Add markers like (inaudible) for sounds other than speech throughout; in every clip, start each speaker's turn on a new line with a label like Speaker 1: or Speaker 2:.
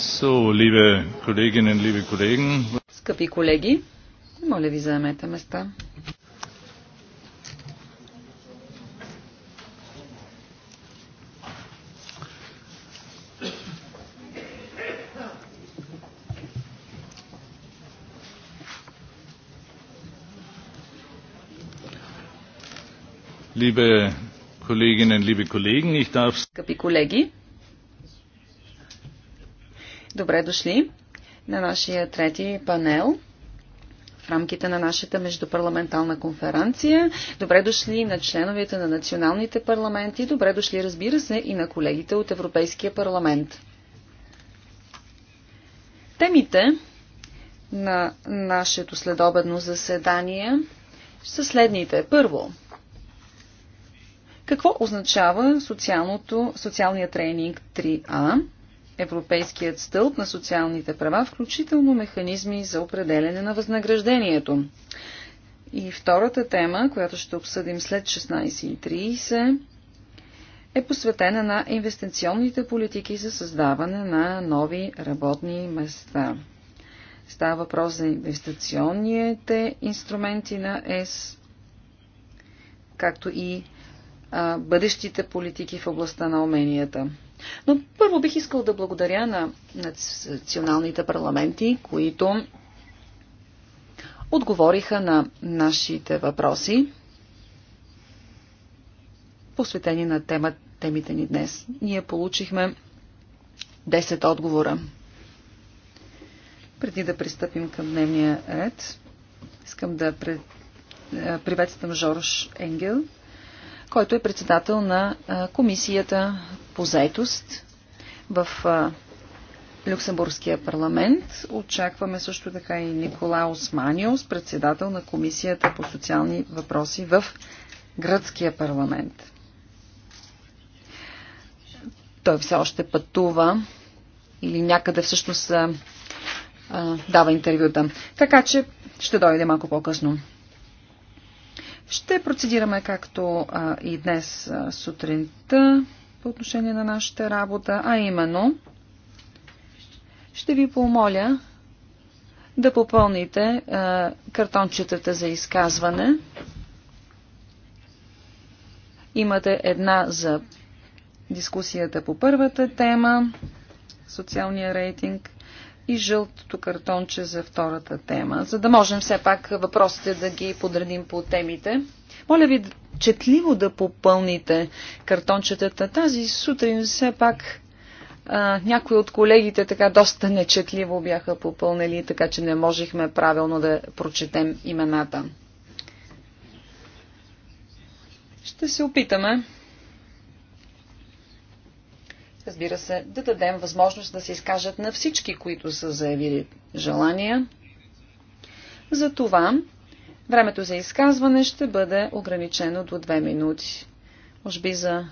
Speaker 1: So, liebe Kolleginnen, liebe Kollegen.
Speaker 2: Скъпи колеги, моля ви заемете места.
Speaker 1: Liebe Kolleginnen, liebe Kollegen, ich darf... Скъпи
Speaker 3: колеги,
Speaker 2: Добре дошли на нашия трети панел в рамките на нашата междупарламентална конференция. Добре дошли на членовете на националните парламенти. Добре дошли, разбира се, и на колегите от Европейския парламент. Темите на нашето следобедно заседание са следните. Първо, какво означава социалното, социалния тренинг 3А? Европейският стълб на социалните права, включително механизми за определене на възнаграждението. И втората тема, която ще обсъдим след 16.30, е посветена на инвестиционните политики за създаване на нови работни места. Става въпрос за инвестиционните инструменти на ЕС, както и а, бъдещите политики в областта на уменията. Но първо бих искал да благодаря на националните парламенти, които отговориха на нашите въпроси, посветени на тема, темите ни днес. Ние получихме 10 отговора. Преди да пристъпим към дневния ред, искам да приветствам Жорж Енгел, който е председател на комисията по заетост в Люксембургския парламент. Очакваме също така и Николаус Маниос, председател на Комисията по социални въпроси в Гръцкия парламент. Той все още пътува или някъде всъщност а, дава интервюта. Така че ще дойде малко по-късно. Ще процедираме както а, и днес а, сутринта по отношение на нашата работа, а именно ще ви помоля да попълните е, картончетата за изказване. Имате една за дискусията по първата тема, социалния рейтинг и жълтото картонче за втората тема, за да можем все пак въпросите да ги подредим по темите. Моля ви четливо да попълните картончетата. Тази сутрин все пак а, някои от колегите така доста нечетливо бяха попълнили, така че не можехме правилно да прочетем имената. Ще се опитаме. Разбира се, да дадем възможност да се изкажат на всички, които са заявили желания. За това. Времето за изказване ще бъде ограничено до 2 минути. Може би за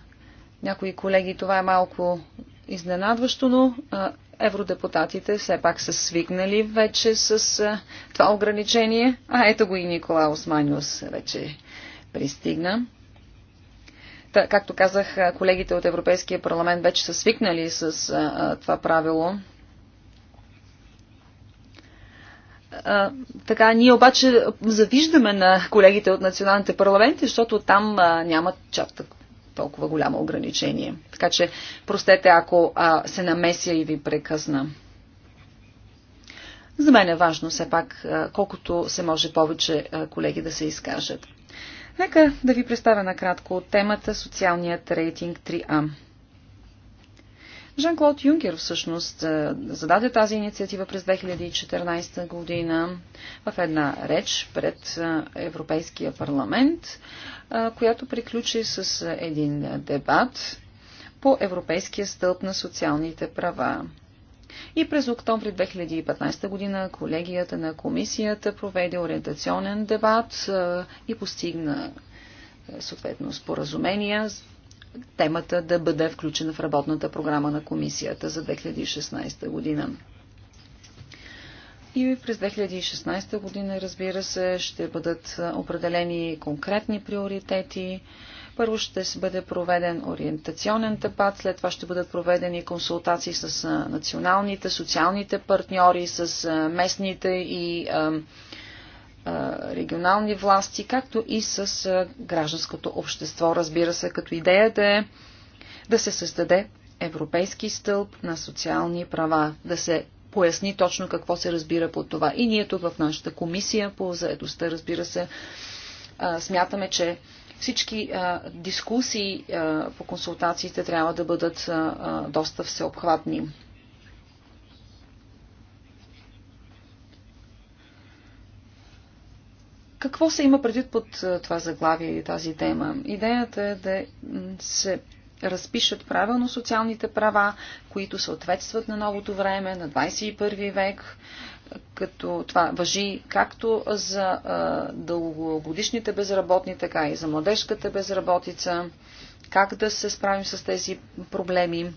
Speaker 2: някои колеги това е малко изненадващо, но евродепутатите все пак са свикнали вече с това ограничение. А ето го и Никола Османиус вече пристигна. Та, както казах, колегите от Европейския парламент вече са свикнали с а, това правило. А, така, ние обаче завиждаме на колегите от националните парламенти, защото там а, нямат чак толкова голямо ограничение. Така че, простете, ако а, се намеся и ви прекъсна. За мен е важно все пак, а, колкото се може повече а, колеги да се изкажат. Нека да ви представя накратко темата социалният рейтинг 3А. Жан-Клод Юнкер всъщност е, зададе тази инициатива през 2014 година в една реч пред е, Европейския парламент, е, която приключи с един дебат по Европейския стълб на социалните права. И през октомври 2015 година колегията на комисията проведе ориентационен дебат и постигна съответно споразумения темата да бъде включена в работната програма на комисията за 2016 година. И през 2016 година, разбира се, ще бъдат определени конкретни приоритети. Първо ще се бъде проведен ориентационен дебат, след това ще бъдат проведени консултации с националните, социалните партньори, с местните и регионални власти, както и с гражданското общество. Разбира се, като идеята е да се създаде европейски стълб на социални права, да се поясни точно какво се разбира под това. И ние тук в нашата комисия по заедостта, разбира се, смятаме, че всички дискусии по консултациите трябва да бъдат доста всеобхватни. Какво се има предвид под е, това заглавие и тази тема? Идеята е да се разпишат правилно социалните права, които съответстват на новото време, на 21 век, като това въжи както за е, дългогодишните безработни, така и за младежката безработица, как да се справим с тези проблеми.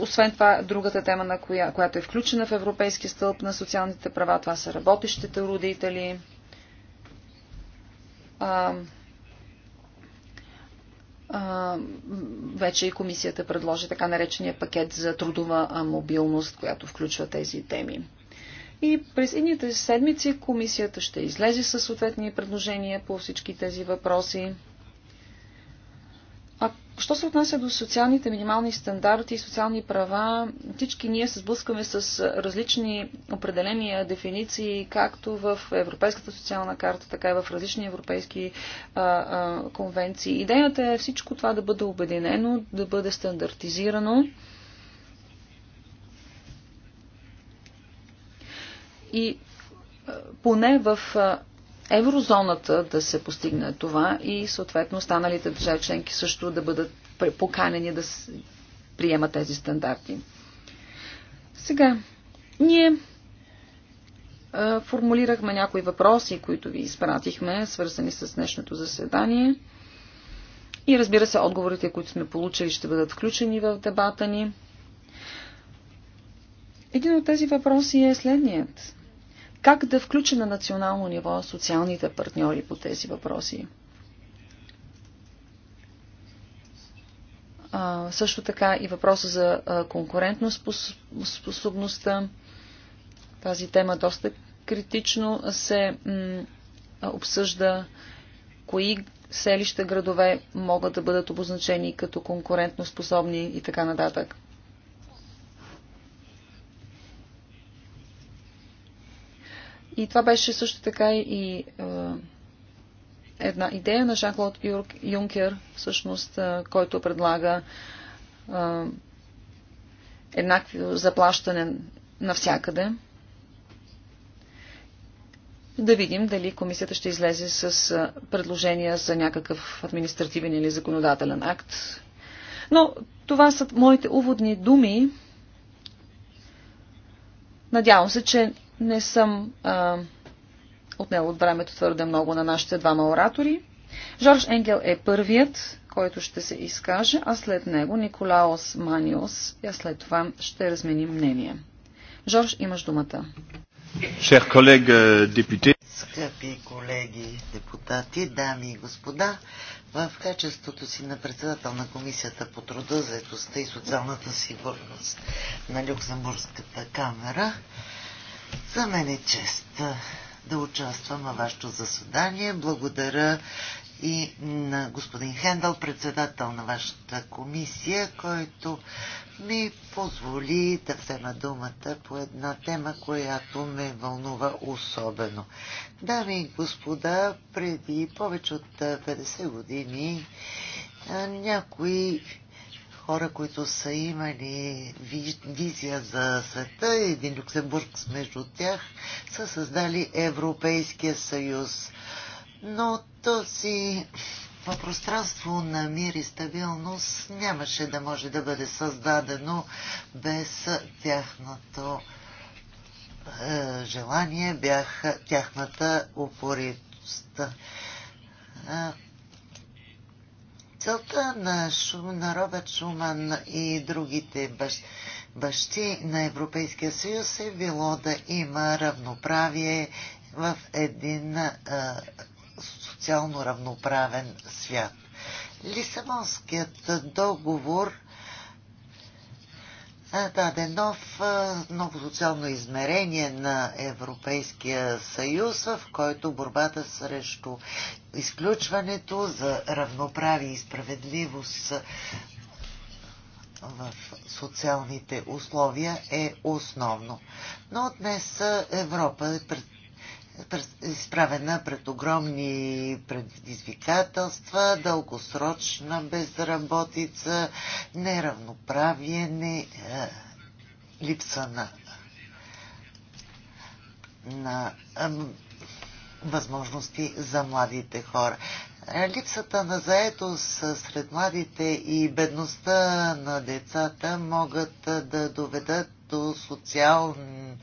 Speaker 2: освен това, другата тема, на коя, която е включена в Европейския стълб на социалните права, това са работещите родители. А, а, вече и комисията предложи така наречения пакет за трудова мобилност, която включва тези теми. И през едните седмици комисията ще излезе със съответни предложения по всички тези въпроси. Що се отнася до социалните минимални стандарти и социални права, всички ние се сблъскаме с различни определения, дефиниции, както в Европейската социална карта, така и в различни европейски а, а, конвенции. Идеята е всичко това да бъде обединено, да бъде стандартизирано. И поне в еврозоната да се постигне това и съответно останалите държави членки също да бъдат поканени да приемат тези стандарти. Сега, ние формулирахме някои въпроси, които ви изпратихме, свързани с днешното заседание. И разбира се, отговорите, които сме получили, ще бъдат включени в дебата ни. Един от тези въпроси е следният. Как да включи на национално ниво социалните партньори по тези въпроси? А, също така и въпроса за конкурентно способността. Тази тема доста критично се обсъжда кои селища, градове могат да бъдат обозначени като конкурентно способни и така нататък. И това беше също така и е, една идея на Жан-Клод Юнкер, всъщност, е, който предлага е, еднакви заплащане навсякъде. Да видим дали комисията ще излезе с е, предложения за някакъв административен или законодателен акт. Но това са моите уводни думи. Надявам се, че не съм а, отнел от времето твърде много на нашите двама оратори. Жорж Енгел е първият, който ще се изкаже, а след него Николаос Маниос, а след това ще разменим мнение. Жорж,
Speaker 1: имаш думата.
Speaker 3: Шер колег е, депутат.
Speaker 1: Скъпи колеги депутати, дами и господа, в качеството си на председател на Комисията по труда, заедостта и социалната сигурност на Люксембургската камера, за мен е чест да участвам във вашето заседание. Благодаря и на господин Хендъл, председател на вашата комисия, който ми позволи да взема думата по една тема, която ме вълнува особено. Дами и господа, преди повече от 50 години някои хора, които са имали визия за света, един Люксембург между тях, са създали Европейския съюз. Но този пространство на мир и стабилност нямаше да може да бъде създадено без тяхното е, желание, бях тяхната упоритост. Е, Целта на, Шум, на Робърт Шуман и другите бащи бащи на Европейския съюз е било да има равноправие в един а, социално равноправен свят. Лисабонският договор е нов, ново социално измерение на Европейския съюз, в който борбата срещу изключването за равноправие и справедливост в социалните условия е основно. Но днес Европа е пред изправена пред огромни предизвикателства, дългосрочна безработица, неравноправие, не, е, липса на, на възможности за младите хора. Е, липсата на заетост сред младите и бедността на децата могат е, да доведат до социални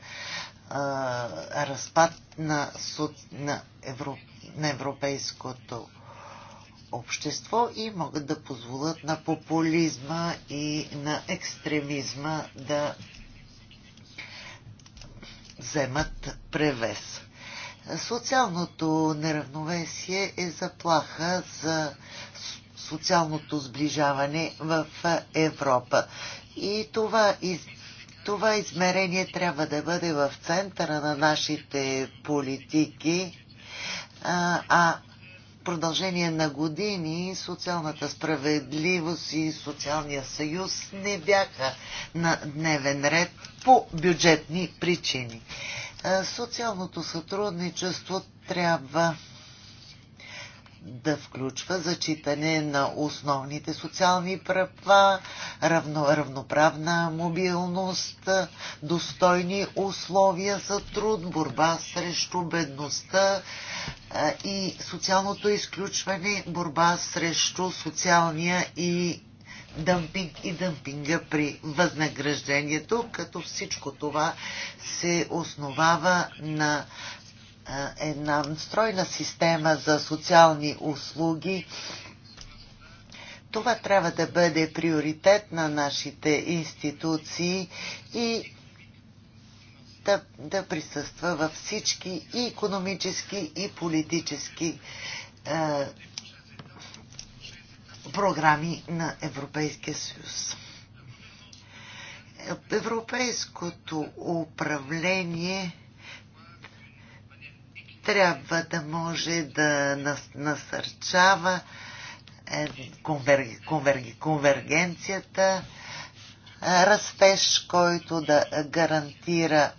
Speaker 1: разпад на, суд, на, евро, на европейското общество и могат да позволят на популизма и на екстремизма да вземат превес. Социалното неравновесие е заплаха за социалното сближаване в Европа. И това из това измерение трябва да бъде в центъра на нашите политики, а, а продължение на години социалната справедливост и социалния съюз не бяха на дневен ред по бюджетни причини. Социалното сътрудничество трябва да включва зачитане на основните социални права, равно, равноправна мобилност, достойни условия за труд, борба срещу бедността и социалното изключване, борба срещу социалния и дъмпинг и дъмпинга при възнаграждението, като всичко това се основава на една стройна система за социални услуги. Това трябва да бъде приоритет на нашите институции и да, да присъства във всички и економически, и политически е, програми на Европейския съюз. Европейското управление трябва да може да насърчава е, конвергенцията, е, растеж, който да гарантира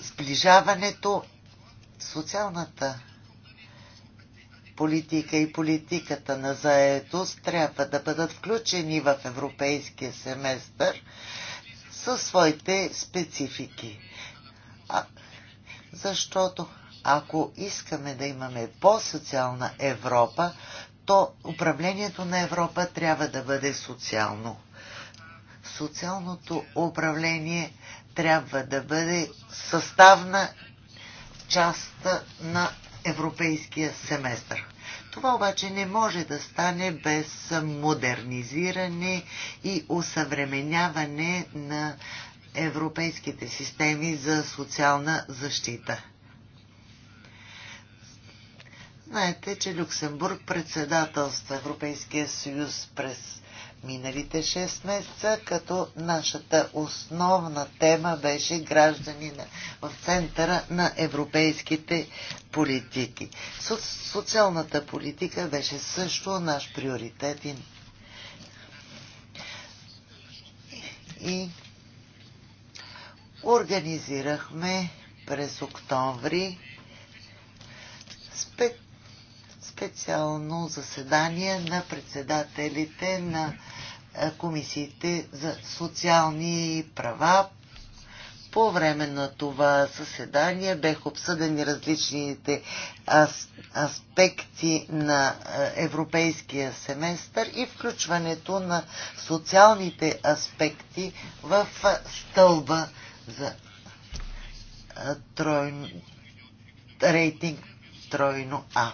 Speaker 1: сближаването, социалната политика и политиката на заетост трябва да бъдат включени в европейския семестър със своите специфики. А, защото ако искаме да имаме по-социална Европа, то управлението на Европа трябва да бъде социално. Социалното управление трябва да бъде съставна част на европейския семестър. Това обаче не може да стане без модернизиране и усъвременяване на европейските системи за социална защита. Знаете, че Люксембург председателства Европейския съюз през миналите 6 месеца, като нашата основна тема беше гражданина в центъра на европейските политики. Социалната политика беше също наш приоритет и И организирахме през октомври спек специално заседание на председателите на е, комисиите за социални права. По време на това съседание бех обсъдени различните аспекти на е, европейския семестър и включването на социалните аспекти в е, стълба за тройно, рейтинг тройно А.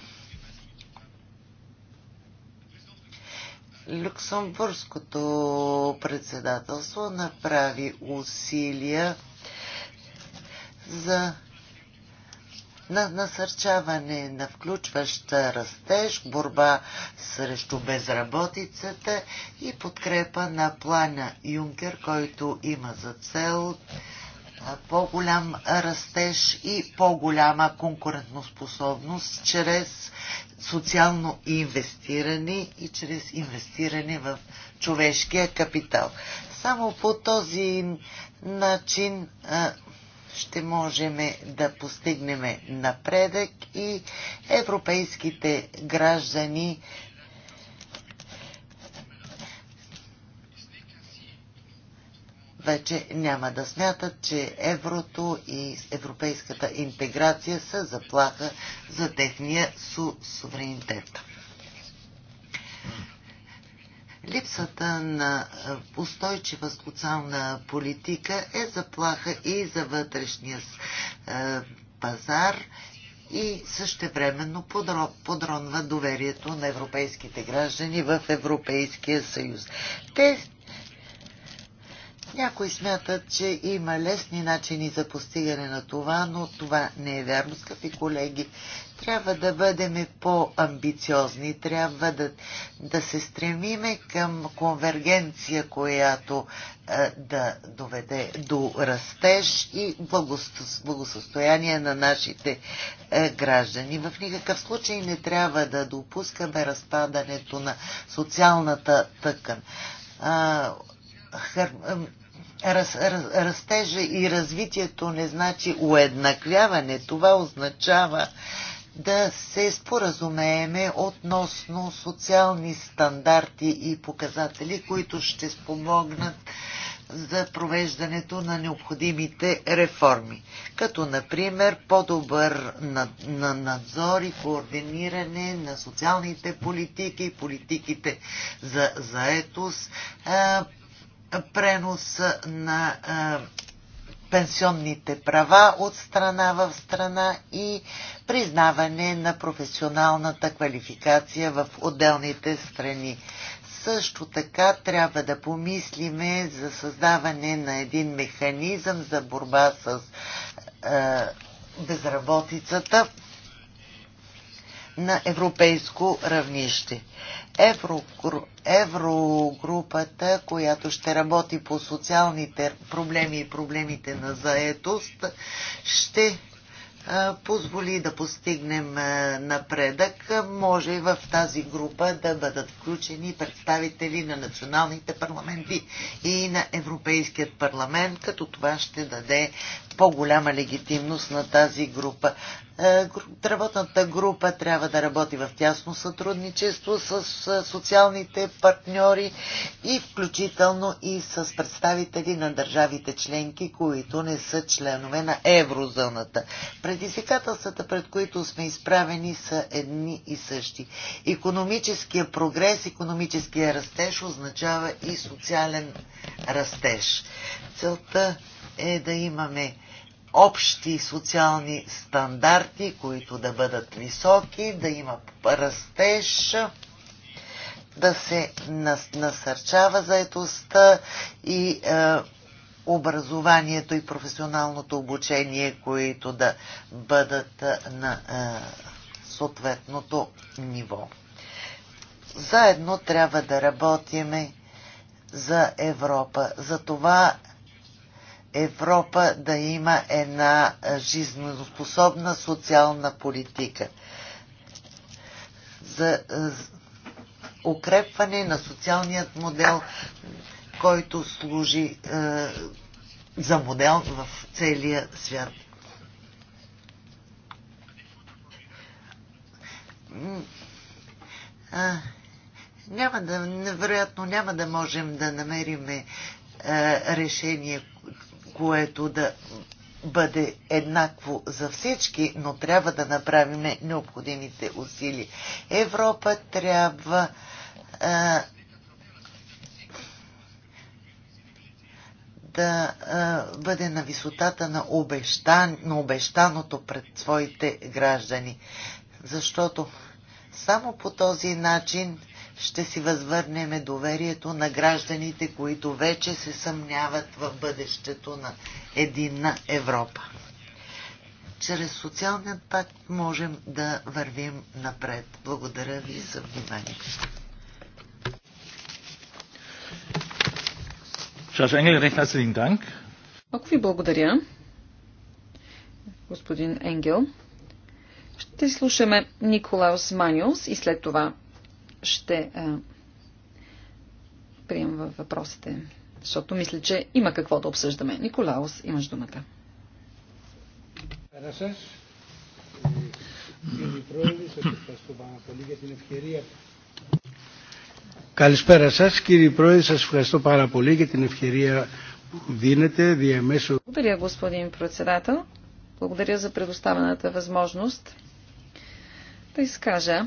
Speaker 1: Люксембургското председателство направи усилия за на насърчаване на включваща растеж, борба срещу безработицата и подкрепа на плана Юнкер, който има за цел по-голям растеж и по-голяма конкурентоспособност чрез социално инвестиране и чрез инвестиране в човешкия капитал. Само по този начин ще можем да постигнем напредък и европейските граждани вече няма да смятат, че еврото и европейската интеграция са заплаха за техния су суверенитет. Липсата на устойчива социална политика е заплаха и за вътрешния пазар и същевременно подронва доверието на европейските граждани в Европейския съюз. Те, някои смятат, че има лесни начини за постигане на това, но това не е вярно, скъпи колеги. Трябва да бъдем по-амбициозни, трябва да, да се стремиме към конвергенция, която е, да доведе до растеж и благосостояние на нашите е, граждани. В никакъв случай не трябва да допускаме разпадането на социалната тъкан хар, раз, раз, растежа и развитието не значи уеднаквяване. Това означава да се споразумееме относно социални стандарти и показатели, които ще спомогнат за провеждането на необходимите реформи, като например по-добър надзор и координиране на социалните политики, политиките за заетост, пренос на пенсионните права от страна в страна и признаване на професионалната квалификация в отделните страни. Също така трябва да помислиме за създаване на един механизъм за борба с а, безработицата на европейско равнище еврогрупата, която ще работи по социалните проблеми и проблемите на заетост, ще позволи да постигнем напредък. Може и в тази група да бъдат включени представители на националните парламенти и на Европейският парламент, като това ще даде по-голяма легитимност на тази група. Е, работната група трябва да работи в тясно сътрудничество с социалните партньори и включително и с представители на държавите членки, които не са членове на еврозоната. Предизвикателствата, пред които сме изправени, са едни и същи. Економическия прогрес, економическия растеж означава и социален растеж. Целта е да имаме общи социални стандарти, които да бъдат високи, да има растеж, да се насърчава заетостта и е, образованието и професионалното обучение, които да бъдат е, на е, съответното ниво. Заедно трябва да работиме за Европа. За това Европа да има една жизнеспособна социална политика за укрепване на социалният модел, който служи е, за модел в целия свят. А, няма да, невероятно няма да можем да намерим е, решение, което да бъде еднакво за всички, но трябва да направим необходимите усилия. Европа трябва а, да а, бъде на висотата на, обещан, на обещаното пред своите граждани. Защото само по този начин ще си възвърнем доверието на гражданите, които вече се съмняват в бъдещето на единна Европа. Чрез социалният пакт можем да вървим напред. Благодаря ви за вниманието.
Speaker 4: Шаш recht herzlichen Dank.
Speaker 2: Много ви благодаря, господин Енгел. Ще слушаме Николаус Маниус и след това ще а, е, прием във въпросите, защото мисля, че има какво да обсъждаме. Николаус, имаш думата.
Speaker 4: Καλησπέρα σας κύριε Πρόεδρε, σας ευχαριστώ πάρα πολύ για την ευκαιρία που δίνετε διαμέσου...
Speaker 2: Благодаря господин председател, благодаря за предоставената възможност да изкажа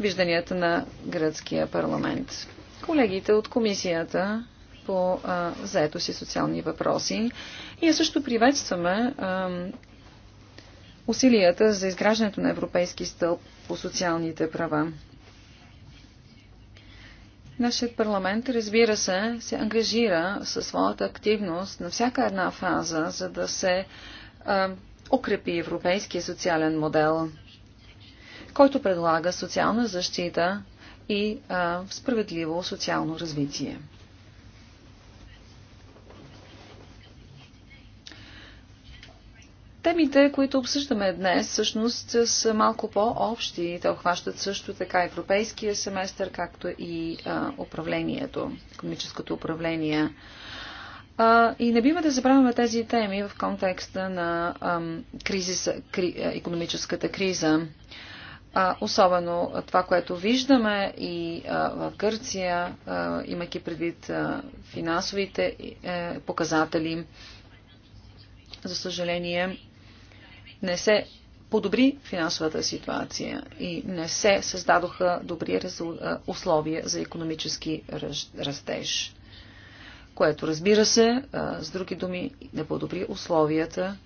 Speaker 2: вижданията на гръцкия парламент. Колегите от комисията по а, заето си социални въпроси. Ние също приветстваме а, усилията за изграждането на европейски стълб по социалните права. Нашият парламент, разбира се, се ангажира със своята активност на всяка една фаза, за да се а, укрепи европейския социален модел който предлага социална защита и а, справедливо социално развитие. Темите, които обсъждаме днес, всъщност са малко по-общи. Те обхващат също така европейския семестър, както и а, управлението, економическото управление. А, и не бива да забравяме тези теми в контекста на а, кризиса, кри, економическата криза. А, особено това, което виждаме и а, в Гърция, а, имайки предвид а, финансовите а, е, показатели, за съжаление, не се подобри финансовата ситуация и не се създадоха добри условия за економически растеж, което разбира се, с други думи, не подобри условията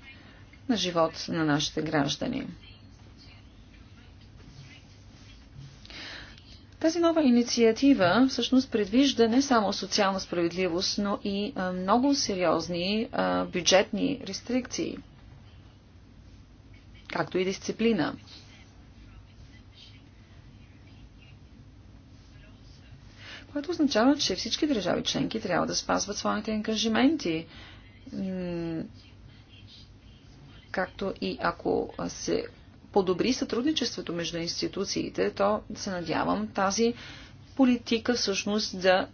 Speaker 2: на живот на нашите граждани. Тази нова инициатива всъщност предвижда не само социална справедливост, но и много сериозни бюджетни рестрикции, както и дисциплина. което означава, че всички държави членки трябва да спазват своите ангажименти. Както и ако се подобри сътрудничеството между институциите, то се надявам тази политика всъщност да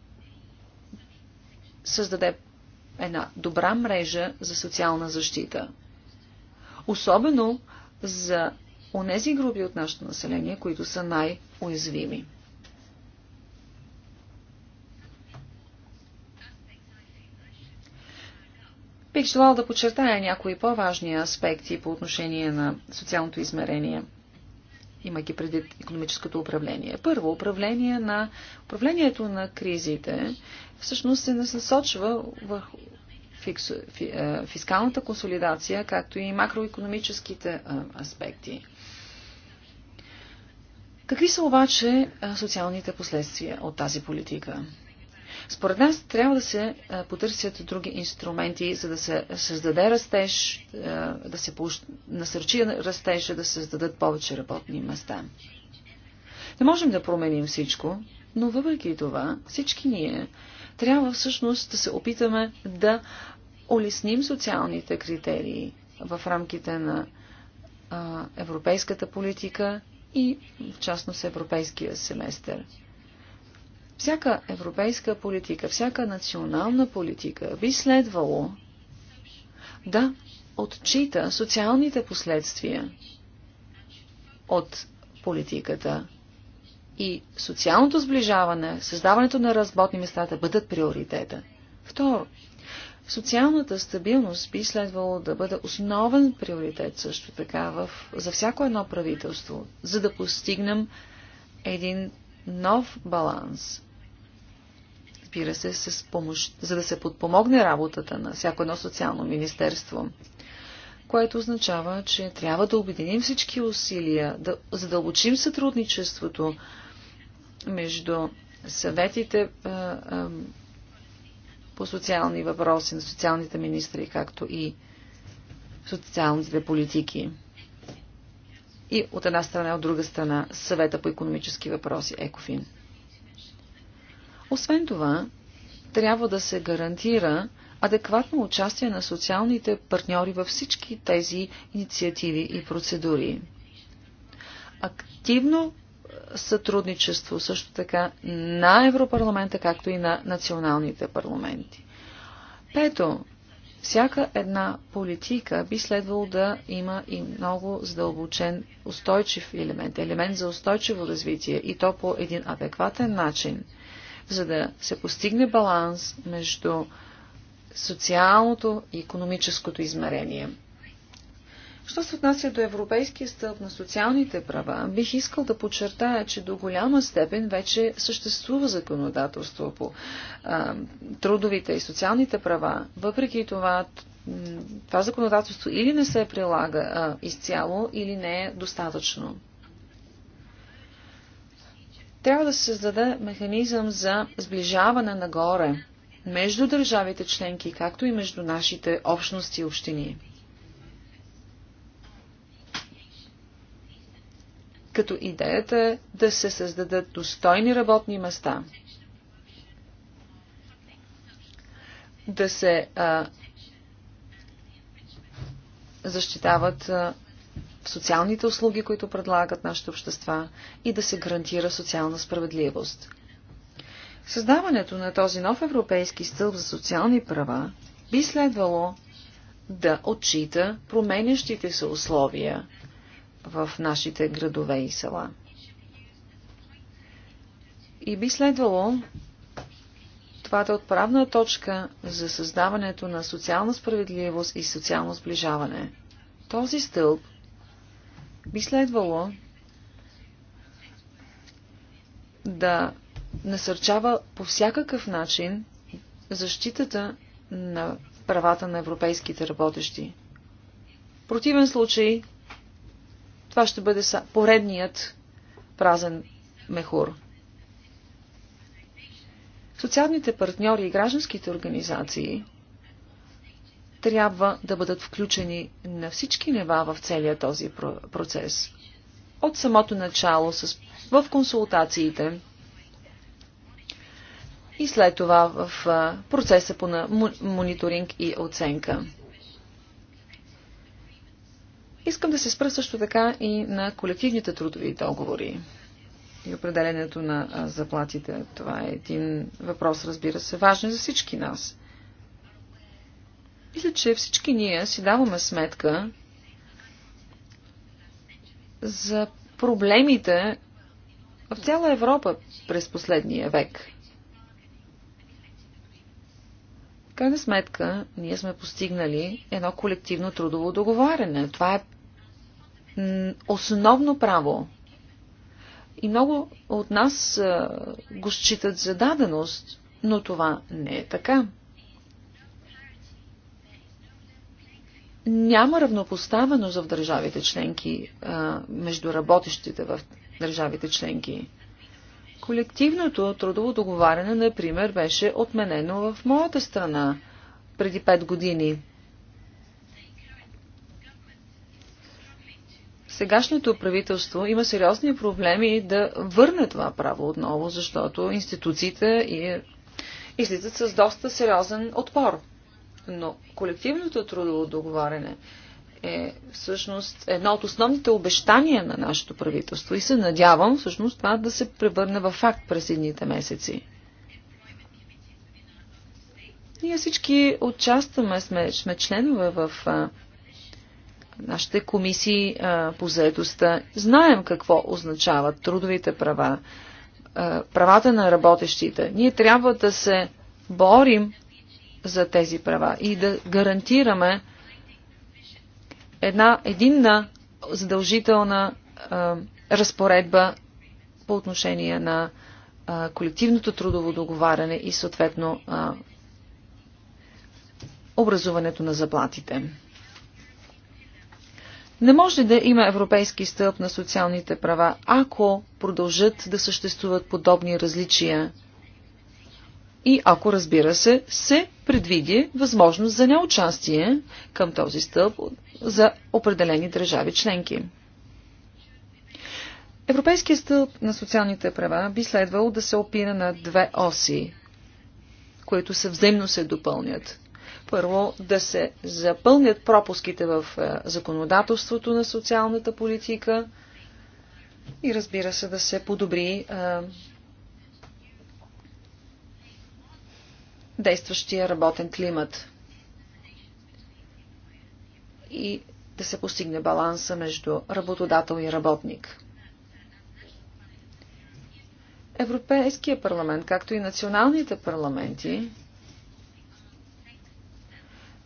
Speaker 2: създаде една добра мрежа за социална защита. Особено за онези групи от нашето население, които са най-уязвими. Бих желал да подчертая някои по-важни аспекти по отношение на социалното измерение, имайки предвид економическото управление. Първо, управление на, управлението на кризите всъщност се насочва върху е, фискалната консолидация, както и макроекономическите е, аспекти. Какви са обаче е, социалните последствия от тази политика? Според нас трябва да се потърсят други инструменти, за да се създаде растеж, да се насърчи растежа, да се създадат повече работни места. Не можем да променим всичко, но въпреки това всички ние трябва всъщност да се опитаме да улесним социалните критерии в рамките на европейската политика и в частност европейския семестър. Всяка европейска политика, всяка национална политика би следвало да отчита социалните последствия от политиката и социалното сближаване, създаването на разботни места да бъдат приоритета. Второ, социалната стабилност би следвало да бъде основен приоритет също така в, за всяко едно правителство, за да постигнем един нов баланс разбира се, с помощ, за да се подпомогне работата на всяко едно социално министерство, което означава, че трябва да обединим всички усилия, да задълбочим сътрудничеството между съветите по социални въпроси на социалните министри, както и социалните политики. И от една страна, от друга страна, съвета по економически въпроси, ЕКОФИН. Освен това, трябва да се гарантира адекватно участие на социалните партньори във всички тези инициативи и процедури. Активно е, сътрудничество също така на Европарламента, както и на националните парламенти. Пето, всяка една политика би следвало да има и много задълбочен устойчив елемент, елемент за устойчиво развитие и то по един адекватен начин – за да се постигне баланс между социалното и економическото измерение. Що се отнася до Европейския стълб на социалните права, бих искал да подчертая, че до голяма степен вече съществува законодателство по а, трудовите и социалните права. Въпреки това, това законодателство или не се прилага а, изцяло, или не е достатъчно. Трябва да се създаде механизъм за сближаване нагоре между държавите членки, както и между нашите общности и общини. Като идеята е да се създадат достойни работни места, да се а, защитават социалните услуги, които предлагат нашите общества и да се гарантира социална справедливост. Създаването на този нов европейски стълб за социални права би следвало да отчита променящите се условия в нашите градове и села. И би следвало това да е отправна точка за създаването на социална справедливост и социално сближаване. Този стълб би следвало да насърчава по всякакъв начин защитата на правата на европейските работещи. В противен случай, това ще бъде поредният празен мехур. Социалните партньори и гражданските организации – трябва да бъдат включени на всички нива в целия този процес. От самото начало с, в консултациите и след това в процеса по на, мониторинг и оценка. Искам да се спра също така и на колективните трудови договори и определенето на заплатите. Това е един въпрос, разбира се, важен за всички нас. Мисля, че всички ние си даваме сметка за проблемите в цяла Европа през последния век. В крайна сметка, ние сме постигнали едно колективно трудово договаряне. Това е основно право. И много от нас го считат за даденост, но това не е така. няма равнопоставеност в държавите членки, а, между работещите в държавите членки. Колективното трудово договаряне, например, беше отменено в моята страна преди 5 години. Сегашното правителство има сериозни проблеми да върне това право отново, защото институциите излизат с доста сериозен отпор. Но колективното трудово договорене е всъщност едно от основните обещания на нашето правителство и се надявам всъщност това да се превърне в факт през едните месеци. Ние всички участваме, сме, сме членове в а, нашите комисии а, по заедостта. Знаем какво означават трудовите права, а, правата на работещите. Ние трябва да се борим за тези права и да гарантираме една единна задължителна а, разпоредба по отношение на а, колективното трудово договаряне и съответно а, образуването на заплатите. Не може да има европейски стълб на социалните права, ако продължат да съществуват подобни различия и ако разбира се, се предвиди възможност за неучастие към този стълб за определени държави членки. Европейския стълб на социалните права би следвало да се опира на две оси, които се взаимно се допълнят. Първо, да се запълнят пропуските в е, законодателството на социалната политика и разбира се да се подобри е, действащия работен климат и да се постигне баланса между работодател и работник. Европейския парламент, както и националните парламенти,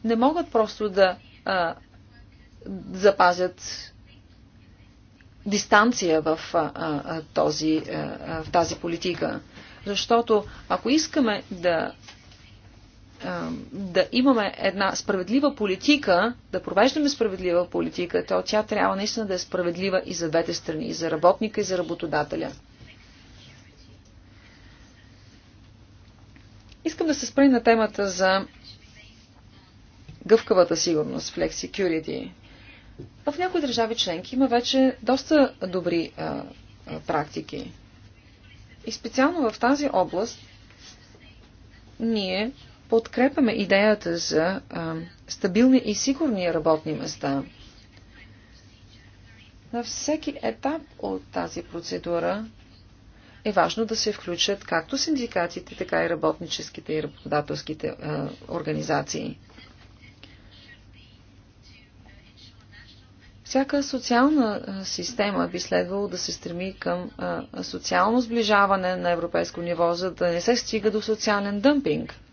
Speaker 2: не могат просто да а, запазят дистанция в, а, а, този, а, в тази политика. Защото ако искаме да да имаме една справедлива политика, да провеждаме справедлива политика, то тя трябва наистина да е справедлива и за двете страни, и за работника, и за работодателя. Искам да се спра на темата за гъвкавата сигурност, Flex Security. В някои държави членки има вече доста добри а, а, практики. И специално в тази област ние подкрепяме идеята за а, стабилни и сигурни работни места. На всеки етап от тази процедура е важно да се включат както синдикатите, така и работническите и работодателските а, организации. Всяка социална система би следвало да се стреми към социално сближаване на европейско ниво, за да не се стига до социален дъмпинг –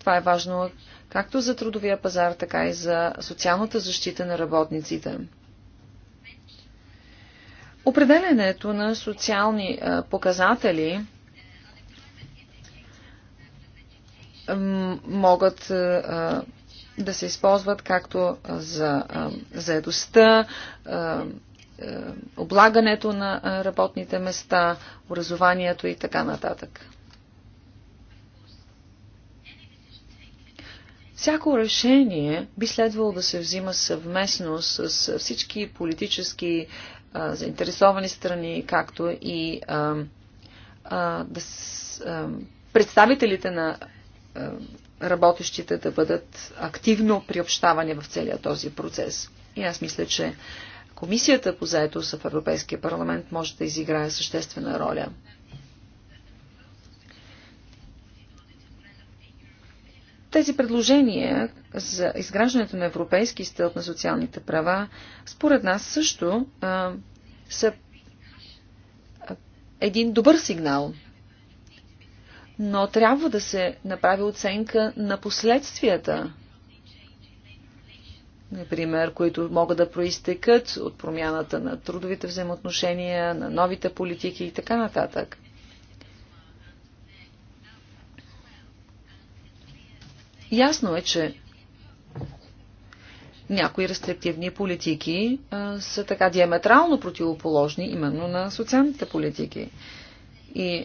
Speaker 2: това е важно както за трудовия пазар, така и за социалната защита на работниците. Определенето на социални е, показатели могат е, е, да се използват както за заедостта, облагането на работните места, образованието и така нататък. Всяко решение би следвало да се взима съвместно с всички политически а, заинтересовани страни, както и а, а, да с, а, представителите на а, работещите да бъдат активно приобщавани в целия този процес. И аз мисля, че Комисията по заедост в Европейския парламент може да изиграе съществена роля. Тези предложения за изграждането на европейски стълб на социалните права, според нас също а, са един добър сигнал. Но трябва да се направи оценка на последствията, например, които могат да проистекат от промяната на трудовите взаимоотношения, на новите политики и така нататък. Ясно е, че някои рестриктивни политики а, са така диаметрално противоположни именно на социалните политики. И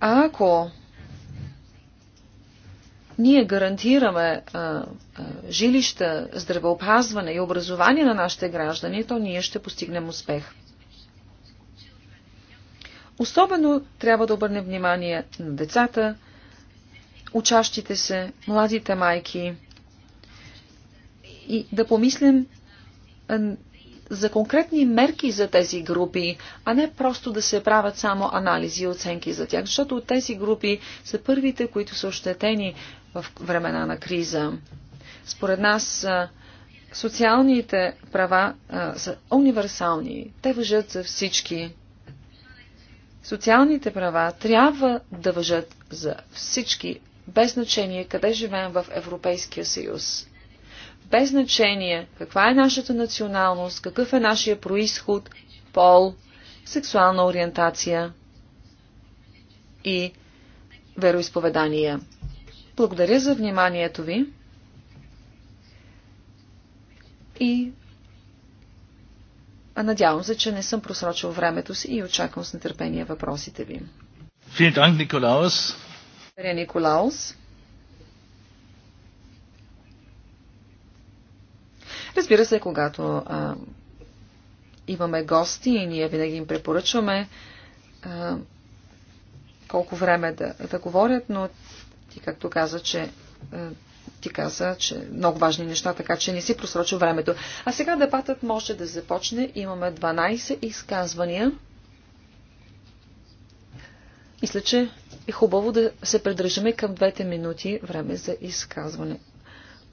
Speaker 2: ако ние гарантираме а, а, жилища, здравеопазване и образование на нашите граждани, то ние ще постигнем успех. Особено трябва да обърнем внимание на децата, учащите се, младите майки и да помислим за конкретни мерки за тези групи, а не просто да се правят само анализи и оценки за тях, защото тези групи са първите, които са ощетени в времена на криза. Според нас социалните права са универсални. Те въжат за всички. Социалните права трябва да въжат за всички, без значение къде живеем в Европейския съюз. Без значение каква е нашата националност, какъв е нашия происход, пол, сексуална ориентация и вероисповедание. Благодаря за вниманието ви и а Надявам се, че не съм просрочил времето си и очаквам с нетърпение въпросите ви.
Speaker 1: Благодаря, Николаус.
Speaker 2: Благодаря, Николаус. Разбира се, когато а, имаме гости и ние винаги им препоръчваме а, колко време да, да говорят, но ти както каза, че а, ти каза, че много важни неща, така че не си просрочил времето. А сега дебатът може да започне. Имаме 12 изказвания. Мисля, че е хубаво да се придържаме към двете минути време за изказване.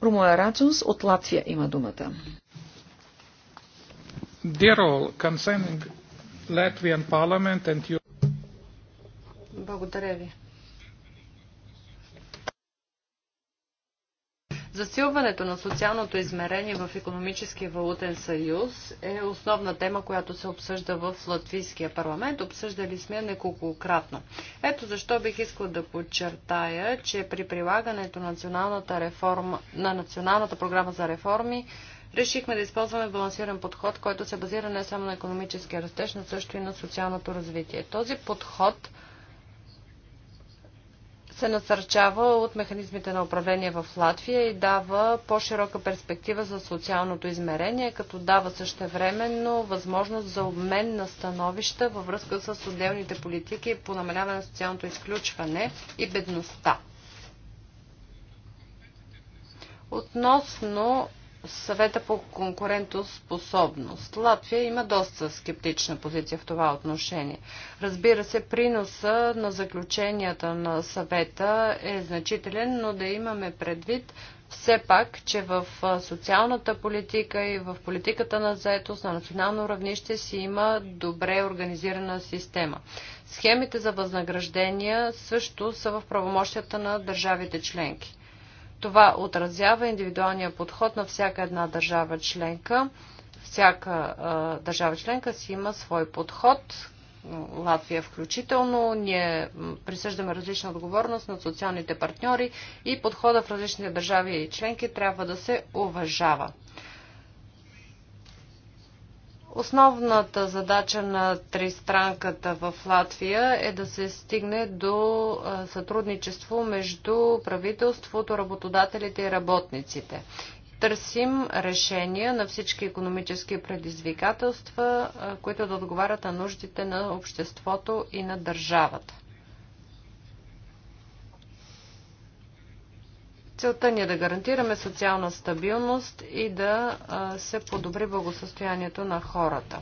Speaker 2: Румоя Раджунс от Латвия има думата.
Speaker 3: Благодаря ви. Засилването на социалното измерение в економическия валутен съюз е основна тема, която се обсъжда в Латвийския парламент. Обсъждали сме неколкократно. Ето защо бих искал да подчертая, че при прилагането на националната, реформа, на националната програма за реформи решихме да използваме балансиран подход, който се базира не само на економическия растеж, но също и на социалното развитие. Този подход – се насърчава от механизмите на управление в Латвия и дава по-широка перспектива за социалното измерение, като дава същевременно възможност за обмен на становища във връзка с отделните политики по намаляване на социалното изключване и бедността. Относно съвета по конкурентоспособност. Латвия има доста скептична позиция в това отношение. Разбира се, приноса на заключенията на съвета е значителен, но да имаме предвид все пак, че в социалната политика и в политиката на заетост на национално равнище си има добре организирана система. Схемите за възнаграждения също са в правомощията на държавите членки. Това отразява индивидуалния подход на всяка една държава членка. Всяка а, държава членка си има свой подход, Латвия включително. Ние присъждаме различна отговорност на социалните партньори и подхода в различните държави и членки трябва да се уважава. Основната задача на тристранката в Латвия е да се стигне до сътрудничество между правителството, работодателите и работниците. Търсим решения на всички економически предизвикателства, които да отговарят на нуждите на обществото и на държавата. Целта ни е да гарантираме социална стабилност и да се подобри благосъстоянието на хората.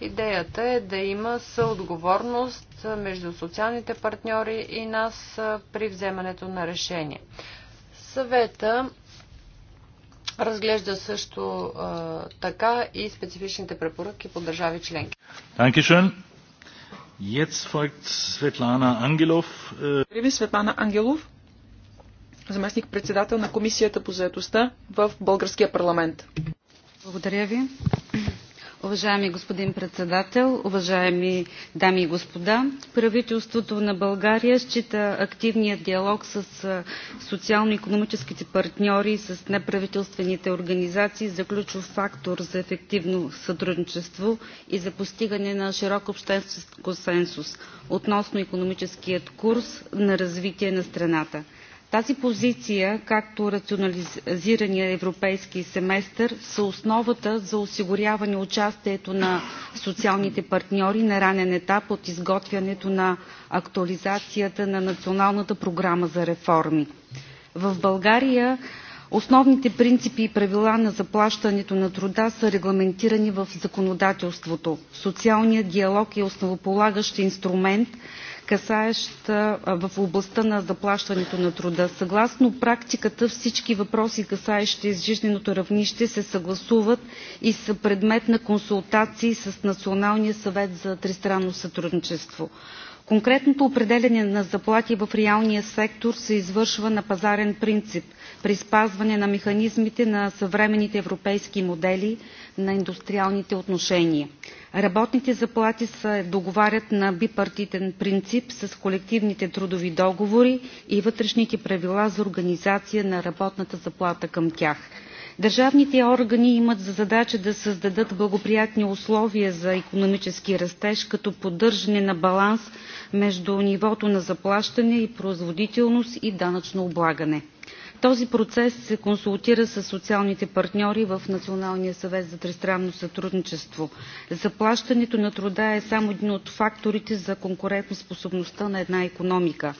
Speaker 3: Идеята е да има съотговорност между социалните партньори и нас при вземането на решение. Съвета разглежда също а, така и специфичните препоръки по държави членки.
Speaker 1: Dankeschön. Jetzt folgt äh, Светлана Ангелов.
Speaker 3: Светлана Ангелов
Speaker 2: заместник-председател на Комисията по заедостта в Българския парламент.
Speaker 4: Благодаря ви. Уважаеми господин председател, уважаеми дами и господа, правителството на България счита активният диалог с социално-економическите партньори и с неправителствените организации за ключов фактор за ефективно сътрудничество и за постигане на широк обществен консенсус относно економическият курс на развитие на страната. Тази позиция, както рационализирания европейски семестър, са основата за осигуряване участието на социалните партньори на ранен етап от изготвянето на актуализацията на Националната програма за реформи. В България основните принципи и правила на заплащането на труда са регламентирани в законодателството. Социалният диалог е основополагащ инструмент, касаещ в областта на заплащането на труда. Съгласно практиката всички въпроси, касаещи изжизненото равнище, се съгласуват и са предмет на консултации с Националния съвет за тристранно сътрудничество. Конкретното определение на заплати в реалния сектор се извършва на пазарен принцип при спазване на механизмите на съвременните европейски модели на индустриалните отношения. Работните заплати се договарят на бипартитен принцип с колективните трудови договори и вътрешните правила за организация на работната заплата към тях. Държавните органи имат за задача да създадат благоприятни условия за економически растеж, като поддържане на баланс между нивото на заплащане и производителност и данъчно облагане. Този процес се консултира с социалните партньори в Националния съвет за тристранно сътрудничество. Заплащането на труда е само един от факторите за конкурентоспособността на една економика.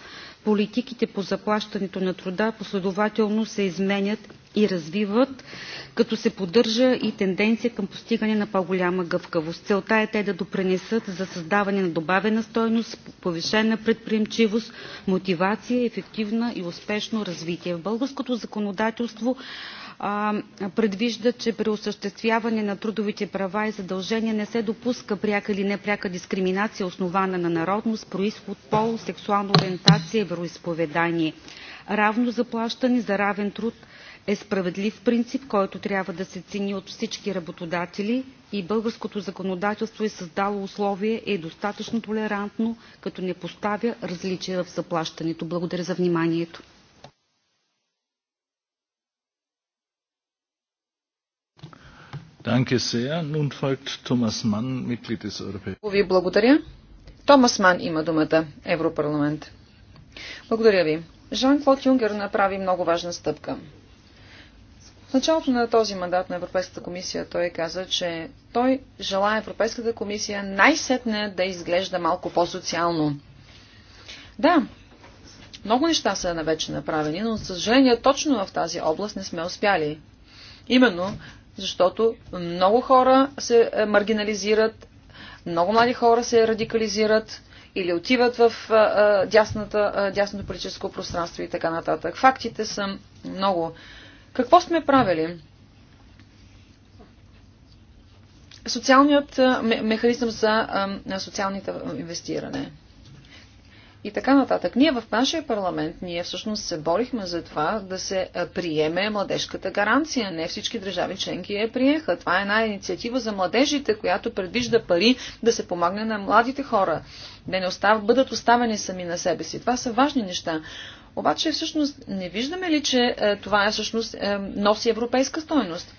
Speaker 4: Политиките по заплащането на труда последователно се изменят и развиват, като се поддържа и тенденция към постигане на по-голяма гъвкавост. Целта е те да допринесат за създаване на добавена стойност, повишена предприемчивост, мотивация, ефективна и успешно развитие. В българското законодателство предвижда, че при осъществяване на трудовите права и задължения не се допуска пряка или непряка дискриминация, основана на народност, происход, пол, сексуална ориентация и вероизповедание. Равно заплащане за равен труд е справедлив принцип, който трябва да се цени от всички работодатели и българското законодателство е създало условие и е достатъчно толерантно, като не поставя различия в заплащането. Благодаря за вниманието.
Speaker 3: Ви
Speaker 2: благодаря. Томас Ман има думата. Европарламент. Благодаря ви. Жан-Клод Юнгер направи много важна стъпка. В началото на този мандат на Европейската комисия той каза, че той желая Европейската комисия най-сетне да изглежда малко по-социално. Да, много неща са вече направени, но за съжаление точно в тази област не сме успяли. Именно защото много хора се е, маргинализират, много млади хора се радикализират или отиват в е, е, дясната, дясното политическо пространство и така нататък. Фактите са много какво сме правили? Социалният механизъм за социалните инвестиране и така нататък. Ние в нашия парламент, ние всъщност се борихме за това да се приеме младежката гаранция. Не всички държави членки я приеха. Това е една инициатива за младежите, която предвижда пари да се помогне на младите хора, да не остав... бъдат оставени сами на себе си. Това са важни неща. Обаче всъщност не виждаме ли, че е, това е, всъщност е, носи европейска стойност?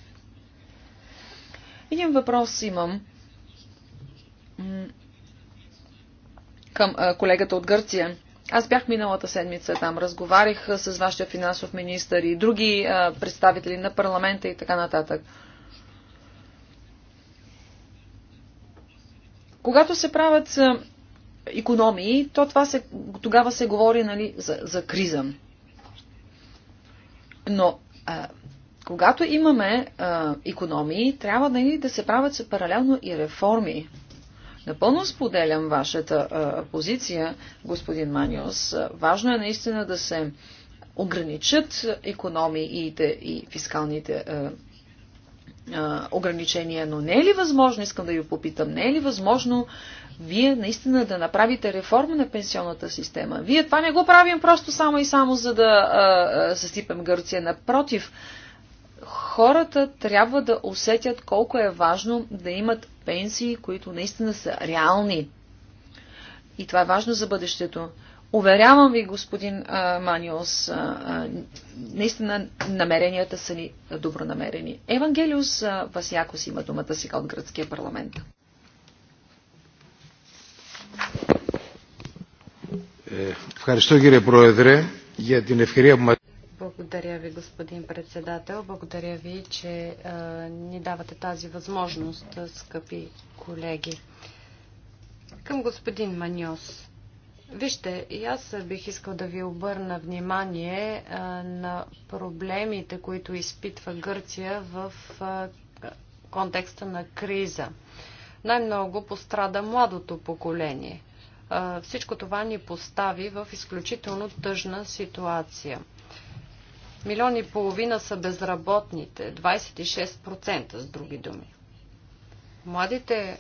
Speaker 2: Един въпрос имам към е, колегата от Гърция. Аз бях миналата седмица там, разговарях с вашия финансов министр и други представители на парламента и така нататък. Когато се правят економии, то това се, тогава се говори нали, за, за криза. Но а, когато имаме а, економии, трябва нали, да се правят се паралелно и реформи. Напълно споделям вашата а, позиция, господин Маниос. Важно е наистина да се ограничат економиите и фискалните а, а, ограничения, но не е ли възможно, искам да ви попитам, не е ли възможно вие наистина да направите реформа на пенсионната система. Вие това не го правим просто само и само за да а, а, съсипем Гърция. Напротив, хората трябва да усетят колко е важно да имат пенсии, които наистина са реални. И това е важно за бъдещето. Уверявам ви, господин а, Маниос, а, а, наистина намеренията са ни добронамерени. Евангелиус а, Васякос има думата сега от гръцкия парламент.
Speaker 4: Ευχαριστώ κύριε Πρόεδρε για την ευκαιρία που μας...
Speaker 3: Благодаря ви, господин председател. Благодаря ви, че а, ни давате тази възможност, скъпи колеги. Към господин Маньос. Вижте, и аз бих искал да ви обърна внимание а, на проблемите, които изпитва Гърция в а, контекста на криза. А, най-много пострада младото поколение. Всичко това ни постави в изключително тъжна ситуация. Милиони и половина са безработните, 26% с други думи. Младите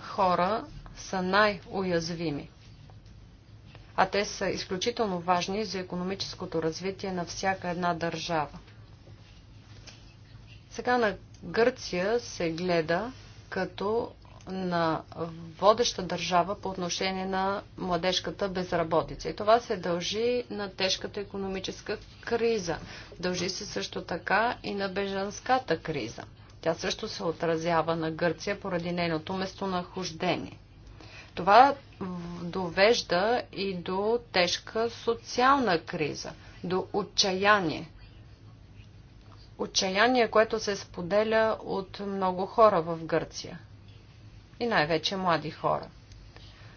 Speaker 3: хора са най-уязвими, а те са изключително важни за економическото развитие на всяка една държава. Сега на Гърция се гледа като на водеща държава по отношение на младежката безработица. И това се дължи на тежката економическа криза. Дължи се също така и на бежанската криза. Тя също се отразява на Гърция поради нейното местонахождение. Това довежда и до тежка социална криза, до отчаяние. Отчаяние, което се споделя от много хора в Гърция и най-вече млади хора.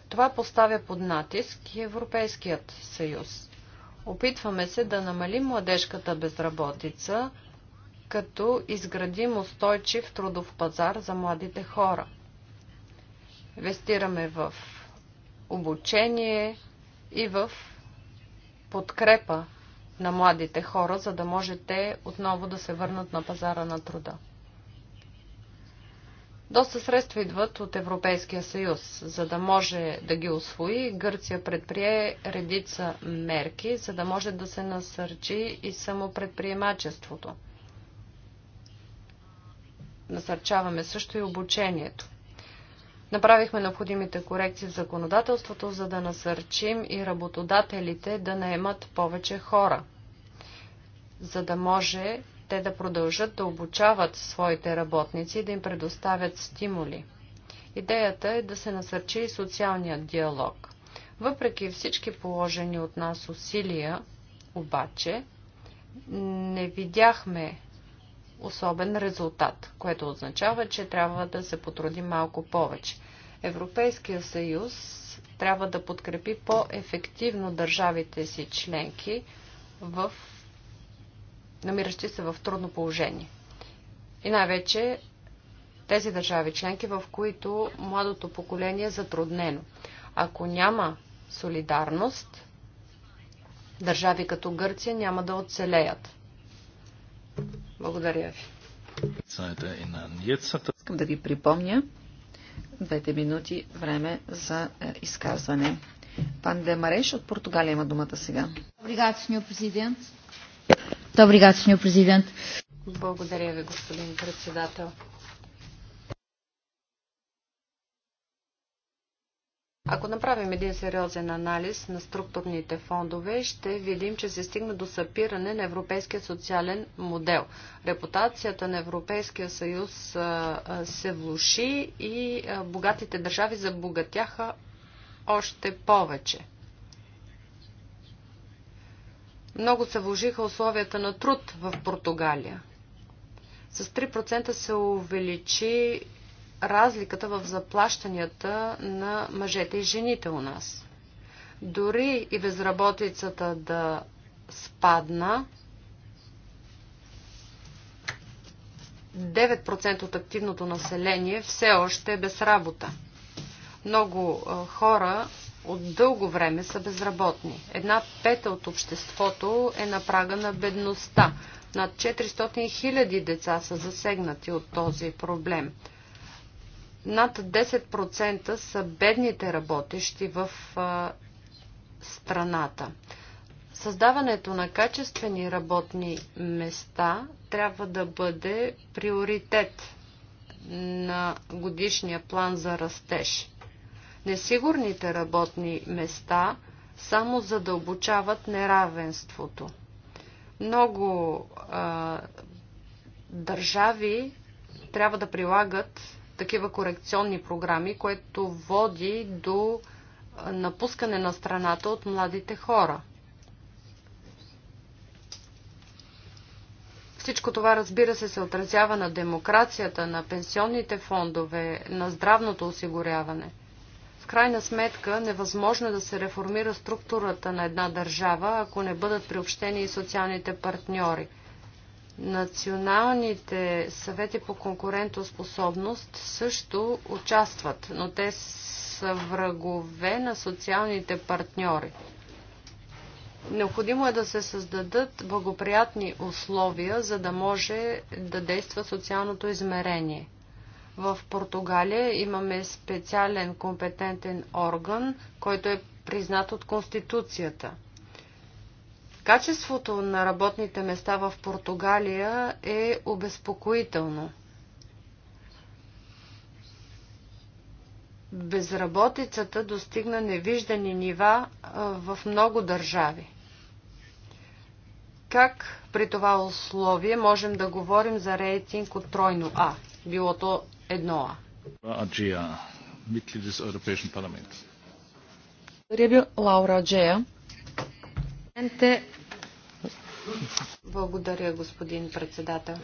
Speaker 3: Това поставя под натиск и Европейският съюз. Опитваме се да намалим младежката безработица, като изградим устойчив трудов пазар за младите хора. Инвестираме в обучение и в подкрепа на младите хора, за да може те отново да се върнат на пазара на труда. Доста средства идват от Европейския съюз. За да може да ги освои, Гърция предприе редица мерки, за да може да се насърчи и самопредприемачеството. Насърчаваме също и обучението. Направихме необходимите корекции в законодателството, за да насърчим и работодателите да наемат повече хора, за да може те да продължат да обучават своите работници и да им предоставят стимули. Идеята е да се насърчи и социалният диалог. Въпреки всички положени от нас усилия, обаче, не видяхме особен резултат, което означава, че трябва да се потруди малко повече. Европейския съюз трябва да подкрепи по-ефективно държавите си членки в намиращи се в трудно положение. И най-вече тези държави членки, в които младото поколение е затруднено. Ако няма солидарност, държави като Гърция няма да оцелеят. Благодаря ви.
Speaker 2: Искам да ви припомня двете минути време за е, изказване. Пан Демареш от Португалия има думата сега.
Speaker 4: Obrigado, Sr. президент. Muito obrigado, Sr. Presidente. Благодаря ви, господин председател.
Speaker 3: Ако направим един сериозен анализ на структурните фондове, ще видим, че се стигна до съпиране на европейския социален модел. Репутацията на Европейския съюз се влуши и богатите държави забогатяха още повече. Много се вложиха условията на труд в Португалия. С 3% се увеличи разликата в заплащанията на мъжете и жените у нас. Дори и безработицата да спадна, 9% от активното население все още е без работа. Много хора от дълго време са безработни. Една пета от обществото е на прага на бедността. Над 400 хиляди деца са засегнати от този проблем. Над 10% са бедните работещи в страната. Създаването на качествени работни места трябва да бъде приоритет на годишния план за растеж. Несигурните работни места само задълбочават неравенството. Много а, държави трябва да прилагат такива корекционни програми, което води до напускане на страната от младите хора. Всичко това, разбира се, се отразява на демокрацията, на пенсионните фондове, на здравното осигуряване – в крайна сметка, невъзможно е да се реформира структурата на една държава, ако не бъдат приобщени и социалните партньори. Националните съвети по конкурентоспособност също участват, но те са врагове на социалните партньори. Необходимо е да се създадат благоприятни условия, за да може да действа социалното измерение – в Португалия имаме специален компетентен орган, който е признат от Конституцията. Качеството на работните места в Португалия е обезпокоително. Безработицата достигна невиждани нива в много държави. Как при това условие можем да говорим за рейтинг от тройно А, било то 1А.
Speaker 4: Аджия,
Speaker 3: Благодаря ви, Лаура Благодаря, господин председател.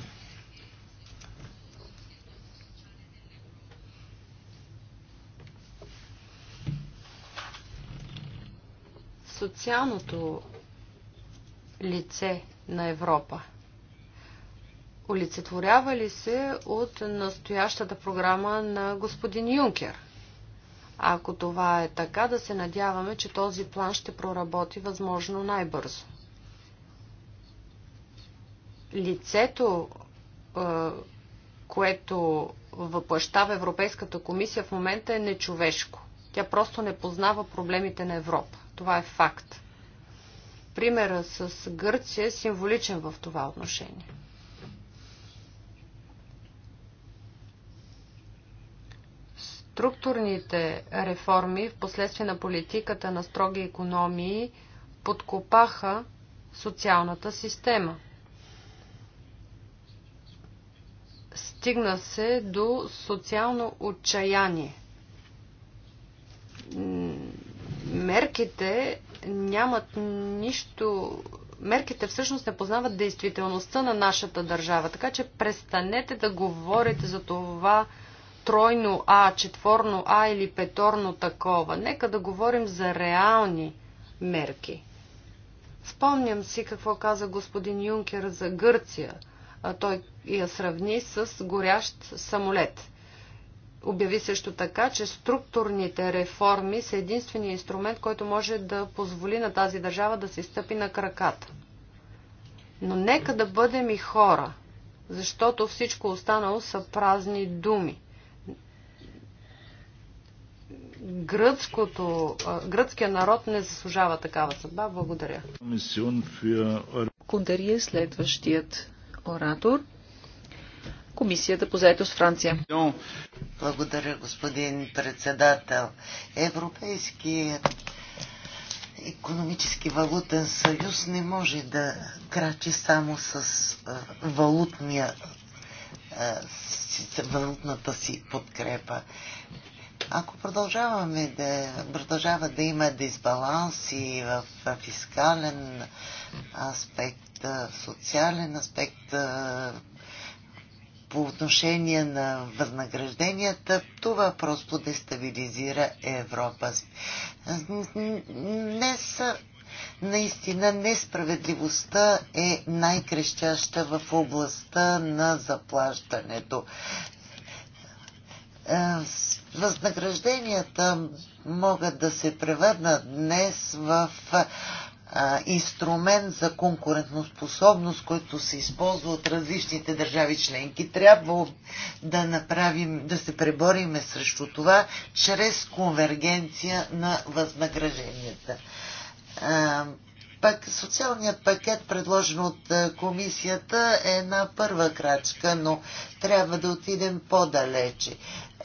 Speaker 3: Социалното лице на Европа – олицетворява ли се от настоящата програма на господин Юнкер? Ако това е така, да се надяваме, че този план ще проработи възможно най-бързо. Лицето, е, което въплащава Европейската комисия в момента е нечовешко. Тя просто не познава проблемите на Европа. Това е факт. Примера с Гърция е символичен в това отношение. Структурните реформи в последствие на политиката на строги економии подкопаха социалната система. Стигна се до социално отчаяние. Мерките нямат нищо мерките всъщност не познават действителността на нашата държава. Така че престанете да говорите за това тройно А, четворно А или петорно такова. Нека да говорим за реални мерки. Спомням си какво каза господин Юнкер за Гърция. а Той я сравни с горящ самолет. Обяви също така, че структурните реформи са единствения инструмент, който може да позволи на тази държава да се стъпи на краката. Но нека да бъдем и хора, защото всичко останало са празни думи гръцкото, гръцкия народ не заслужава такава съдба. Благодаря.
Speaker 2: е следващият оратор. Комисията по
Speaker 1: заедост Франция. Благодаря, господин председател. Европейският економически валутен съюз не може да крачи само с валутния с валутната си подкрепа. Ако продължаваме да, продължава да има дисбаланси в фискален аспект, социален аспект, по отношение на възнагражденията, това просто дестабилизира Европа. Днес наистина несправедливостта е най-крещяща в областта на заплащането възнагражденията могат да се превърнат днес в инструмент за конкурентоспособност, който се използва от различните държави членки. Трябва да направим, да се пребориме срещу това чрез конвергенция на възнагражденията. Пак социалният пакет, предложен от комисията, е една първа крачка, но трябва да отидем по-далече.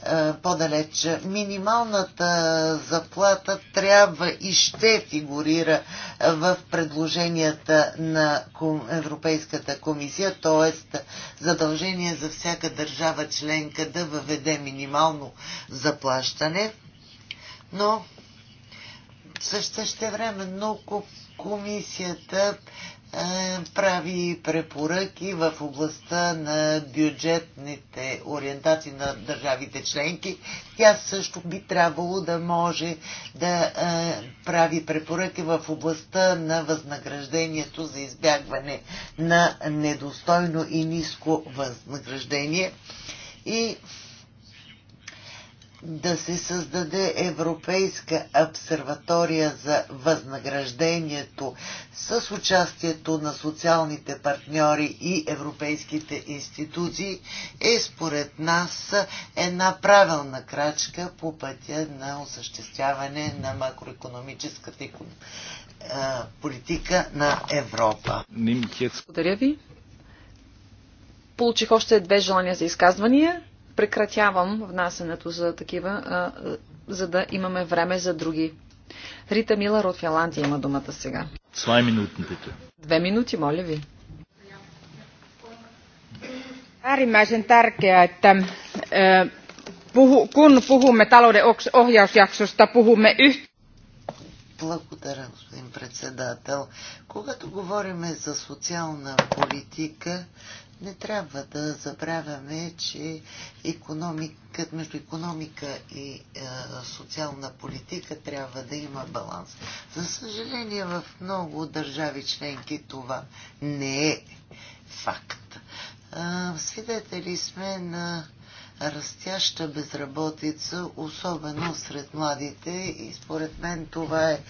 Speaker 1: Е, по-далеч. Минималната е, заплата трябва и ще фигурира в предложенията на Европейската комисия, т.е. задължение за всяка държава членка да въведе минимално заплащане, но време но комисията е, прави препоръки в областта на бюджетните ориентации на държавите членки. Тя също би трябвало да може да е, прави препоръки в областта на възнаграждението за избягване на недостойно и ниско възнаграждение. И да се създаде Европейска обсерватория за възнаграждението с участието на социалните партньори и европейските институции е според нас една правилна крачка по пътя на осъществяване на макроекономическата политика на Европа. Благодаря ви.
Speaker 2: Получих още две желания за изказвания прекратявам внасенето за такива, а, за да имаме време за други. Рита Милар от Финландия има думата сега. Две минути, моля ви. Äärimmäisen tärkeää, että е, puhu, kun puhumme talouden ohjausjaksosta, puhumme
Speaker 1: yhteen. Благодаря, господин председател. Когато говорим за социална политика, не трябва да забравяме, че економикът, между економика и е, социална политика трябва да има баланс. За съжаление, в много държави членки това не е факт. Е, свидетели сме на растяща безработица, особено сред младите. И според мен това е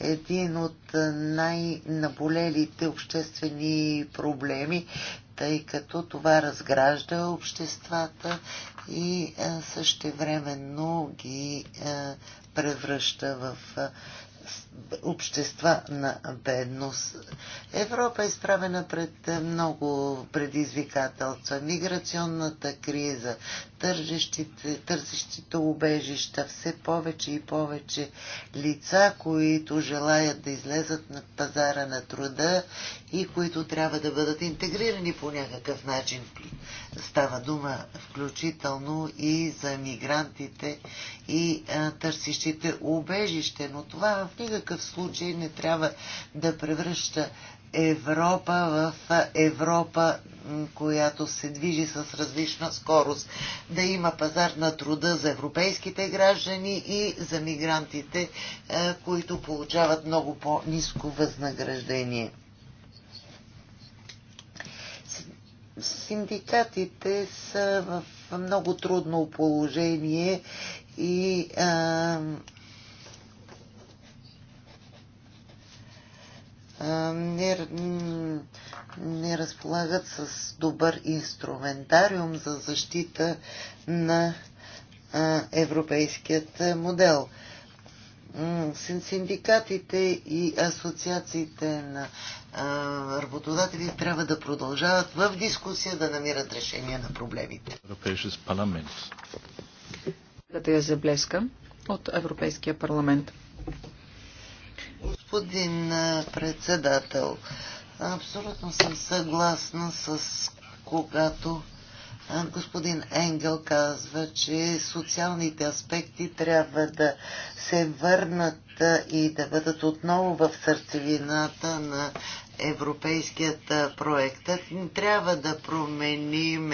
Speaker 1: един от най-наболелите обществени проблеми, тъй като това разгражда обществата и е, същевременно ги е, превръща в е, общества на бедност. Европа е изправена пред много предизвикателства. Миграционната криза, тържещите, търсещите убежища, все повече и повече лица, които желаят да излезат на пазара на труда и които трябва да бъдат интегрирани по някакъв начин. Става дума включително и за мигрантите и а, търсещите убежище, но това в никакъв никакъв случай не трябва да превръща Европа в Европа, която се движи с различна скорост. Да има пазар на труда за европейските граждани и за мигрантите, е, които получават много по-низко възнаграждение. Синдикатите са в много трудно положение и а, не, не разполагат с добър инструментариум за защита на европейският модел. Синдикатите и асоциациите на работодатели трябва да продължават в дискусия да намират решение на проблемите. Европейският парламент. Да я заблеска от Европейския парламент. Господин председател, абсолютно съм съгласна с когато господин Енгел казва, че социалните аспекти трябва да се върнат и да бъдат отново в сърцевината на европейският проект. Трябва да променим.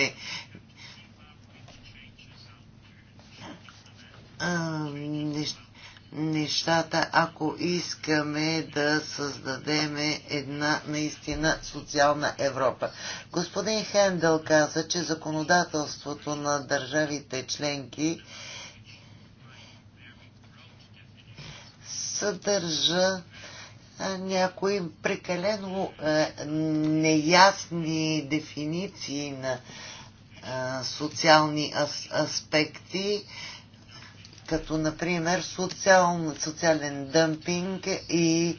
Speaker 1: неща нещата, ако искаме да създадеме една наистина социална Европа. Господин Хендел каза, че законодателството на държавите членки съдържа някои прекалено неясни дефиниции на социални аспекти, като например социал, социален дъмпинг и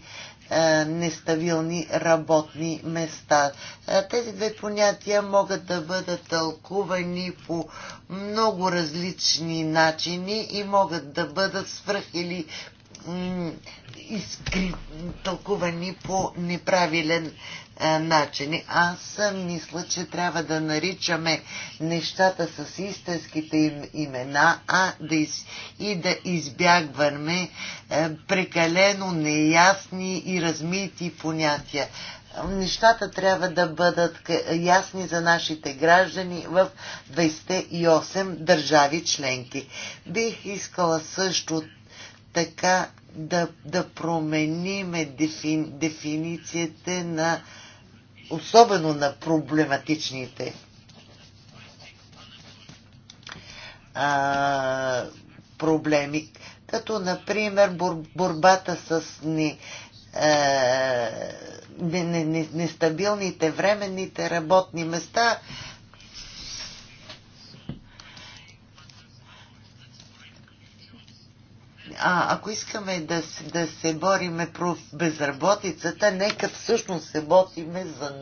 Speaker 1: е, нестабилни работни места. Е, тези две понятия могат да бъдат тълкувани по много различни начини и могат да бъдат свръх или изкри, тълкувани по неправилен а, начин. Аз мисля, че трябва да наричаме нещата с истинските им имена, а да из, и да избягваме а, прекалено неясни и размити понятия. Нещата трябва да бъдат ясни за нашите граждани в 28 държави членки. Бих искала също така да, да промениме дефи, дефинициите на особено на проблематичните а, проблеми, като например бор, борбата с ни, а, не, не, нестабилните временните работни места а, ако искаме да, да се бориме про безработицата, нека всъщност се, ботиме за,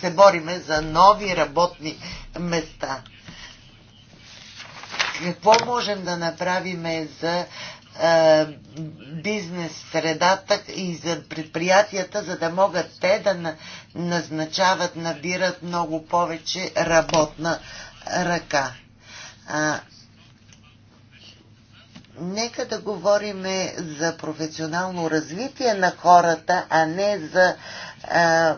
Speaker 1: се бориме за нови работни места. Какво можем да направим за а, бизнес средата и за предприятията, за да могат те да назначават, набират много повече работна ръка. А, нека да говорим за професионално развитие на хората, а не за а,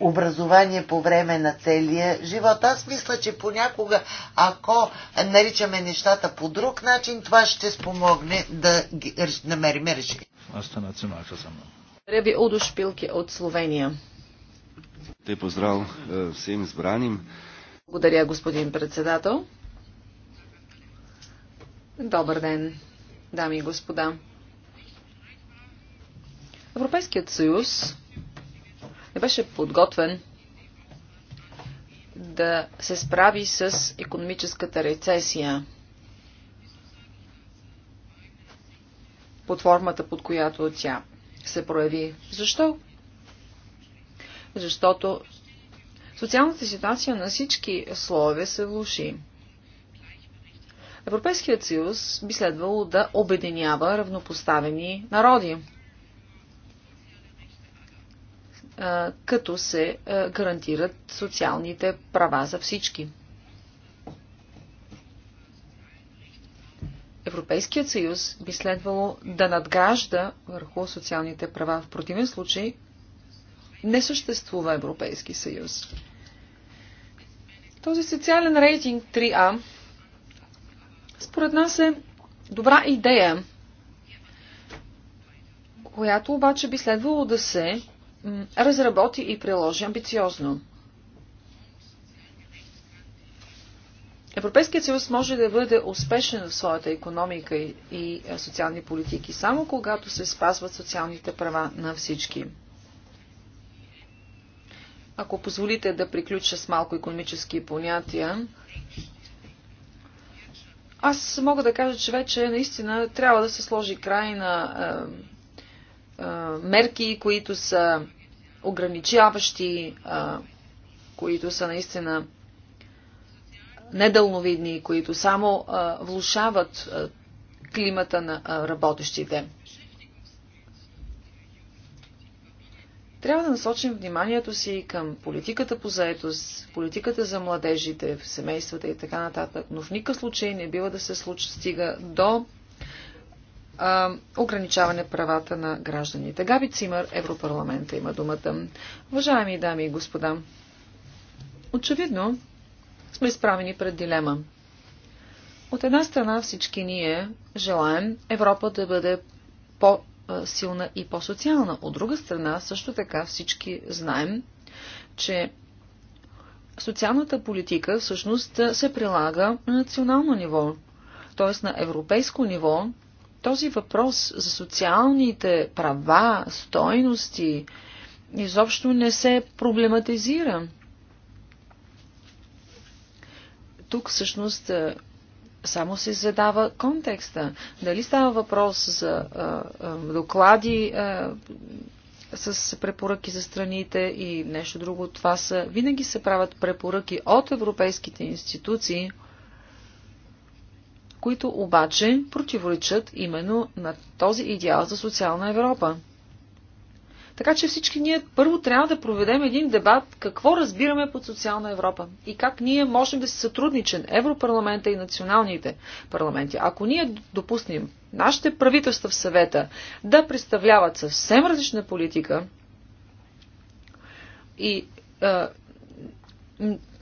Speaker 1: образование по време на целия живот. Аз мисля, че понякога, ако наричаме нещата по друг начин, това ще спомогне да ги, намерим решение.
Speaker 4: Аз те националка съм.
Speaker 1: Реби Удошпилки от Словения.
Speaker 4: Те поздрав е, всем избраним.
Speaker 2: Благодаря, господин председател. Добър ден дами и господа. Европейският съюз не беше подготвен да се справи с економическата рецесия под формата, под която тя се прояви. Защо? Защото социалната ситуация на всички слове се влуши. Европейският съюз би следвало да обединява равнопоставени народи, като се гарантират социалните права за всички. Европейският съюз би следвало да надгражда върху социалните права. В противен случай не съществува Европейски съюз. Този социален рейтинг 3А според нас е добра идея, която обаче би следвало да се разработи и приложи амбициозно. Европейският съюз може да бъде успешен в своята економика и социални политики само когато се спазват социалните права на всички. Ако позволите да приключа с малко економически понятия, аз мога да кажа, че вече наистина трябва да се сложи край на а, а, мерки, които са ограничаващи, а, които са наистина недълновидни, които само а, влушават а, климата на а, работещите. Трябва да насочим вниманието си към политиката по заетост, политиката за младежите, в семействата и така нататък, но в никакъв случай не бива да се случи, стига до а, ограничаване правата на гражданите. Габи Цимър, Европарламента има думата. Уважаеми дами и господа, очевидно сме изправени пред дилема. От една страна всички ние желаем Европа да бъде по по-силна и по-социална. От друга страна, също така всички знаем, че социалната политика всъщност се прилага на национално ниво, т.е. на европейско ниво. Този въпрос за социалните права, стойности изобщо не се проблематизира. Тук всъщност само се задава контекста. Дали става въпрос за а, а, доклади а, с препоръки за страните и нещо друго. Това са, винаги се правят препоръки от европейските институции, които обаче противоречат именно на този идеал за социална Европа. Така че всички ние първо трябва да проведем един дебат какво разбираме под социална Европа и как ние можем да се сътрудничим Европарламента и националните парламенти. Ако ние допуснем нашите правителства в съвета да представляват съвсем различна политика и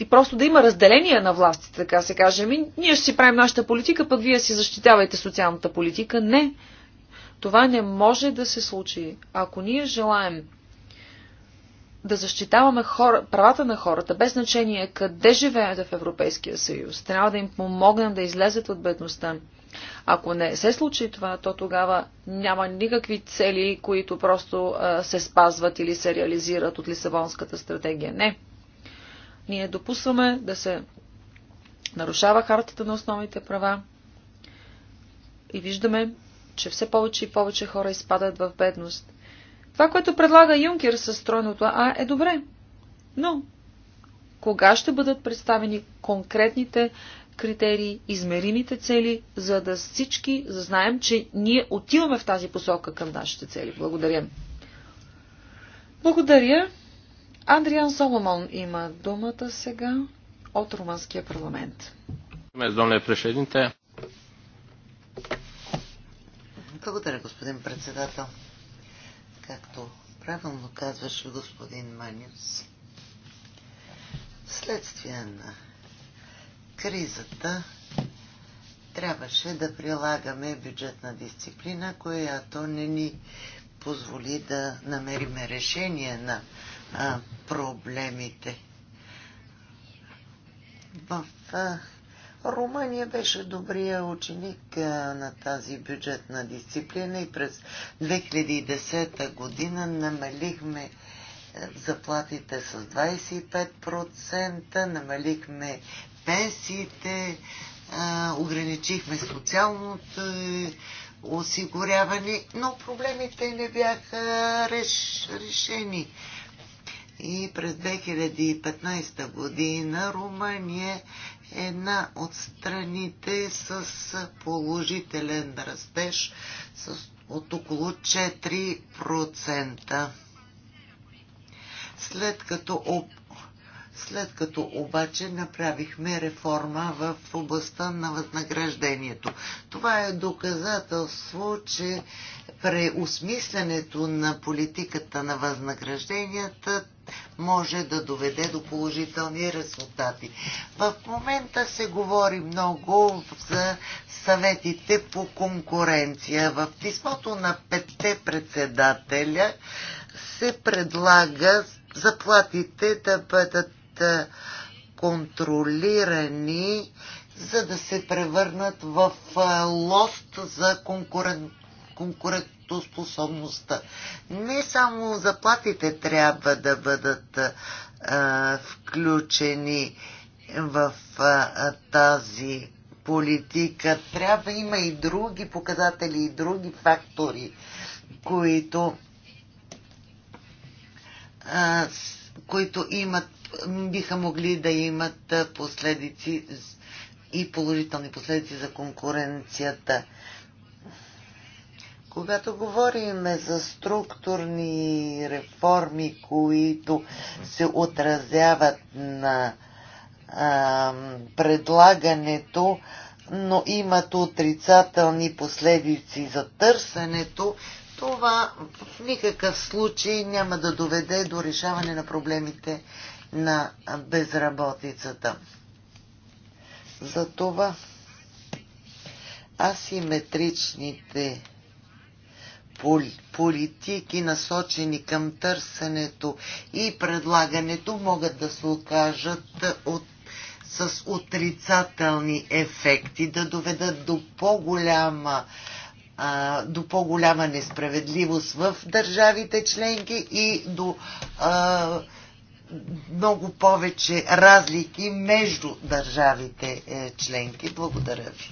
Speaker 2: и просто да има разделение на властите, така се каже. Ми, ние ще си правим нашата политика, пък вие си защитявайте социалната политика. Не. Това не може да се случи. Ако ние желаем да защитаваме хора, правата на хората, без значение къде живеят в Европейския съюз, трябва да им помогнем да излезат от бедността. Ако не се случи това, то тогава няма никакви цели, които просто а, се спазват или се реализират от Лисабонската стратегия. Не. Ние допусваме да се нарушава хартата на основните права и виждаме, че все повече и повече хора изпадат в бедност. Това, което предлага Юнкер със стройното А е добре. Но кога ще бъдат представени конкретните критерии, измеримите цели, за да всички за знаем, че ние отиваме в тази посока към нашите цели. Благодаря. Благодаря. Андриан Соломон има думата сега от Румънския парламент.
Speaker 1: Благодаря, господин председател. Както правилно казваше господин Маниус, следствие на кризата трябваше да прилагаме бюджетна дисциплина, която не ни позволи да намериме решение на а, проблемите. В а, Румъния беше добрия ученик на тази бюджетна дисциплина и през 2010 година намалихме заплатите с 25%, намалихме пенсиите, ограничихме социалното е, осигуряване, но проблемите не бяха решени. И през 2015 година Румъния една от страните с положителен растеж с от около 4%. След като, об... След като обаче направихме реформа в областта на възнаграждението. Това е доказателство, че преосмислянето на политиката на възнагражденията може да доведе до положителни резултати. В момента се говори много за съветите по конкуренция. В писмото на петте председателя се предлага заплатите да бъдат контролирани, за да се превърнат в лост за конкурентност конкурентоспособността. Не само заплатите трябва да бъдат а, включени в а, тази политика. Трябва има и други показатели, и други фактори, които, а, които имат, биха могли да имат последици и положителни последици за конкуренцията. Когато говорим за структурни реформи, които се отразяват на а, предлагането, но имат отрицателни последици за търсенето, това в никакъв случай няма да доведе до решаване на проблемите на безработицата. Затова асиметричните политики, насочени към търсенето и предлагането, могат да се окажат от, с отрицателни ефекти, да доведат до по-голяма до по-голяма несправедливост в държавите членки и до а, много повече разлики между държавите е, членки. Благодаря ви.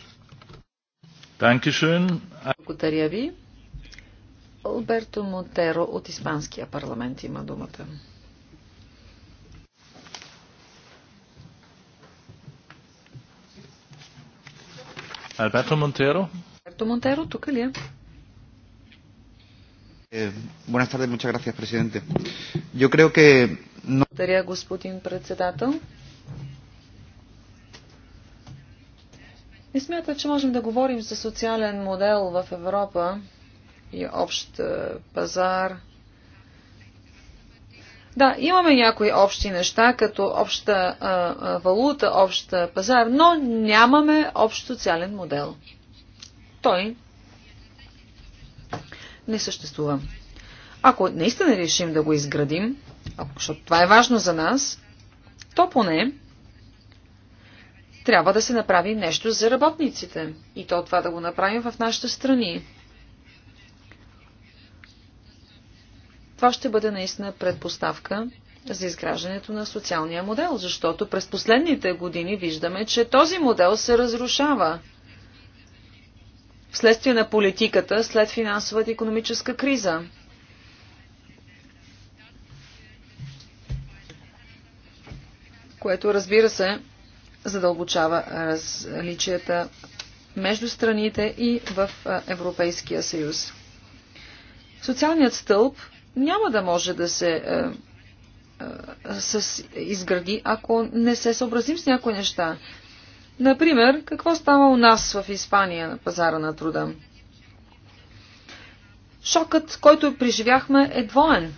Speaker 1: Благодаря ви.
Speaker 2: Алберто Монтеро от Испанския парламент има думата.
Speaker 4: Алберто Монтеро?
Speaker 2: Алберто Монтеро, тук ли е?
Speaker 1: е? Buenas tardes, muchas gracias, presidente. Yo creo que no...
Speaker 2: Благодаря, господин председател. Не смята, че можем да говорим за социален модел в Европа, и общ е, пазар. Да, имаме някои общи неща, като обща а, е, е, валута, обща пазар, но нямаме общ социален модел. Той не съществува. Ако наистина решим да го изградим, защото това е важно за нас, то поне трябва да се направи нещо за работниците. И то това да го направим в нашите страни. Това ще бъде наистина предпоставка за изграждането на социалния модел, защото през последните години виждаме, че този модел се разрушава вследствие на политиката след финансовата и економическа криза. Което, разбира се, задълбочава различията между страните и в Европейския съюз. Социалният стълб няма да може да се е, е, с, изгради, ако не се съобразим с някои неща. Например, какво става у нас в Испания на пазара на труда? Шокът, който преживяхме, е двоен.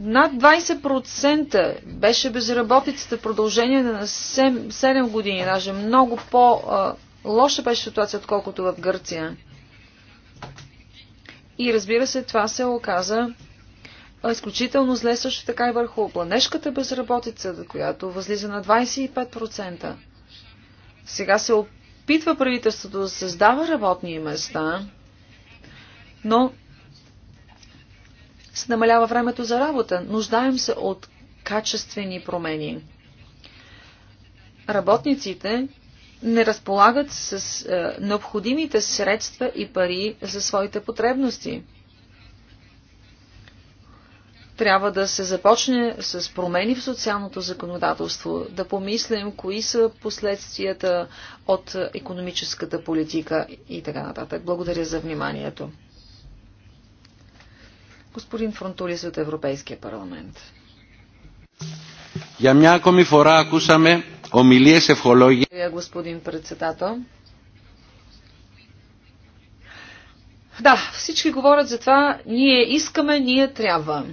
Speaker 2: Над 20% беше безработицата в продължение на 7, 7 години, даже много по-лоша е, беше ситуация, отколкото в Гърция. И разбира се, това се оказа изключително зле също така и върху планешката безработица, която възлиза на 25%. Сега се опитва правителството да създава работни места, но се намалява времето за работа. Нуждаем се от качествени промени. Работниците не разполагат с е, необходимите средства и пари за своите потребности. Трябва да се започне с промени в социалното законодателство, да помислим кои са последствията от економическата политика и така нататък. Благодаря за вниманието. Господин Фронтулис от Европейския парламент.
Speaker 4: Я μια ακόμη φορά се вхология.
Speaker 2: Господин председател. Да, всички говорят за това, ние искаме, ние трябва.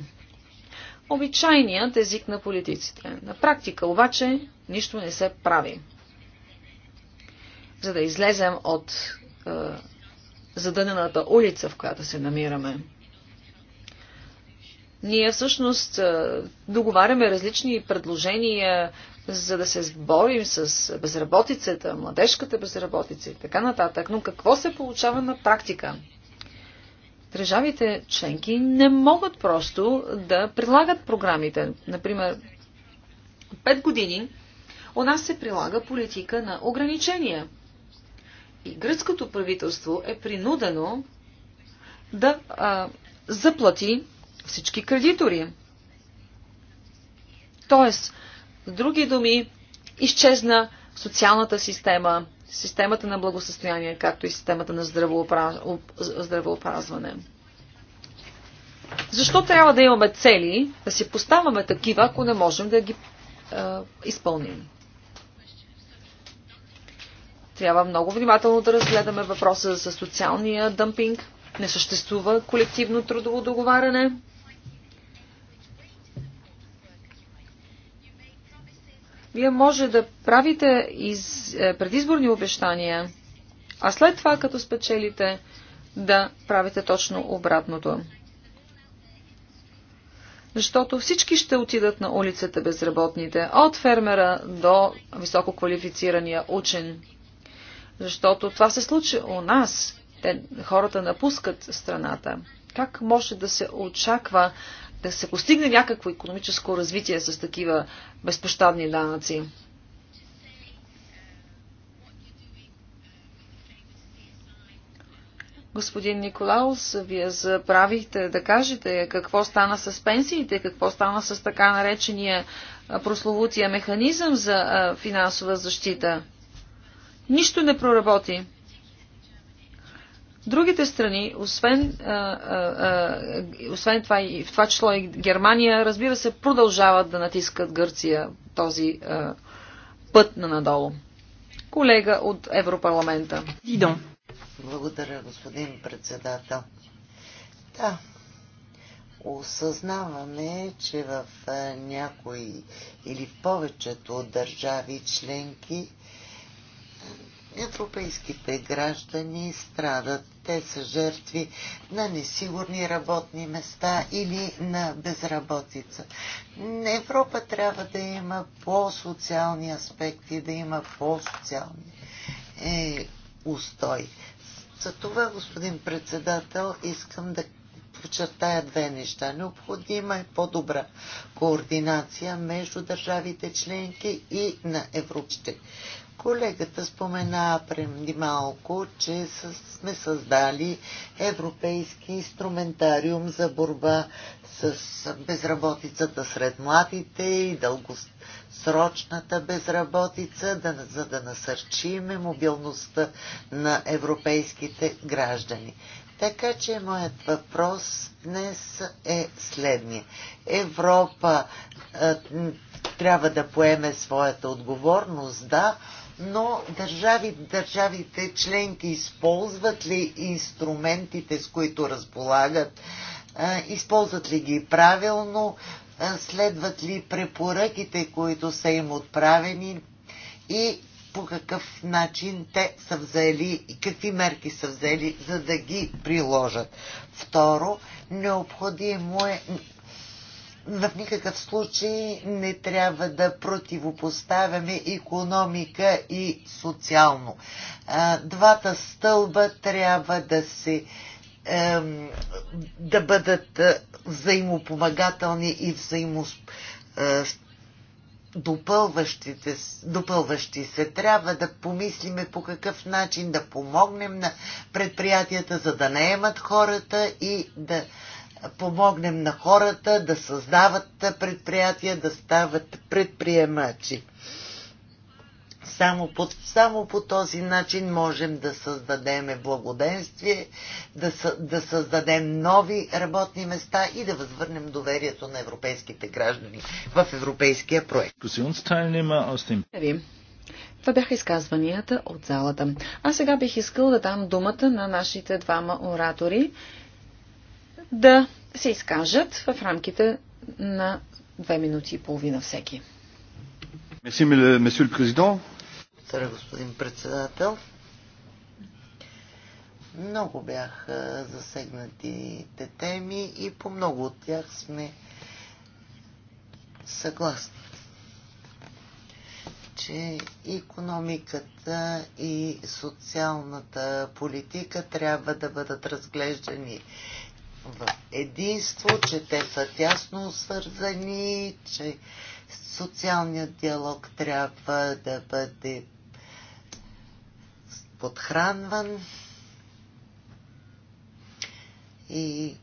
Speaker 2: Обичайният език на политиците. На практика обаче нищо не се прави. За да излезем от е, задънената улица, в която се намираме. Ние всъщност е, договаряме различни предложения, за да се сборим с безработицата, младежката безработица и така нататък. Но какво се получава на практика? Държавите членки не могат просто да прилагат програмите. Например, пет години у нас се прилага политика на ограничения. И гръцкото правителство е принудено да а, заплати всички кредитори. Тоест, с други думи, изчезна социалната система, системата на благосъстояние, както и системата на здравеопразване. Защо трябва да имаме цели, да си поставяме такива, ако не можем да ги е, изпълним? Трябва много внимателно да разгледаме въпроса за социалния дъмпинг. Не съществува колективно трудово договаряне. Вие може да правите из, е, предизборни обещания, а след това, като спечелите, да правите точно обратното. Защото всички ще отидат на улицата безработните, от фермера до висококвалифицирания учен. Защото това се случи у нас. Те, хората напускат страната. Как може да се очаква да се постигне някакво економическо развитие с такива безпощадни данъци. Господин Николаус, вие заправихте да кажете какво стана с пенсиите, какво стана с така наречения прословутия механизъм за финансова защита. Нищо не проработи. Другите страни, освен, а, а, освен това и в това число и Германия, разбира се, продължават да натискат Гърция този а, път на надолу. Колега от Европарламента.
Speaker 1: Дидон. Благодаря, господин председател. Да, осъзнаваме, че в някои или в повечето държави членки европейските граждани страдат те са жертви на несигурни работни места или на безработица. Европа трябва да има по-социални аспекти, да има по-социални е, устой. За това, господин председател, искам да подчертая две неща. Необходима е по-добра координация между държавите членки и на европейските Колегата спомена преди малко, че сме създали европейски инструментариум за борба с безработицата сред младите и дългосрочната безработица, за да насърчиме мобилността на европейските граждани. Така че моят въпрос днес е следния. Европа трябва да поеме своята отговорност, да, но държави, държавите членки използват ли инструментите, с които разполагат, използват ли ги правилно, следват ли препоръките, които са им отправени и по какъв начин те са взели и какви мерки са взели, за да ги приложат. Второ, необходимо е в никакъв случай не трябва да противопоставяме економика и социално. Двата стълба трябва да се да бъдат е, взаимопомагателни и взаимодопълващите, е, допълващи се. Трябва да помислиме по какъв начин да помогнем на предприятията, за да наемат хората и да помогнем на хората да създават предприятия, да стават предприемачи. Само по, само по този начин можем да създадем благоденствие, да, да създадем нови работни места и да възвърнем доверието на европейските граждани в европейския проект.
Speaker 2: Това бяха изказванията от залата. А сега бих искал да дам думата на нашите двама оратори да се изкажат в рамките на две минути и
Speaker 1: половина всеки. Благодаря, господин председател. Много бяха засегнатите теми и по много от тях сме съгласни, че економиката и социалната политика трябва да бъдат разглеждани в единство, че те са тясно свързани, че социалният диалог трябва да бъде подхранван и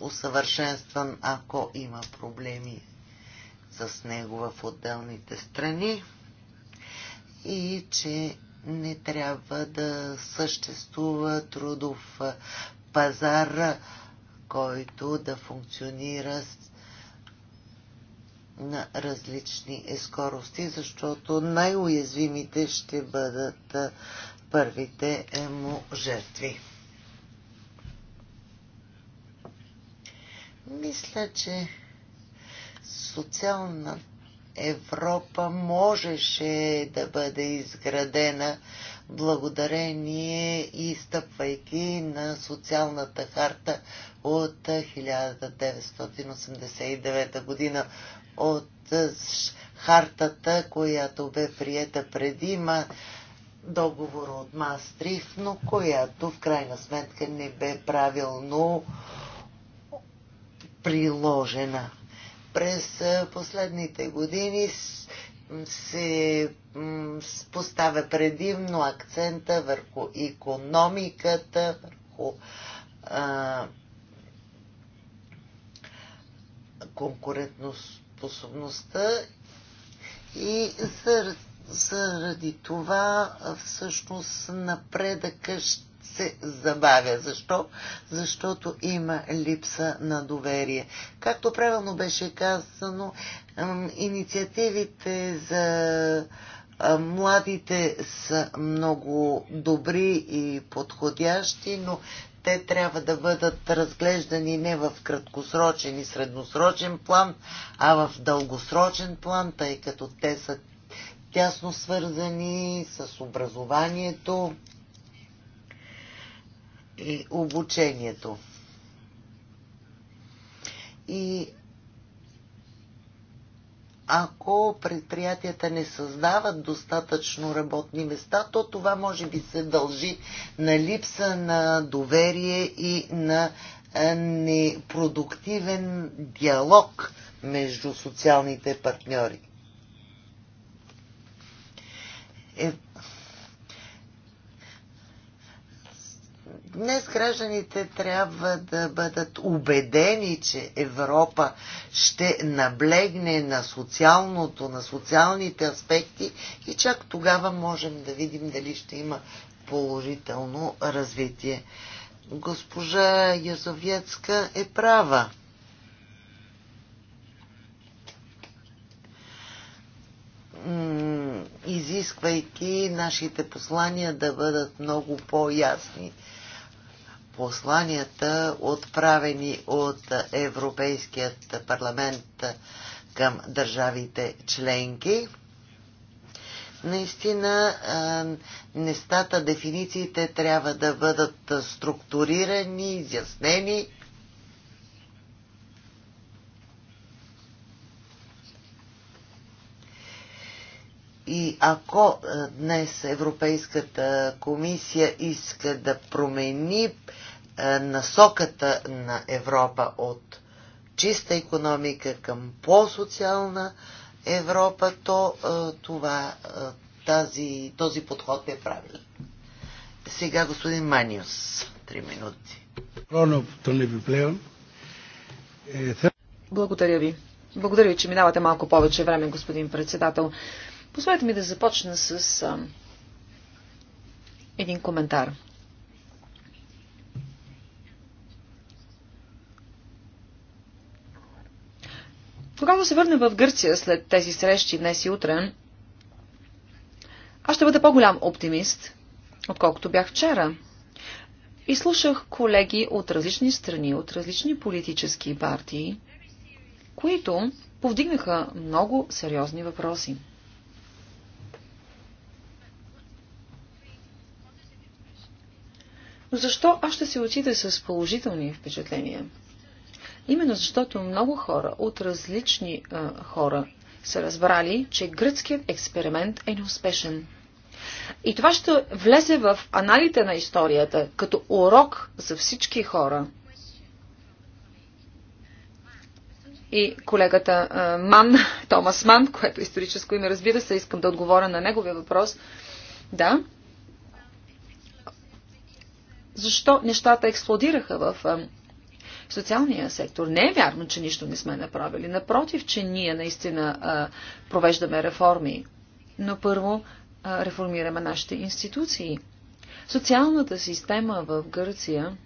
Speaker 1: усъвършенстван, ако има проблеми с него в отделните страни и че не трябва да съществува трудов пазар, който да функционира на различни е, скорости, защото най-уязвимите ще бъдат първите е, му жертви. Мисля, че социалната Европа можеше да бъде изградена благодарение и стъпвайки на социалната харта, от 1989 година, от хартата, която бе приета преди договор от Мастрих, но която в крайна сметка не бе правилно приложена. През последните години се поставя предимно акцента върху економиката, върху а, конкурентоспособността и заради, това всъщност напредъка се забавя. Защо? Защото има липса на доверие. Както правилно беше казано, инициативите за младите са много добри и подходящи, но те трябва да бъдат разглеждани не в краткосрочен и средносрочен план, а в дългосрочен план, тъй като те са тясно свързани с образованието и обучението. И ако предприятията не създават достатъчно работни места, то това може би се дължи на липса на доверие и на е, непродуктивен диалог между социалните партньори. Е, Днес гражданите трябва да бъдат убедени, че Европа ще наблегне на социалното, на социалните аспекти и чак тогава можем да видим дали ще има положително развитие. Госпожа Язовецка е права. изисквайки нашите послания да бъдат много по-ясни посланията, отправени от Европейският парламент към държавите членки. Наистина, нестата, дефинициите трябва да бъдат структурирани, изяснени И ако е, днес Европейската комисия иска да промени е, насоката на Европа от чиста економика към по-социална Европа, то е, това, тази, този подход е правилен. Сега господин Маниус, три минути.
Speaker 2: Благодаря ви. Благодаря ви, че минавате малко повече време, господин председател. Позволете ми да започна с а, един коментар. Когато се върнем в Гърция след тези срещи днес и утре, аз ще бъда по-голям оптимист, отколкото бях вчера. И слушах колеги от различни страни, от различни политически партии, които повдигнаха много сериозни въпроси. Но защо аз ще се отида с положителни впечатления? Именно защото много хора от различни а, хора са разбрали, че гръцкият експеримент е неуспешен. И това ще влезе в аналите на историята като урок за всички хора. И колегата а, Ман, (laughs) Томас Ман, което историческо име разбира се, искам да отговоря на неговия въпрос. Да, защо нещата експлодираха в социалния сектор. Не е вярно, че нищо не сме направили. Напротив, че ние наистина провеждаме реформи. Но първо реформираме нашите институции. Социалната система в Гърция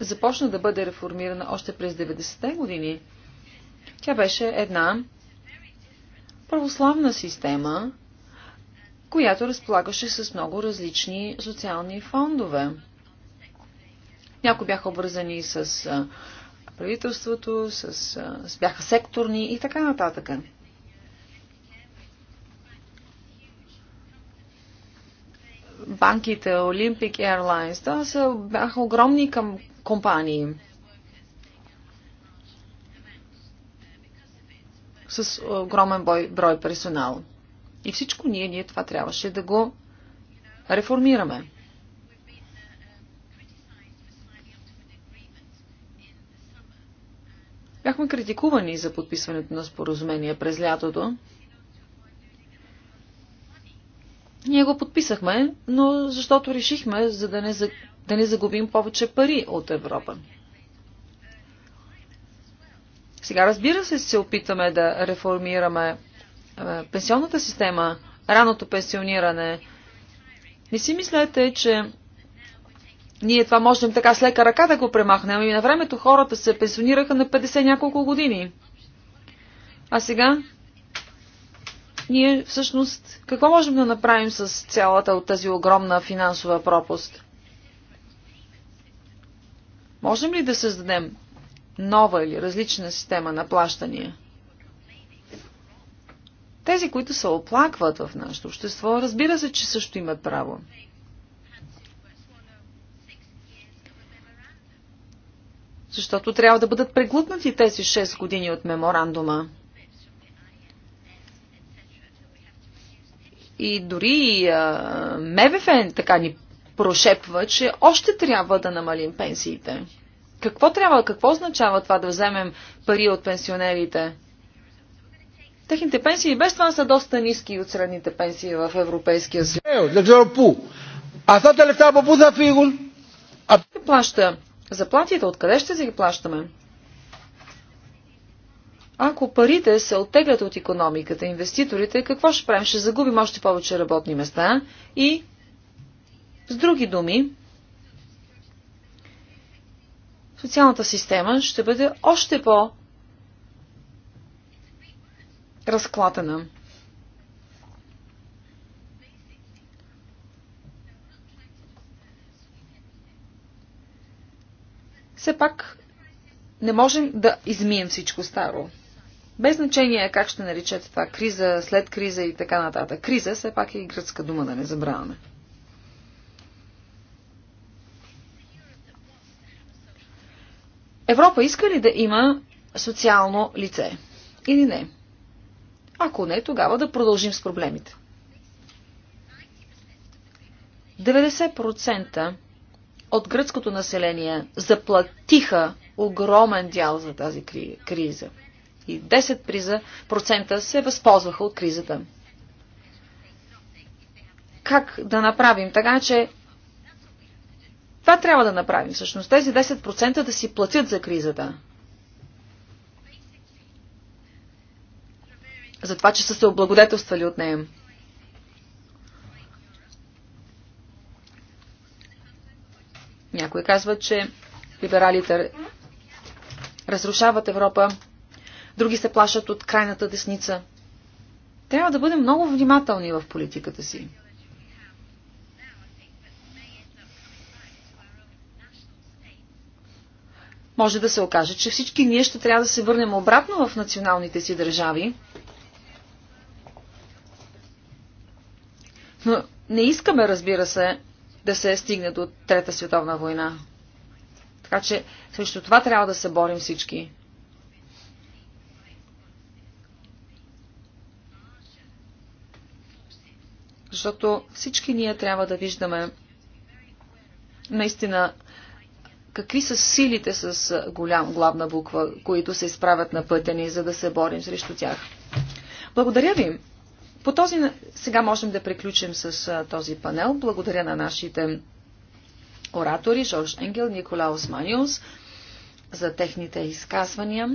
Speaker 2: започна да бъде реформирана още през 90-те години. Тя беше една православна система, която разполагаше с много различни социални фондове. Някои бяха обвързани с правителството, с, с, бяха секторни и така нататък. Банките, Olympic Airlines, това са, бяха огромни към компании. С огромен брой персонал. И всичко ние, ние това трябваше да го реформираме. Бяхме критикувани за подписването на споразумение през лятото. Ние го подписахме, но защото решихме, за да не, за... да не загубим повече пари от Европа. Сега разбира се, се опитаме да реформираме е, пенсионната система, раното пенсиониране. Не си мислете, че ние това можем така с лека ръка да го премахнем. И на времето хората се пенсионираха на 50 няколко години. А сега ние всъщност какво можем да направим с цялата от тази огромна финансова пропуст? Можем ли да създадем нова или различна система на плащания? Тези, които се оплакват в нашето общество, разбира се, че също имат право. Защото трябва да бъдат преглутнати тези 6 години от меморандума. И дори МВФ така ни прошепва, че още трябва да намалим пенсиите. Какво трябва, какво означава това да вземем пари от пенсионерите? Техните пенсии без това са доста ниски от средните пенсии в Европейския съюз. Е, Те плаща заплатите, откъде ще си ги плащаме? Ако парите се оттеглят от економиката, инвеститорите, какво ще правим? Ще загубим още повече работни места и, с други думи, социалната система ще бъде още по- разклатена. Все пак не можем да измием всичко старо. Без значение как ще наричате това криза, след криза и така нататък. Криза все пак е и гръцка дума, да не забравяме. Европа иска ли да има социално лице? Или не? Ако не, тогава да продължим с проблемите. 90% от гръцкото население заплатиха огромен дял за тази криза. И 10% се възползваха от кризата. Как да направим така, че това трябва да направим всъщност. Тези 10% да си платят за кризата. за това, че са се облагодетелствали от нея. Някои казват, че либералите разрушават Европа, други се плашат от крайната десница. Трябва да бъдем много внимателни в политиката си. Може да се окаже, че всички ние ще трябва да се върнем обратно в националните си държави Но не искаме, разбира се, да се стигне до Трета световна война. Така че срещу това трябва да се борим всички. Защото всички ние трябва да виждаме наистина какви са силите с голям, главна буква, които се изправят на пътя ни, за да се борим срещу тях. Благодаря ви! По този сега можем да приключим с този панел. Благодаря на нашите оратори Жорж Енгел, Николаус Маниус за техните изказвания.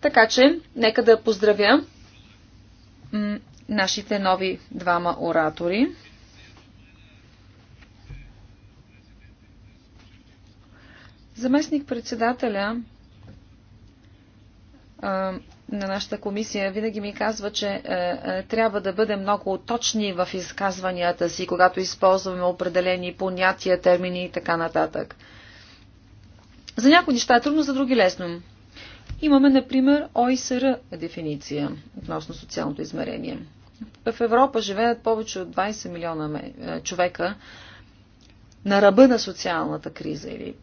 Speaker 2: Така че, нека да поздравя нашите нови двама оратори. Заместник-председателя на нашата комисия винаги ми казва, че е, е, трябва да бъдем много точни в изказванията си, когато използваме определени понятия, термини и така нататък. За някои неща е трудно, за други лесно. Имаме, например, ОИСР дефиниция относно социалното измерение. В Европа живеят повече от 20 милиона е, човека на ръба на социалната криза или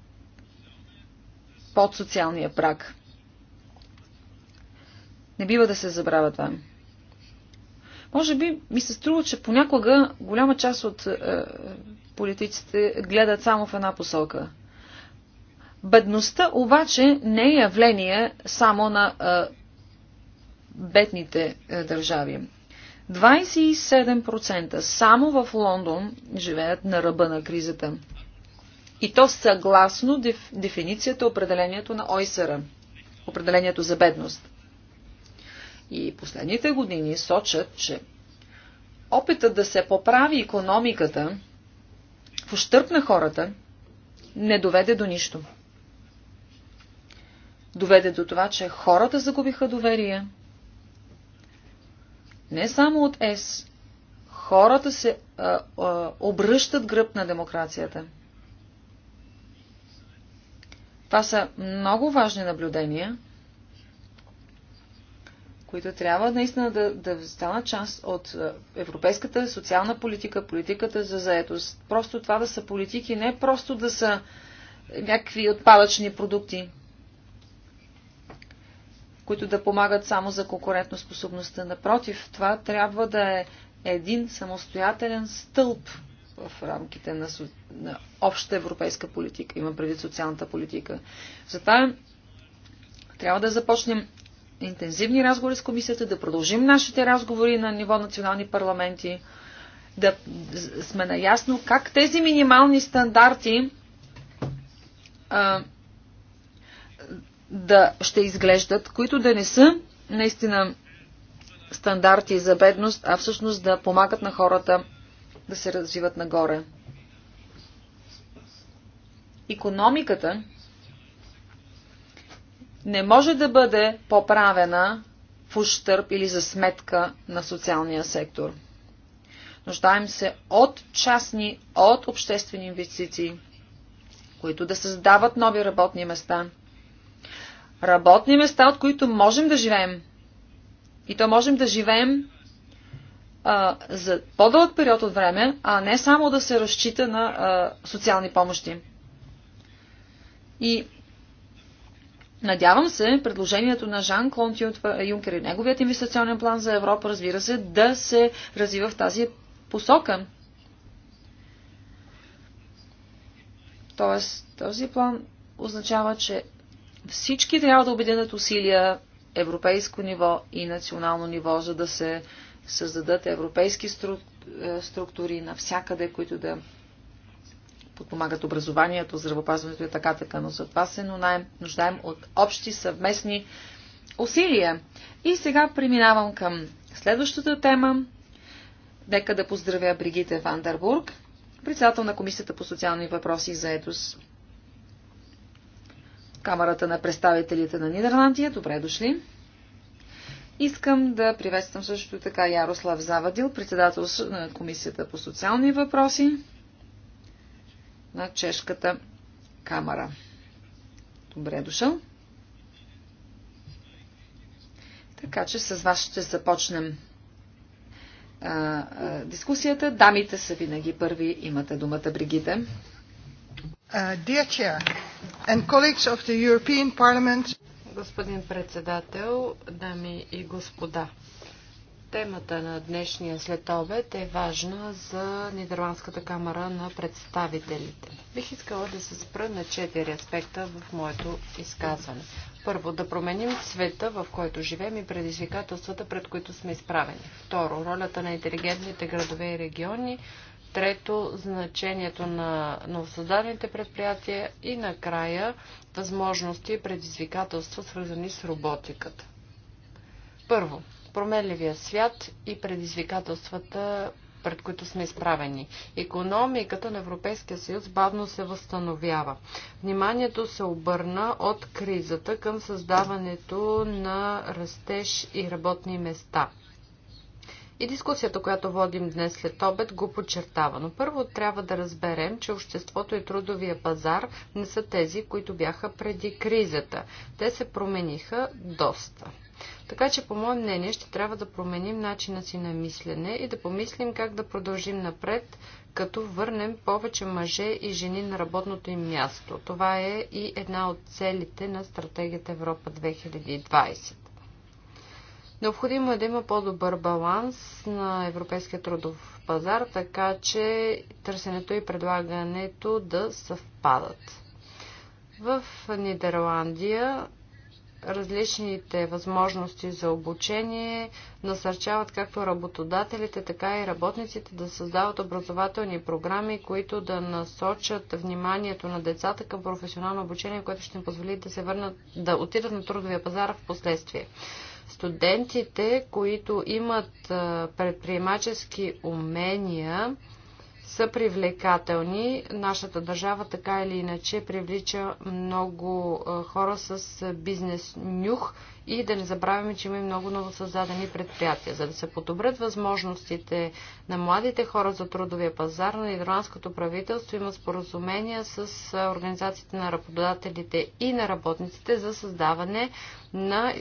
Speaker 2: под социалния праг. Не бива да се забравя това. Може би ми се струва, че понякога голяма част от е, политиците гледат само в една посока. Бедността обаче не е явление само на е, бедните е, държави. 27% само в Лондон живеят на ръба на кризата. И то съгласно дефиницията, определението на ОСР, определението за бедност. И последните години сочат, че опитът да се поправи економиката в ущърп на хората не доведе до нищо. Доведе до това, че хората загубиха доверие. Не само от ЕС. Хората се а, а, обръщат гръб на демокрацията. Това са много важни наблюдения, които трябва наистина да, да станат част от е, европейската социална политика, политиката за заетост. Просто това да са политики, не просто да са някакви отпадъчни продукти, които да помагат само за конкурентоспособността. Напротив, това трябва да е един самостоятелен стълб в рамките на, со... на общата европейска политика. Има преди социалната политика. Затова трябва да започнем интензивни разговори с комисията, да продължим нашите разговори на ниво национални парламенти, да сме наясно как тези минимални стандарти а, да ще изглеждат, които да не са наистина стандарти за бедност, а всъщност да помагат на хората да се развиват нагоре. Економиката не може да бъде поправена в ущърп или за сметка на социалния сектор. Нуждаем се от частни, от обществени инвестиции, които да създават нови работни места. Работни места, от които можем да живеем. И то можем да живеем а, за по-дълъг период от време, а не само да се разчита на а, социални помощи. И надявам се предложението на Жан Клонт Юнкер и неговият инвестиционен план за Европа, разбира се, да се развива в тази посока. Тоест, този план означава, че всички трябва да обединят усилия европейско ниво и национално ниво, за да се създадат европейски стру... Е, структури навсякъде, които да подпомагат образованието, здравопазването и така така. Но за това се нуждаем от общи съвместни усилия. И сега преминавам към следващата тема. Нека да поздравя Бригите Вандербург, председател на Комисията по социални въпроси за етос. Камерата на представителите на Нидерландия. Добре дошли. Искам да приветствам също така Ярослав Завадил, председател на Комисията по социални въпроси на Чешката камара. Добре е дошъл. Така че с вас ще започнем а, а, дискусията. Дамите са винаги първи. Имате думата, Бригите. Uh,
Speaker 3: Господин председател, дами и господа, темата на днешния следобед е важна за Нидерландската камера на представителите. Бих искала да се спра на четири аспекта в моето изказване. Първо, да променим света, в който живеем и предизвикателствата, пред които сме изправени. Второ, ролята на интелигентните градове и региони Трето, значението на новосъздадените предприятия и накрая възможности и предизвикателства, свързани с роботиката. Първо, променливия свят и предизвикателствата, пред които сме изправени. Економиката на Европейския съюз бавно се възстановява. Вниманието се обърна от кризата към създаването на растеж и работни места – и дискусията, която водим днес след обед, го подчертава. Но първо трябва да разберем, че обществото и трудовия пазар не са тези, които бяха преди кризата. Те се промениха доста. Така че, по мое мнение, ще трябва да променим начина си на мислене и да помислим как да продължим напред, като върнем повече мъже и жени на работното им място. Това е и една от целите на стратегията Европа 2020. Необходимо е да има по-добър баланс на европейския трудов пазар, така че търсенето и предлагането да съвпадат. В Нидерландия различните възможности за обучение насърчават както работодателите, така и работниците да създават образователни програми, които да насочат вниманието на децата към професионално обучение, което ще им позволи да се върнат, да отидат на трудовия пазар в последствие студентите, които имат предприемачески умения, са привлекателни. Нашата държава така или иначе привлича много хора с бизнес нюх и да не забравяме, че има и много създадени предприятия. За да се подобрят възможностите на младите хора за трудовия пазар, на ирландското правителство има споразумения с организациите на работодателите и на работниците за създаване на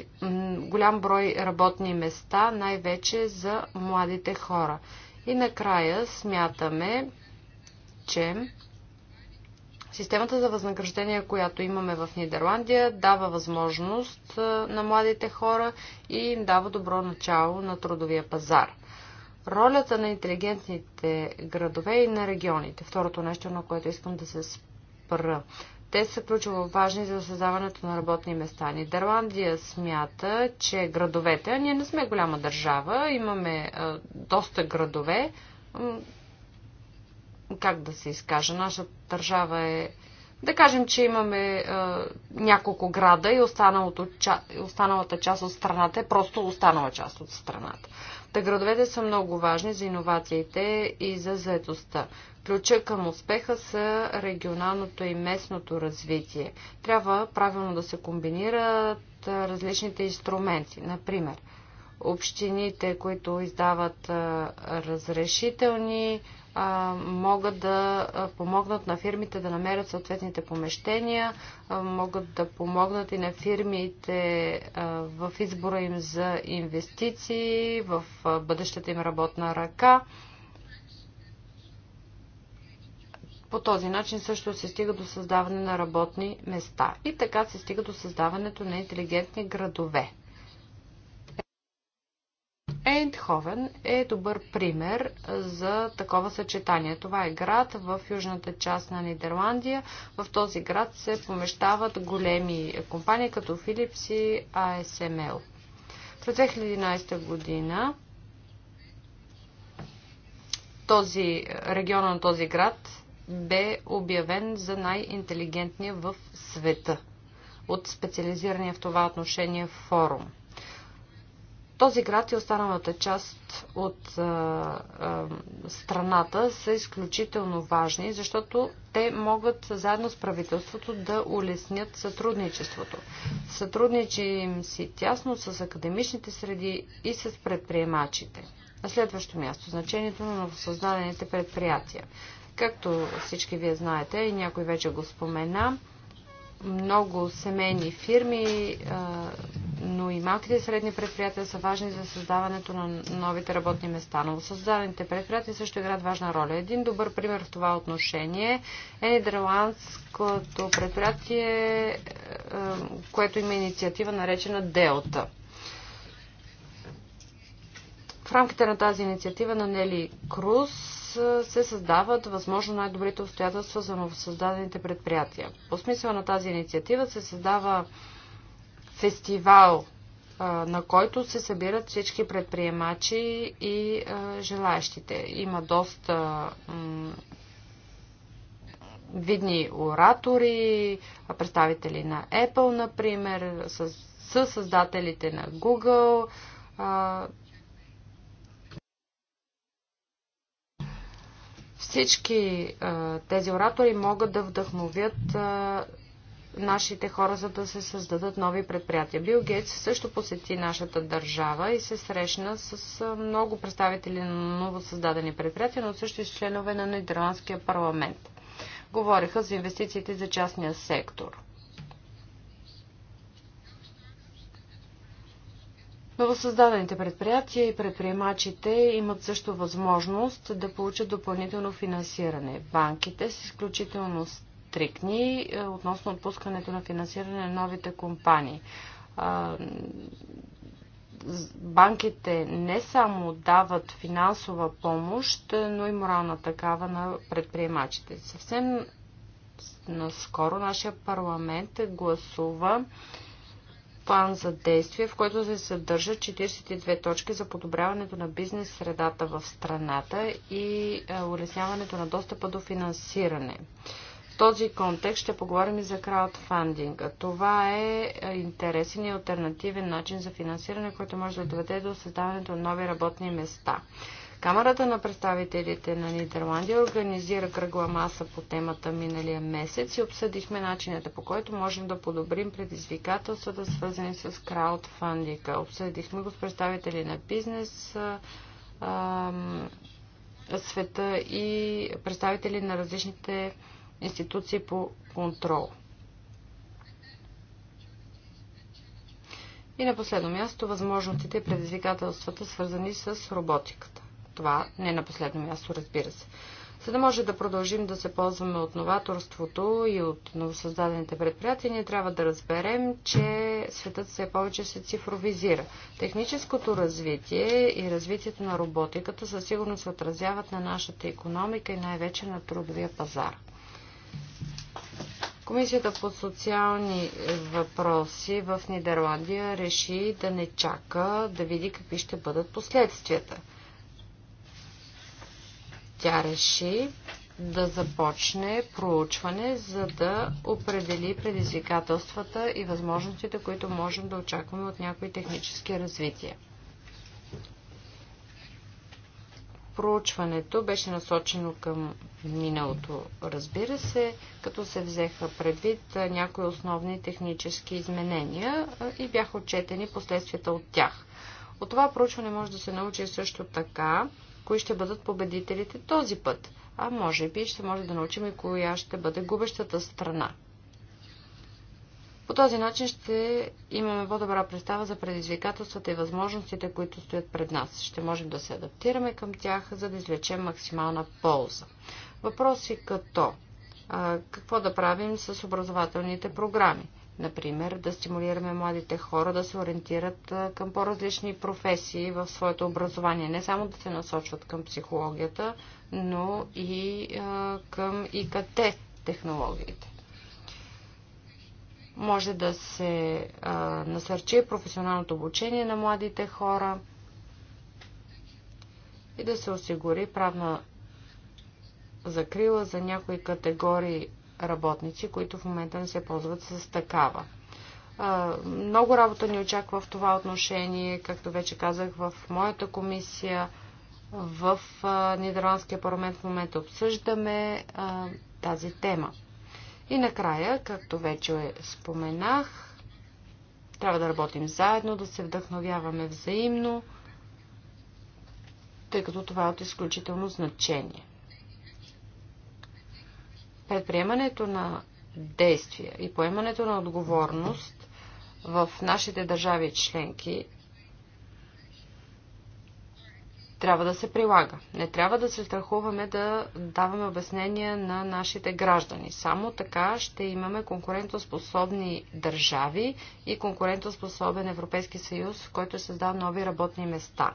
Speaker 3: голям брой работни места, най-вече за младите хора. И накрая смятаме, че Системата за възнаграждение, която имаме в Нидерландия, дава възможност на младите хора и им дава добро начало на трудовия пазар. Ролята на интелигентните градове и на регионите. Второто нещо, на което искам да се спра. Те са ключово важни за създаването на работни места. Нидерландия смята, че градовете, а ние не сме голяма държава, имаме а, доста градове, как да се изкажа, нашата държава е да кажем, че имаме а, няколко града и ча... останалата част от страната е просто останала част от страната. Та градовете са много важни за иновациите и за заедостта. Ключа към успеха са регионалното и местното развитие. Трябва правилно да се комбинират различните инструменти. Например, общините, които издават разрешителни, могат да помогнат на фирмите да намерят съответните помещения, могат да помогнат и на фирмите в избора им за инвестиции, в бъдещата им работна ръка. По този начин също се стига до създаване на работни места и така се стига до създаването на интелигентни градове. Ейндховен е добър пример за такова съчетание. Това е град в южната част на Нидерландия. В този град се помещават големи компании като Philips и ASML. През 2011 година този регион на този град бе обявен за най-интелигентния в света от специализирания в това отношение форум. Този град и останалата част от а, а, страната са изключително важни, защото те могат заедно с правителството да улеснят сътрудничеството. Сътрудничим си тясно с академичните среди и с предприемачите. На следващо място значението на новосъздадените предприятия. Както всички вие знаете, и някой вече го спомена, много семейни фирми, но и малките и средни предприятия са важни за създаването на новите работни места. Но създадените предприятия също играят важна роля. Един добър пример в това отношение е нидерландското предприятие, което има инициатива наречена Делта. В рамките на тази инициатива на Нели Круз се създават възможно най-добрите обстоятелства за новосъздадените предприятия. По смисъл на тази инициатива се създава фестивал, на който се събират всички предприемачи и желаящите. Има доста видни оратори, представители на Apple, например, с създателите на Google, Всички а, тези оратори могат да вдъхновят а, нашите хора, за да се създадат нови предприятия. Бил Гейтс също посети нашата държава и се срещна с много представители на ново създадени предприятия, но също и с членове на Нидерландския парламент. Говориха за инвестициите за частния сектор – Новосъздадените предприятия и предприемачите имат също възможност да получат допълнително финансиране. Банките са изключително стрикни е, относно отпускането на финансиране на новите компании. Банките не само дават финансова помощ, е, но и морална такава на предприемачите. Съвсем наскоро нашия парламент е гласува план за действие, в който се съдържат 42 точки за подобряването на бизнес средата в страната и е, улесняването на достъпа до финансиране. В този контекст ще поговорим и за краудфандинга. Това е, е интересен и альтернативен начин за финансиране, който може да доведе до създаването на нови работни места. Камерата на представителите на Нидерландия организира кръгла маса по темата миналия месец и обсъдихме начината по който можем да подобрим предизвикателствата, свързани с краудфандинга. Обсъдихме го с представители на бизнес, света и представители на различните институции по контрол. И на последно място възможностите и предизвикателствата, свързани с роботиката. Това не на последно място, разбира се. За да може да продължим да се ползваме от новаторството и от новосъздадените предприятия, ние трябва да разберем, че светът все повече се цифровизира. Техническото развитие и развитието на роботиката със сигурност се отразяват на нашата економика и най-вече на трудовия пазар. Комисията по социални въпроси в Нидерландия реши да не чака да види какви ще бъдат последствията – тя реши да започне проучване, за да определи предизвикателствата и възможностите, които можем да очакваме от някои технически развития. проучването беше насочено към миналото, разбира се, като се взеха предвид някои основни технически изменения и бяха отчетени последствията от тях. От това проучване може да се научи също така кои ще бъдат победителите този път. А може би ще може да научим и коя ще бъде губещата страна. По този начин ще имаме по-добра представа за предизвикателствата и възможностите, които стоят пред нас. Ще можем да се адаптираме към тях, за да извлечем максимална полза. Въпроси като а, какво да правим с образователните програми? Например, да стимулираме младите хора да се ориентират към по-различни професии в своето образование. Не само да се насочват към психологията, но и към ИКТ технологиите може да се насърчи професионалното обучение на младите хора и да се осигури правна закрила за някои категории работници, които в момента не се ползват с такава. Много работа ни очаква в това отношение, както вече казах, в моята комисия, в Нидерландския парламент в момента обсъждаме тази тема. И накрая, както вече споменах, трябва да работим заедно, да се вдъхновяваме взаимно, тъй като това е от изключително значение предприемането на действия и поемането на отговорност в нашите държави членки трябва да се прилага. Не трябва да се страхуваме да даваме обяснения на нашите граждани. Само така ще имаме конкурентоспособни държави и конкурентоспособен Европейски съюз, в който създава нови работни места.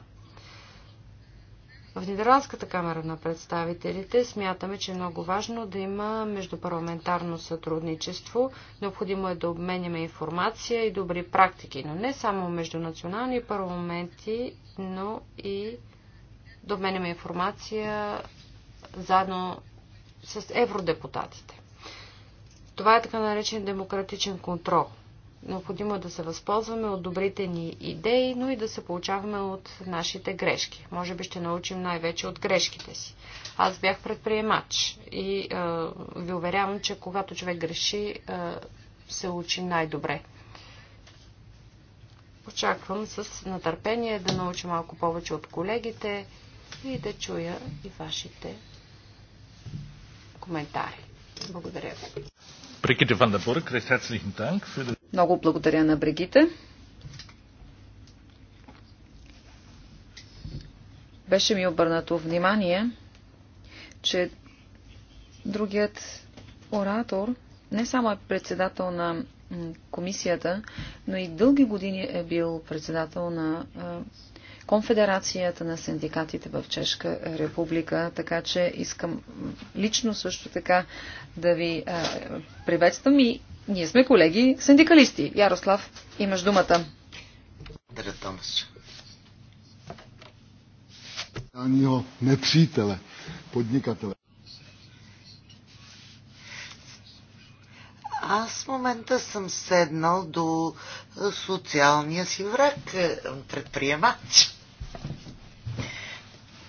Speaker 3: В Нидерландската камера на представителите смятаме, че е много важно да има междупарламентарно сътрудничество. Необходимо е да обменяме информация и добри практики, но не само между национални парламенти, но и да обменяме информация заедно с евродепутатите. Това е така наречен демократичен контрол – Необходимо е да се възползваме от добрите ни идеи, но и да се получаваме от нашите грешки. Може би ще научим най-вече от грешките си. Аз бях предприемач и ви уверявам, че когато човек греши, се учи най-добре. Очаквам с натърпение да науча малко повече от колегите и да чуя и вашите коментари. Благодаря ви.
Speaker 2: Много благодаря на Бригите. Беше ми обърнато внимание, че другият оратор не само е председател на комисията, но и дълги години е бил председател на Конфедерацията на синдикатите в Чешка република, така че искам лично също така да ви приветствам и ние сме колеги синдикалисти. Ярослав, имаш думата.
Speaker 1: Благодаря, Томас.
Speaker 4: Данио, неприятеля, подникателе.
Speaker 1: Аз в момента съм седнал до социалния си враг, предприемач.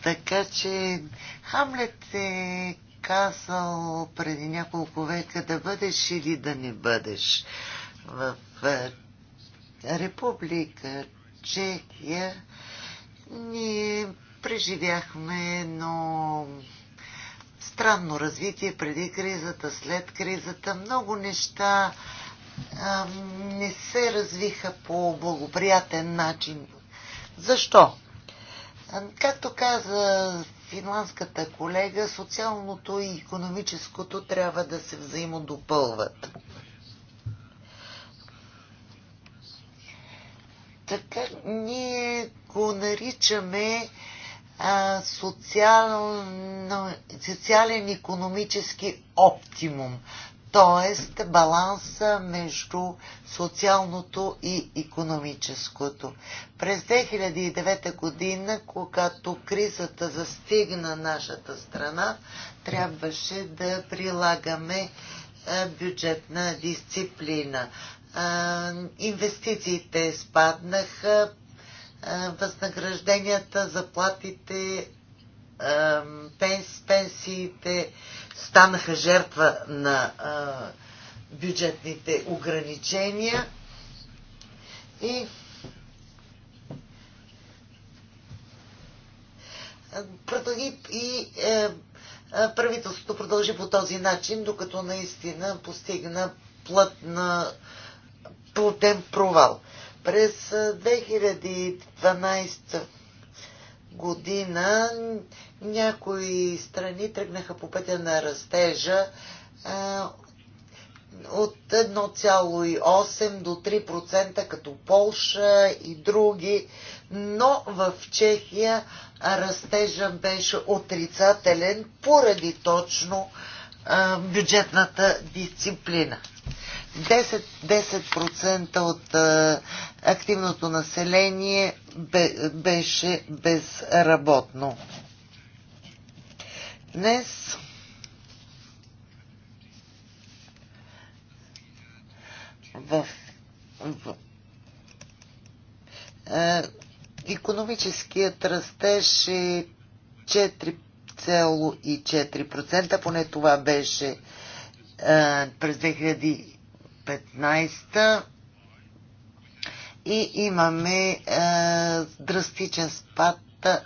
Speaker 1: Така че Хамлет е казал преди няколко века да бъдеш или да не бъдеш в е, Република Чехия. Ние преживяхме едно странно развитие преди кризата, след кризата. Много неща а, не се развиха по благоприятен начин. Защо? Както каза финландската колега, социалното и економическото трябва да се взаимодопълват. Така ние го наричаме а, социал, социален економически оптимум т.е. баланса между социалното и економическото. През 2009 година, когато кризата застигна нашата страна, трябваше да прилагаме бюджетна дисциплина. Инвестициите спаднаха, възнагражденията, заплатите, пенсиите станаха жертва на а, бюджетните ограничения и и е, е, правителството продължи по този начин, докато наистина постигна плътна, плътен провал. През 2012 е, година някои страни тръгнаха по пътя на растежа от 1,8 до 3%, като Полша и други, но в Чехия растежа беше отрицателен поради точно бюджетната дисциплина. 10%, 10% от активното население беше безработно. Днес в, в е, економическият растеж е 4,4%, поне това беше е, през 2015 и имаме е, драстичен спад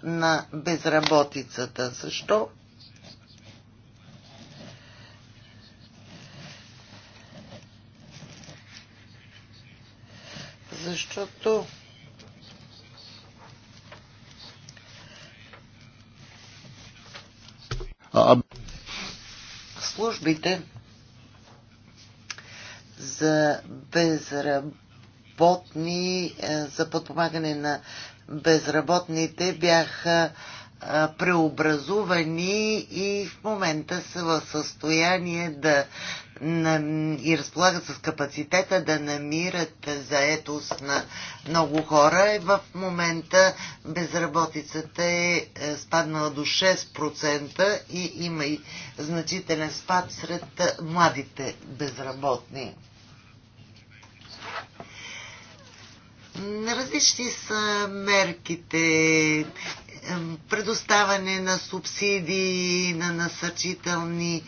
Speaker 1: на безработицата. Защо? Защото службите за безработица безработни, е, за подпомагане на безработните бяха е, преобразувани и в момента са в състояние да и разполагат с капацитета да намират заетост на много хора. Е, в момента безработицата е спаднала до 6% и има и значителен спад сред младите безработни. Различни са мерките, предоставане на субсидии, на насъчителни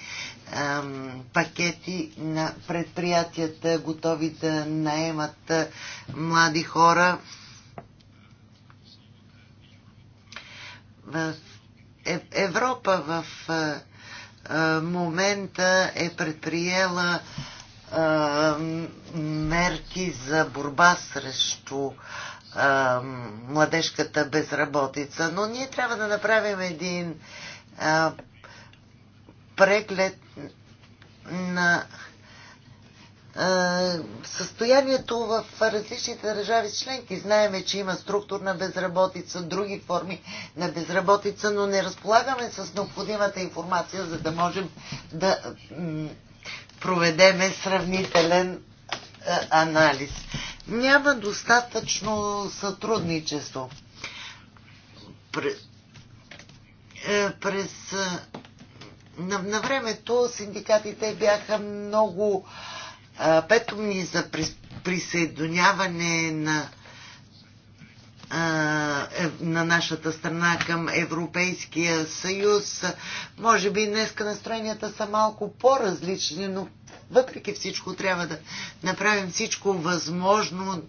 Speaker 1: пакети на предприятията, готови да наемат е, млади хора. В Европа в е, е, момента е предприела мерки за борба срещу а, младежката безработица. Но ние трябва да направим един а, преглед на състоянието в различните държави членки. Знаеме, че има структурна безработица, други форми на безработица, но не разполагаме с необходимата информация, за да можем да проведеме сравнителен е, анализ. Няма достатъчно сътрудничество. Е, през е, на, на времето синдикатите бяха много петомни петумни за присъединяване на е, на нашата страна към Европейския съюз. Може би днеска настроенията са малко по-различни, но въпреки всичко трябва да направим всичко възможно,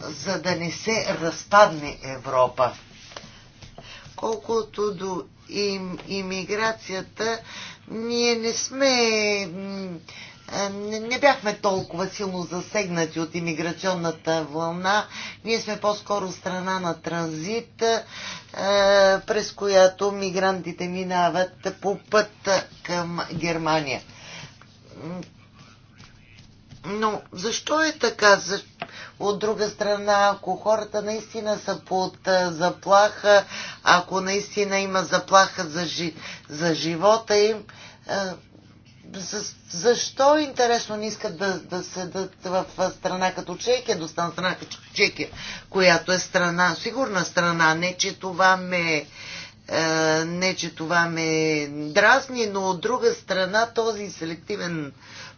Speaker 1: за да не се разпадне Европа. Колкото до им, иммиграцията, ние не сме не, не бяхме толкова силно засегнати от иммиграционната вълна. Ние сме по-скоро страна на транзит, е, през която мигрантите минават по път към Германия. Но защо е така? От друга страна, ако хората наистина са под е, заплаха, ако наистина има заплаха за, жи... за живота им, е, защо интересно не искат да, да седат в страна като Чехия, до страна като Чехия, която е страна, сигурна страна, не че това ме е, не, че това ме дразни, но от друга страна този селективен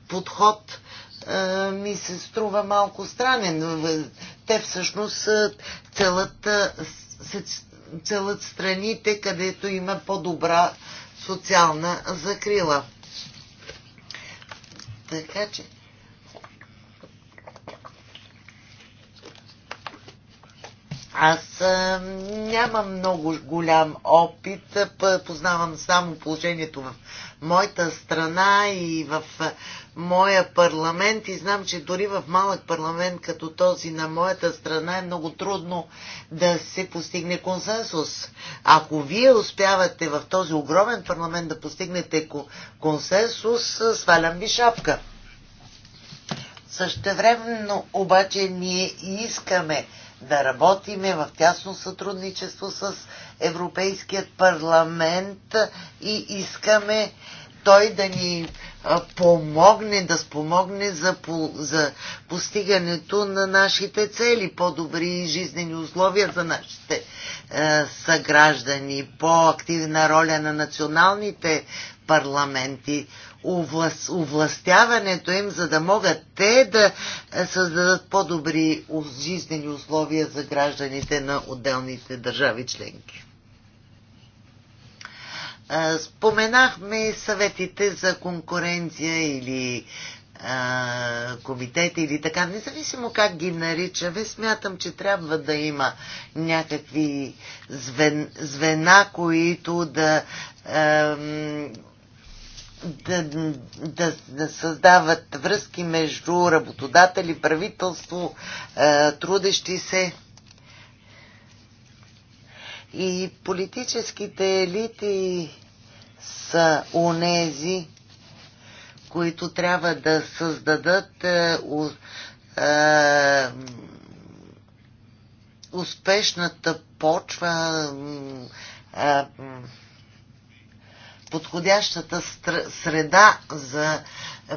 Speaker 1: подход е, ми се струва малко странен. Те всъщност целът, е, целът страните, където има по-добра социална закрила. Така че. Аз а, нямам много голям опит, познавам само положението в моята страна и в моя парламент и знам, че дори в малък парламент като този на моята страна е много трудно да се постигне консенсус. Ако вие успявате в този огромен парламент да постигнете консенсус, свалям ви шапка. Същевременно обаче ние искаме да работиме в тясно сътрудничество с Европейският парламент и искаме той да ни помогне, да спомогне за, по, за постигането на нашите цели, по-добри жизнени условия за нашите е, съграждани, по-активна роля на националните парламенти, овластяването увластяването им, за да могат те да създадат по-добри жизнени условия за гражданите на отделните държави членки. Споменахме съветите за конкуренция или комитети или така, независимо как ги наричаме, смятам, че трябва да има някакви звен, звена, които да, да, да, да създават връзки между работодатели, правителство, трудещи се. И политическите елити са унези, които трябва да създадат е, е, успешната почва, е, подходящата среда за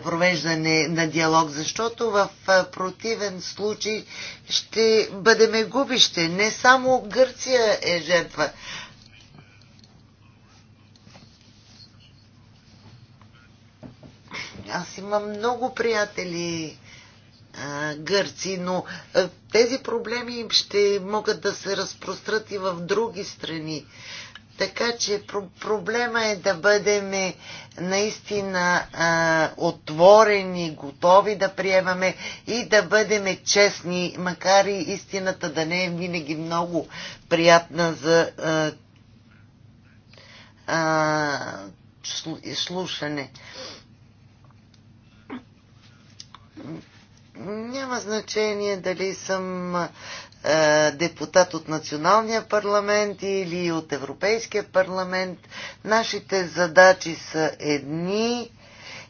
Speaker 1: провеждане на диалог, защото в е, противен случай ще бъдеме губище. Не само Гърция е жертва Аз имам много приятели гърци, но тези проблеми ще могат да се разпрострат и в други страни. Така че проблема е да бъдем е, наистина а, отворени, готови да приемаме и да бъдем честни, макар и истината да не е винаги много приятна за а, а, слушане. Няма значение дали съм е, депутат от Националния парламент или от Европейския парламент. Нашите задачи са едни.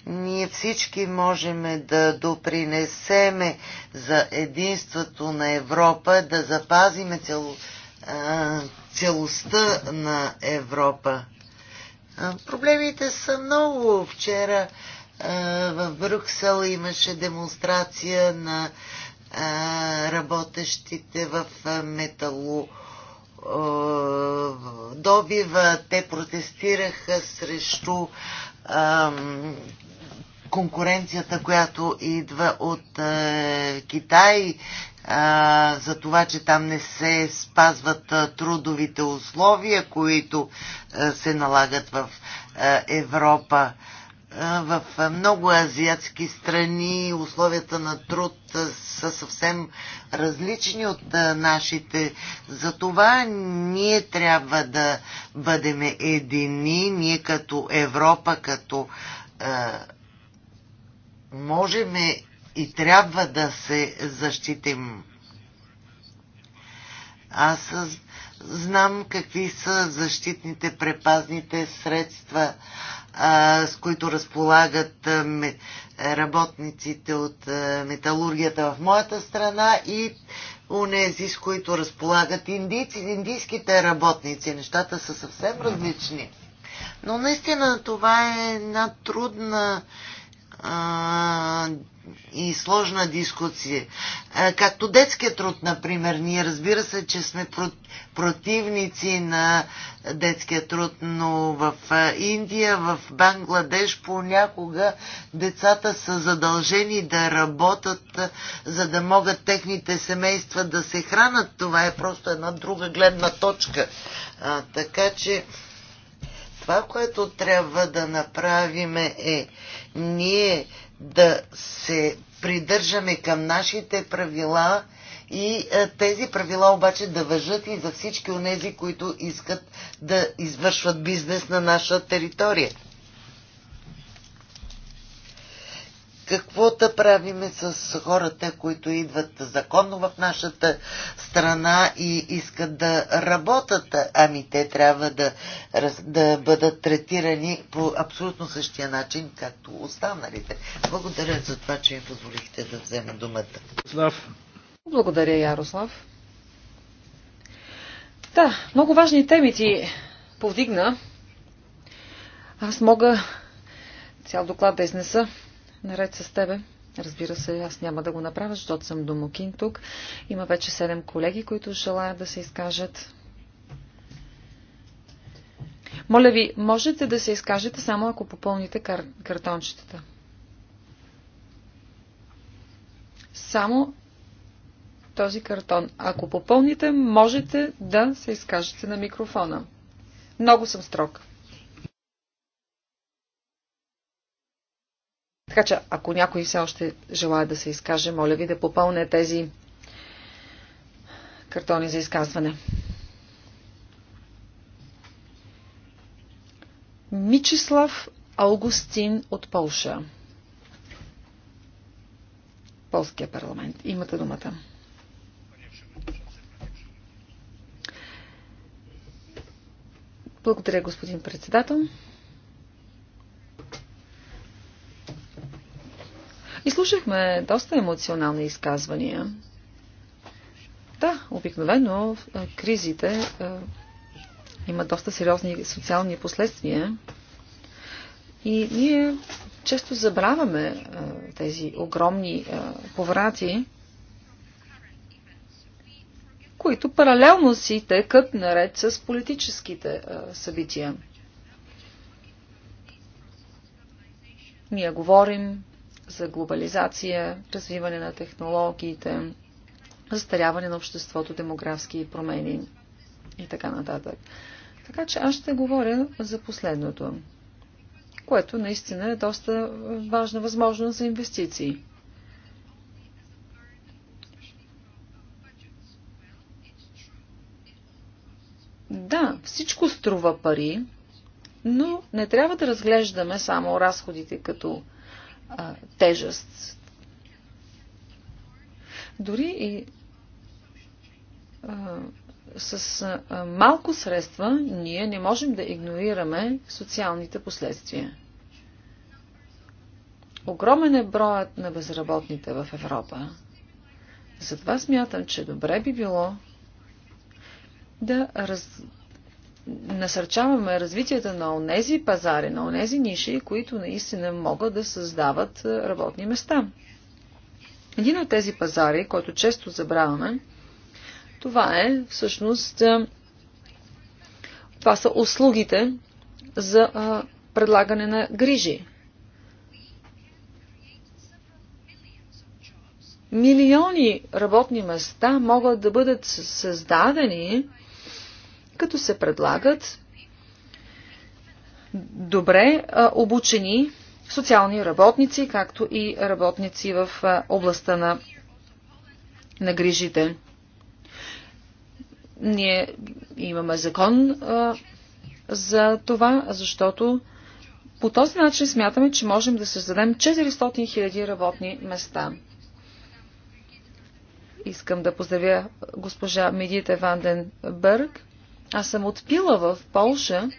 Speaker 1: Ние всички можем да допринесеме за единството на Европа, да запазиме цяло, е, целостта на Европа. Е, проблемите са много. Вчера в Брюксел имаше демонстрация на работещите в метало добива. Те протестираха срещу конкуренцията, която идва от Китай, за това, че там не се спазват трудовите условия, които се налагат в Европа в много азиатски страни условията на труд са съвсем различни от нашите. Затова ние трябва да бъдем едини, ние като Европа, като можем и трябва да се защитим. Аз знам какви са защитните препазните средства с които разполагат работниците от металургията в моята страна и унези, с които разполагат индийци, индийските работници. Нещата са съвсем различни. Но наистина това е една трудна а, и сложна дискусия. Както детският труд, например, ние разбира се, че сме противници на детския труд, но в Индия, в Бангладеш понякога децата са задължени да работят, за да могат техните семейства да се хранат. Това е просто една друга гледна точка. А, така че това, което трябва да направим е ние да се придържаме към нашите правила и а, е, тези правила обаче да въжат и за всички тези, които искат да извършват бизнес на наша територия. какво да правиме с хората, които идват законно в нашата страна и искат да работят, ами те трябва да, да бъдат третирани по абсолютно същия начин, както останалите. Благодаря за това, че ми позволихте да взема думата. Слав.
Speaker 2: Благодаря, Ярослав. Да, много важни теми ти повдигна. Аз мога цял доклад да изнеса наред с тебе. Разбира се, аз няма да го направя, защото съм домокин тук. Има вече седем колеги, които желаят да се изкажат. Моля ви, можете да се изкажете само ако попълните кар... картончетата. Само този картон. Ако попълните, можете да се изкажете на микрофона. Много съм строг. Така че, ако някой все още желая да се изкаже, моля ви да попълне тези картони за изказване. Мичислав Аугустин от Полша. Полския парламент. Имате думата. Благодаря, господин председател. И слушахме доста емоционални изказвания. Да, обикновено е, кризите е, имат доста сериозни социални последствия. И ние често забравяме е, тези огромни поврати, които паралелно си текат наред с политическите събития. Ние говорим за глобализация, развиване на технологиите, застаряване на обществото, демографски промени и така нататък. Така че аз ще говоря за последното, което наистина е доста важна възможност за инвестиции. Да, всичко струва пари, но не трябва да разглеждаме само разходите като а, тежест. Дори и а, с а, малко средства ние не можем да игнорираме социалните последствия. Огромен е броят на безработните в Европа. Затова смятам, че добре би било да раз, насърчаваме развитието на онези пазари, на онези ниши, които наистина могат да създават е, работни места. Един от тези пазари, който често забравяме, това е всъщност е, това са услугите за е, предлагане на грижи. Милиони работни места могат да бъдат създадени като се предлагат добре обучени социални работници, както и работници в областта на, на грижите. Ние имаме закон а, за това, защото по този начин смятаме, че можем да създадем 400 000 работни места. Искам да поздравя госпожа Медите Ванденберг, аз съм отпила в Полша.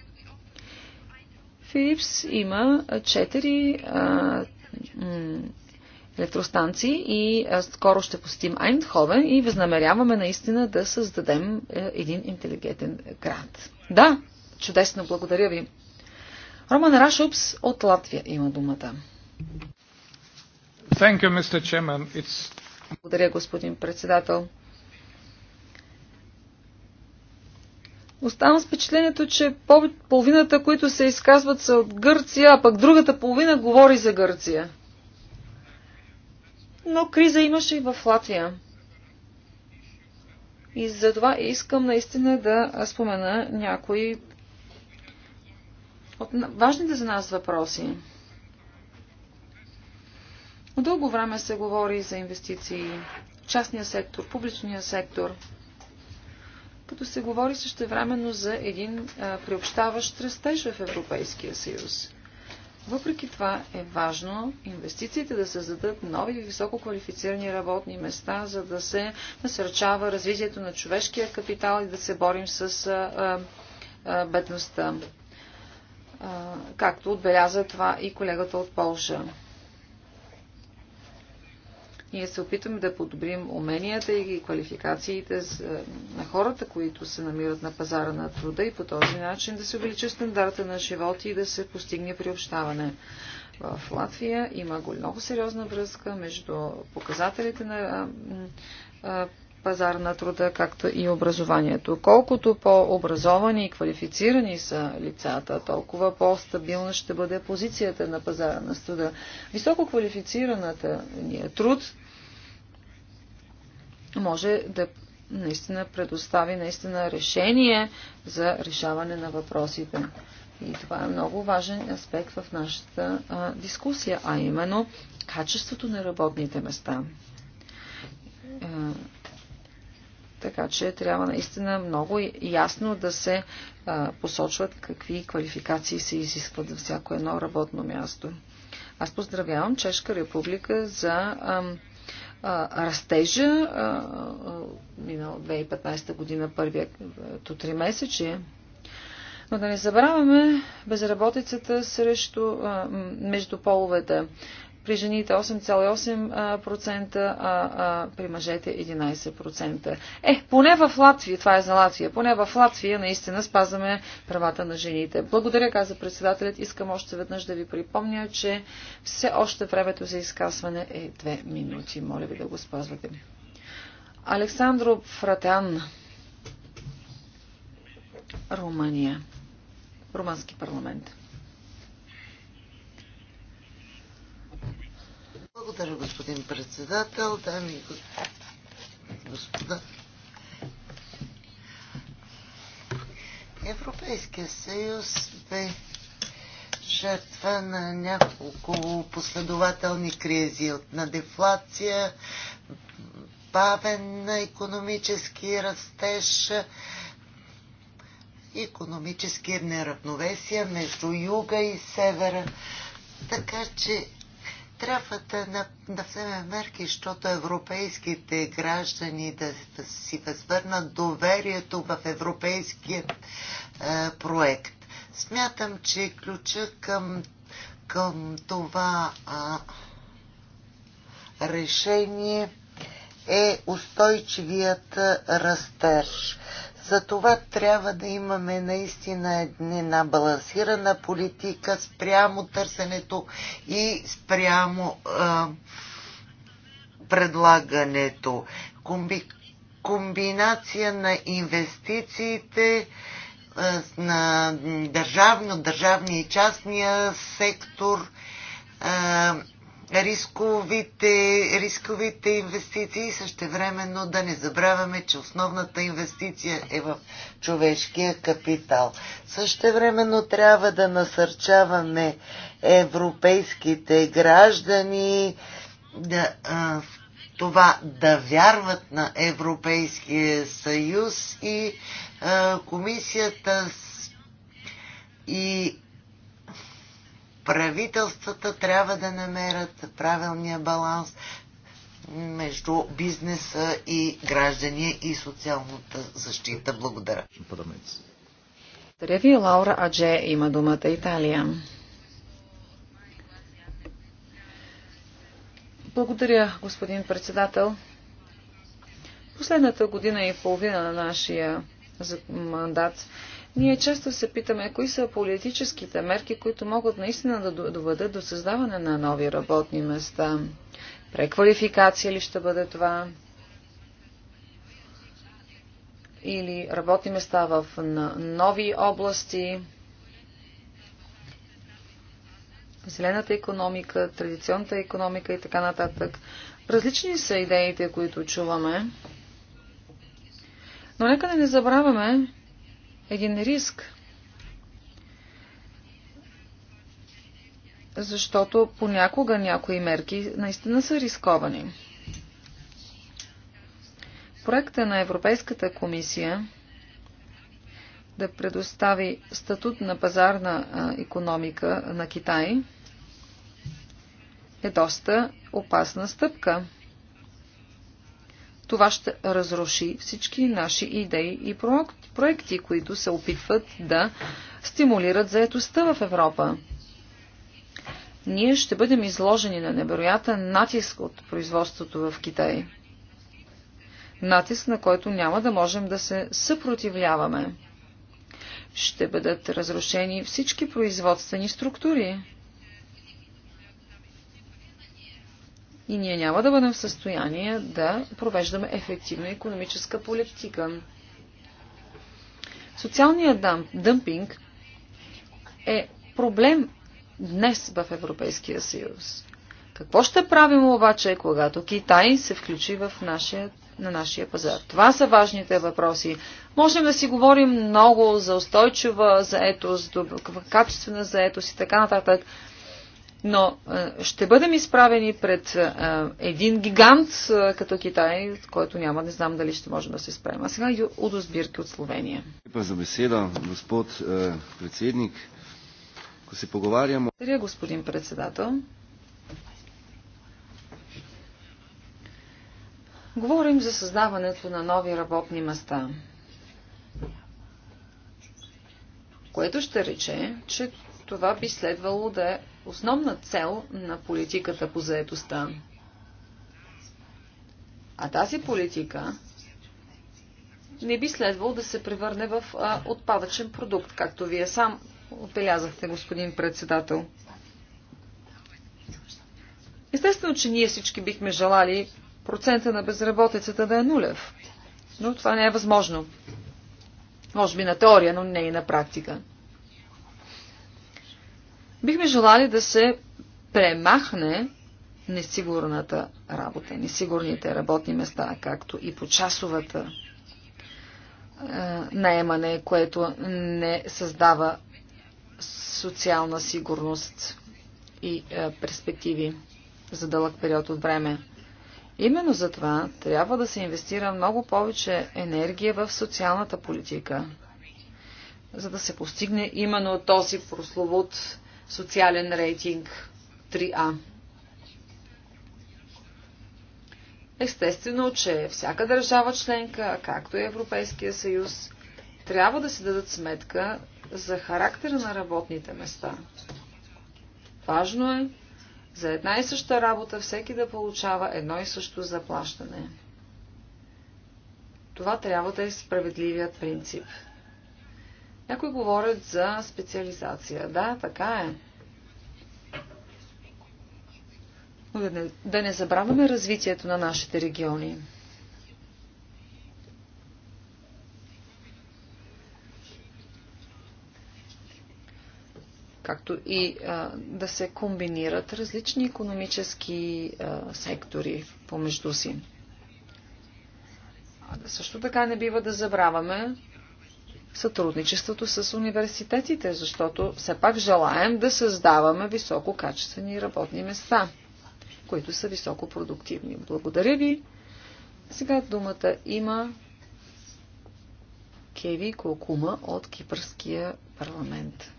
Speaker 2: Филипс има 4 електростанции и скоро ще посетим Айндховен и възнамеряваме наистина да създадем е, един интелигентен град. Да, чудесно, благодаря ви. Роман Рашупс от Латвия има думата.
Speaker 1: Thank you, Mr. Chairman. It's...
Speaker 2: Благодаря, господин председател. Оставам с впечатлението, че половината, които се изказват, са от Гърция, а пък другата половина говори за Гърция. Но криза имаше и в Латвия. И затова искам наистина да спомена някои от важните за нас въпроси. От дълго време се говори за инвестиции в частния сектор, публичния сектор – като се говори същевременно за един а, приобщаващ растеж в Европейския съюз. Въпреки това е важно инвестициите да създадат нови високо квалифицирани работни места, за да се насърчава развитието на човешкия капитал и да се борим с а, а, бедността. А, както отбеляза това и колегата от Полша. Ние се опитваме да подобрим уменията и квалификациите е, на хората, които се намират на пазара на труда и по този начин да се увеличи стандарта на живот и да се постигне приобщаване. В Латвия има много сериозна връзка между показателите на е, е, пазар на труда, както и образованието. Колкото по-образовани и квалифицирани са лицата, толкова по-стабилна ще бъде позицията на пазара на труда. Високо квалифицираната ни е труд може да наистина предостави наистина решение за решаване на въпросите. И това е много важен аспект в нашата а, дискусия, а именно качеството на работните места. А, така че трябва наистина много ясно да се а, посочват какви квалификации се изискват за всяко едно работно място. Аз поздравявам Чешка република за а, а, растежа минал 2015 година първието три месече. Но да не забравяме безработицата срещу, а, между половете при жените 8,8%, а, а при мъжете 11%. Е, поне в Латвия, това е за Латвия, поне в Латвия наистина спазваме правата на жените. Благодаря, каза председателят. Искам още веднъж да ви припомня, че все още времето за изказване е 2 минути. Моля ви да го спазвате. Александро Фратян, Румъния,
Speaker 1: Румънски парламент. Благодаря, господин председател. Дами и господа. Европейския съюз бе жертва на няколко последователни кризи от на дефлация, бавен економически растеж, економически неравновесия между юга и севера. Така че трябва да, да, да вземем мерки, защото европейските граждани да, си възвърнат доверието в европейския е, проект. Смятам, че ключа към, към това а, решение е устойчивият растеж. За това трябва да имаме наистина една балансирана политика спрямо търсенето и спрямо а, предлагането. Комби, комбинация на инвестициите а, на държавно, държавния и частния сектор. А, рисковите, рисковите инвестиции и същевременно да не забравяме, че основната инвестиция е в човешкия капитал. Същевременно трябва да насърчаваме европейските граждани да, а, в това да вярват на Европейския съюз и а, комисията и правителствата трябва да намерят правилния баланс между бизнеса и граждания и социалната защита. Благодаря. Благодаря
Speaker 2: ви, Лаура Адже има думата Италия. Благодаря, господин председател. Последната година и половина на нашия мандат ние често се питаме, кои са политическите мерки, които могат наистина да доведат до създаване на нови работни места. Преквалификация ли ще бъде това? Или работни места в нови области? Зелената економика, традиционната економика и така нататък. Различни са идеите, които чуваме. Но нека да не забравяме, един риск, защото понякога някои мерки наистина са рисковани. Проекта на Европейската комисия да предостави статут на пазарна економика на Китай е доста опасна стъпка това ще разруши всички наши идеи и проекти, които се опитват да стимулират заетостта в Европа. Ние ще бъдем изложени на невероятен натиск от производството в Китай. Натиск, на който няма да можем да се съпротивляваме. Ще бъдат разрушени всички производствени структури и ние няма да бъдем в състояние да провеждаме ефективна економическа политика. Социалният дъмпинг е проблем днес в Европейския съюз. Какво ще правим обаче, когато Китай се включи в нашия, на нашия пазар? Това са важните въпроси. Можем да си говорим много за устойчива заетост, качествена заетост и така нататък, но е, ще бъдем изправени пред е, един гигант е, като Китай, който няма, не знам дали ще можем да се справим. А сега Удо Сбирки от Словения.
Speaker 4: Лепа за беседа, господ председник. Ако се поговарям...
Speaker 2: Благодаря, господин председател. Говорим за създаването на нови работни места. Което ще рече, че това би следвало да е основна цел на политиката по заедостта. А тази политика не би следвало да се превърне в отпадъчен продукт, както вие сам отбелязахте, господин председател. Естествено, че ние всички бихме желали процента на безработицата да е нулев, но това не е възможно. Може би на теория, но не и на практика. Бихме желали да се премахне несигурната работа, несигурните работни места, както и по е, наемане, което не създава социална сигурност и е, перспективи за дълъг период от време. Именно за това трябва да се инвестира много повече енергия в социалната политика, за да се постигне именно този прословут социален рейтинг 3А. Естествено, че всяка държава членка, както и Европейския съюз, трябва да си дадат сметка за характера на работните места. Важно е за една и съща работа всеки да получава едно и също заплащане. Това трябва да е справедливият принцип. Някои говорят за специализация. Да, така е. Но да не, да не забравяме развитието на нашите региони. както и а, да се комбинират различни економически а, сектори помежду си. А, също така не бива да забравяме сътрудничеството с университетите, защото все пак желаем да създаваме висококачествени работни места, които са високопродуктивни. Благодаря ви. Сега думата има Кеви Кокума от Кипърския парламент.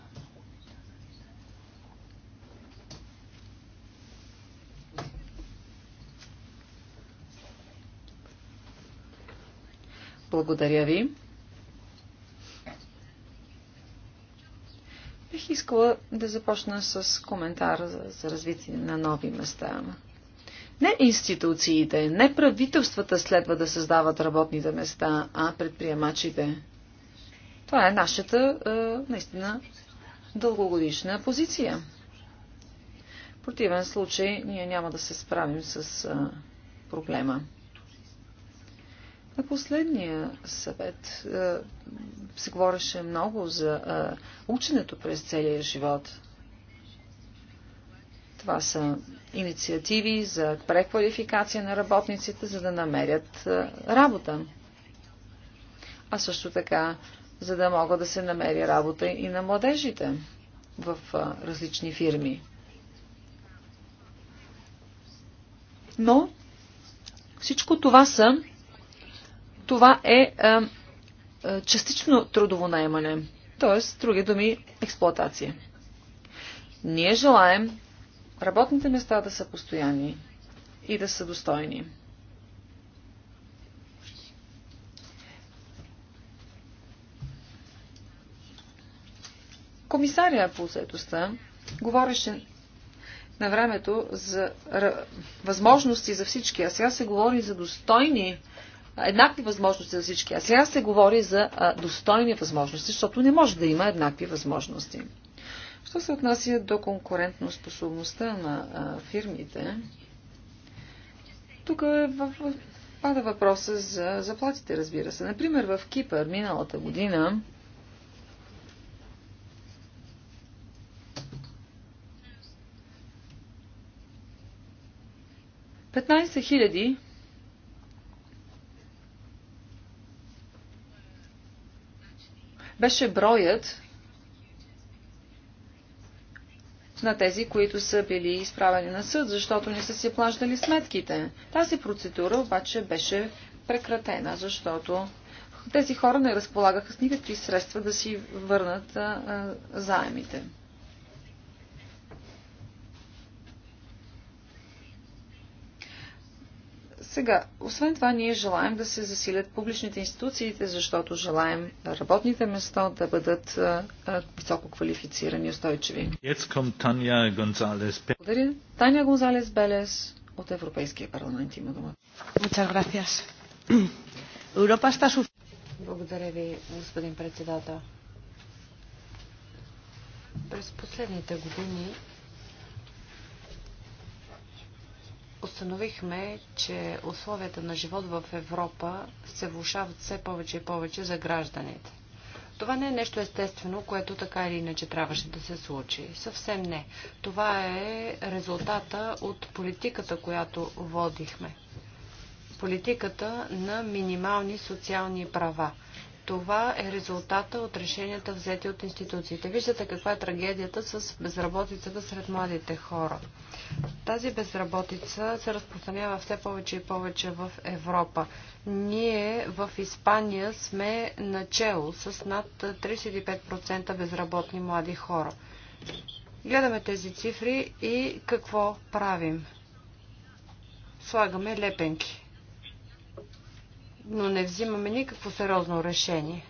Speaker 2: Благодаря ви. Бих искала да започна с коментар за, за развитие на нови места. Не институциите, не правителствата следва да създават работните места, а предприемачите. Това е нашата е, наистина дългогодишна позиция. В противен случай ние няма да се справим с е, проблема. На последния съвет е, се говореше много за е, ученето през целия живот. Това са инициативи за преквалификация на работниците, за да намерят е, работа. А също така, за да могат да се намери работа и на младежите в различни фирми. Но всичко това са това е а, е, а, е, частично трудово наемане, т.е. други думи експлоатация. Ние желаем работните места да са постоянни и да са достойни. Комисария по заедостта говореше на времето за възможности за всички, а сега се говори за достойни еднакви възможности за всички. А сега се говори за достойни възможности, защото не може да има еднакви възможности. Що се отнася до конкурентно способността на фирмите, тук е в, пада въпроса за заплатите, разбира се. Например, в Кипър миналата година Петнайсет хиляди беше броят на тези, които са били изправени на съд, защото не са си плащали сметките. Тази процедура обаче беше прекратена, защото тези хора не разполагаха с никакви средства да си върнат а, а, заемите. Сега, освен това, ние желаем да се засилят публичните институциите, защото желаем работните места да бъдат високо квалифицирани и устойчиви. Благодаря. Таня Гонзалес Белес от Европейския парламент има дума. (clears throat)
Speaker 3: Благодаря ви, господин председател. През последните години установихме, че условията на живот в Европа се влушават все повече и повече за гражданите. Това не е нещо естествено, което така или иначе трябваше да се случи. Съвсем не. Това е резултата от политиката, която водихме. Политиката на минимални социални права – това е резултата от решенията взети от институциите. Виждате каква е трагедията с безработицата сред младите хора. Тази безработица се разпространява все повече и повече в Европа. Ние в Испания сме начало с над 35% безработни млади хора. Гледаме тези цифри и какво правим? Слагаме лепенки но не взимаме никакво сериозно решение.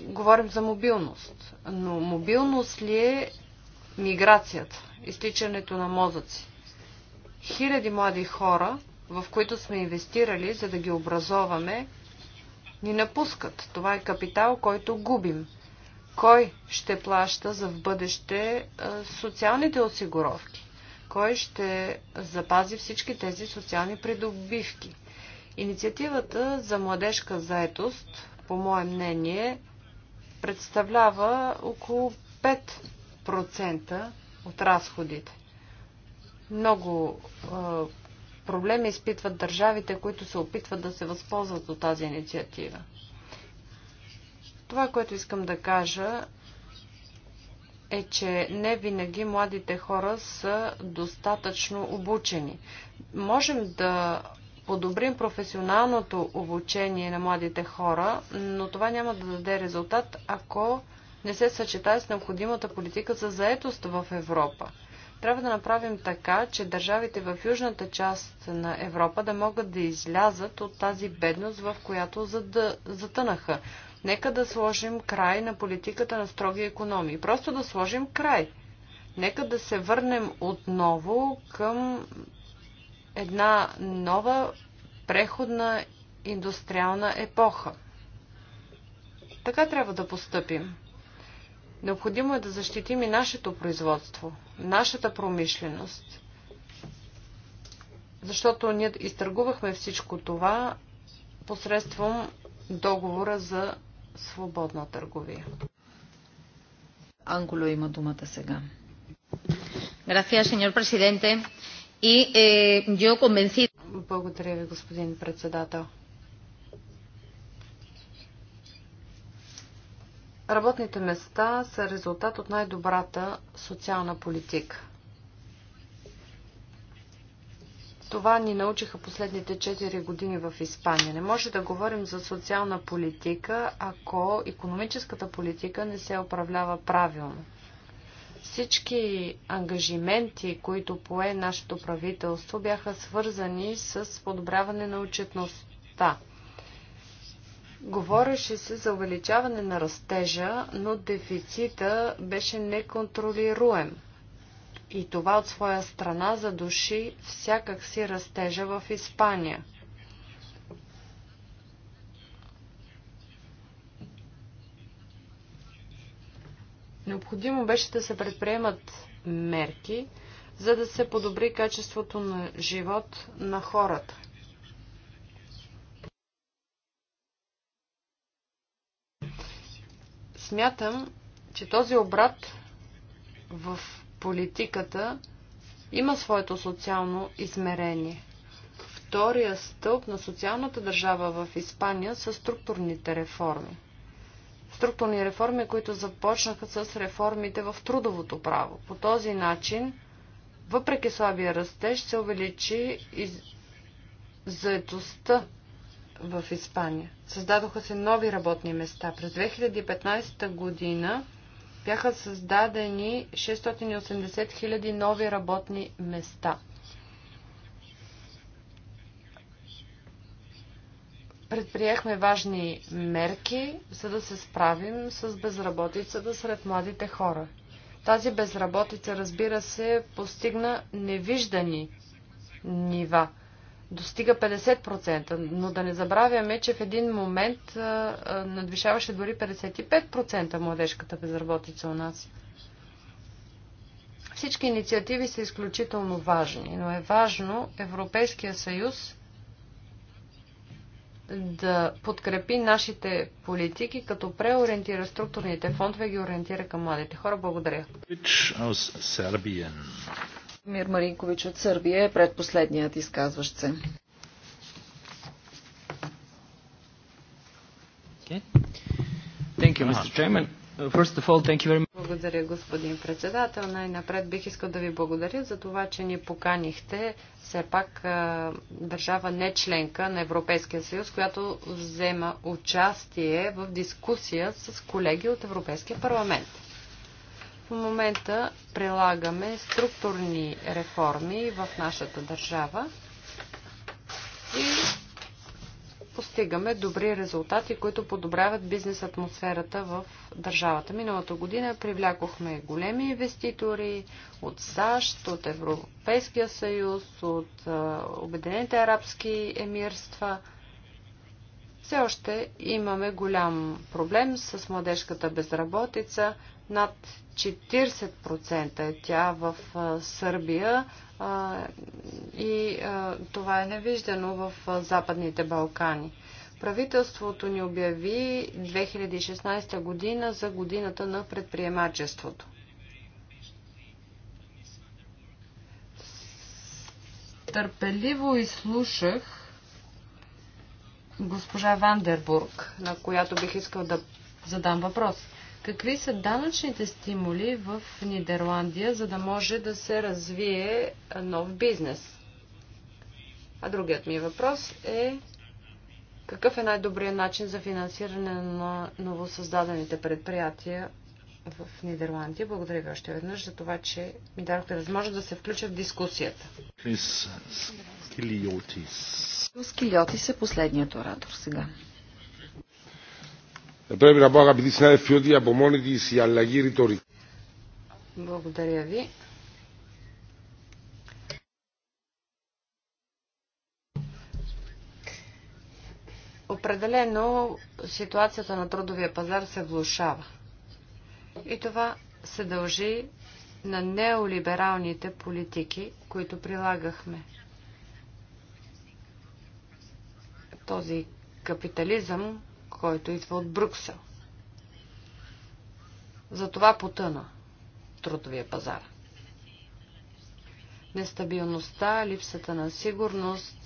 Speaker 3: Говорим за мобилност, но мобилност ли е миграцията, изтичането на мозъци? Хиляди млади хора, в които сме инвестирали, за да ги образоваме, ни напускат. Това е капитал, който губим. Кой ще плаща за в бъдеще социалните осигуровки? Кой ще запази всички тези социални придобивки? Инициативата за младежка заетост, по мое мнение, представлява около 5% от разходите. Много проблеми изпитват държавите, които се опитват да се възползват от тази инициатива. Това, което искам да кажа, е, че не винаги младите хора са достатъчно обучени. Можем да подобрим професионалното обучение на младите хора, но това няма да даде резултат, ако не се съчетае с необходимата политика за заетост в Европа. Трябва да направим така, че държавите в южната част на Европа да могат да излязат от тази бедност, в която затънаха. Нека да сложим край на политиката на строги економии. Просто да сложим край. Нека да се върнем отново към една нова преходна индустриална епоха. Така трябва да постъпим. Необходимо е да защитим и нашето производство, нашата промишленост, защото ние изтъргувахме всичко това посредством договора за свободна търговия.
Speaker 2: Анголо има думата сега.
Speaker 4: Gracias, señor
Speaker 3: presidente. И е, yo конвенци... Благодаря ви, господин председател. Работните места са резултат от най-добрата социална политика. Това ни научиха последните 4 години в Испания. Не може да говорим за социална политика, ако економическата политика не се управлява правилно. Всички ангажименти, които пое нашето правителство, бяха свързани с подобряване на отчетността. Говореше се за увеличаване на растежа, но дефицита беше неконтролируем. И това от своя страна задуши всякакси растежа в Испания – Необходимо беше да се предприемат мерки, за да се подобри качеството на живот на хората. Смятам, че този обрат в политиката има своето социално измерение. Втория стълб на социалната държава в Испания са структурните реформи – структурни реформи, които започнаха с реформите в трудовото право. По този начин, въпреки слабия растеж, се увеличи и заедостта в Испания. Създадоха се нови работни места. През 2015 година бяха създадени 680 000 нови работни места – предприехме важни мерки, за да се справим с безработицата сред младите хора. Тази безработица, разбира се, постигна невиждани нива. Достига 50%, но да не забравяме, че в един момент надвишаваше дори 55% младежката безработица у нас. Всички инициативи са изключително важни, но е важно Европейския съюз да подкрепи нашите политики, като преориентира структурните фондове и ги ориентира към младите хора. Благодаря.
Speaker 2: Мир Маринкович от Сърбия е предпоследният изказващ се.
Speaker 3: Okay. Thank you, Mr. Chairman благодаря, господин председател. Най-напред бих искал да ви благодаря за това, че ни поканихте все пак държава не членка на Европейския съюз, която взема участие в дискусия с колеги от Европейския парламент. В момента прилагаме структурни реформи в нашата държава и постигаме добри резултати, които подобряват бизнес атмосферата в държавата. Миналата година привлякохме големи инвеститори от САЩ, от Европейския съюз, от Обединените арабски емирства – все още имаме голям проблем с младежката безработица. Над 40% е тя в Сърбия и това е невиждано в Западните Балкани. Правителството ни обяви 2016 година за годината на предприемачеството. Търпеливо изслушах госпожа Вандербург, на която бих искал да задам въпрос. Какви са данъчните стимули в Нидерландия, за да може да се развие нов бизнес? А другият ми въпрос е какъв е най-добрият начин за финансиране на новосъздадените предприятия в Нидерландия. Благодаря ви още веднъж за това, че ми дадохте възможност да се включа в дискусията.
Speaker 2: Скилиотис. е последният оратор сега. Благодаря
Speaker 3: ви. Определено ситуацията на трудовия пазар се влушава. И това се дължи на неолибералните политики, които прилагахме. Този капитализъм, който идва от Брюксел. Затова потъна трудовия пазар. Нестабилността, липсата на сигурност,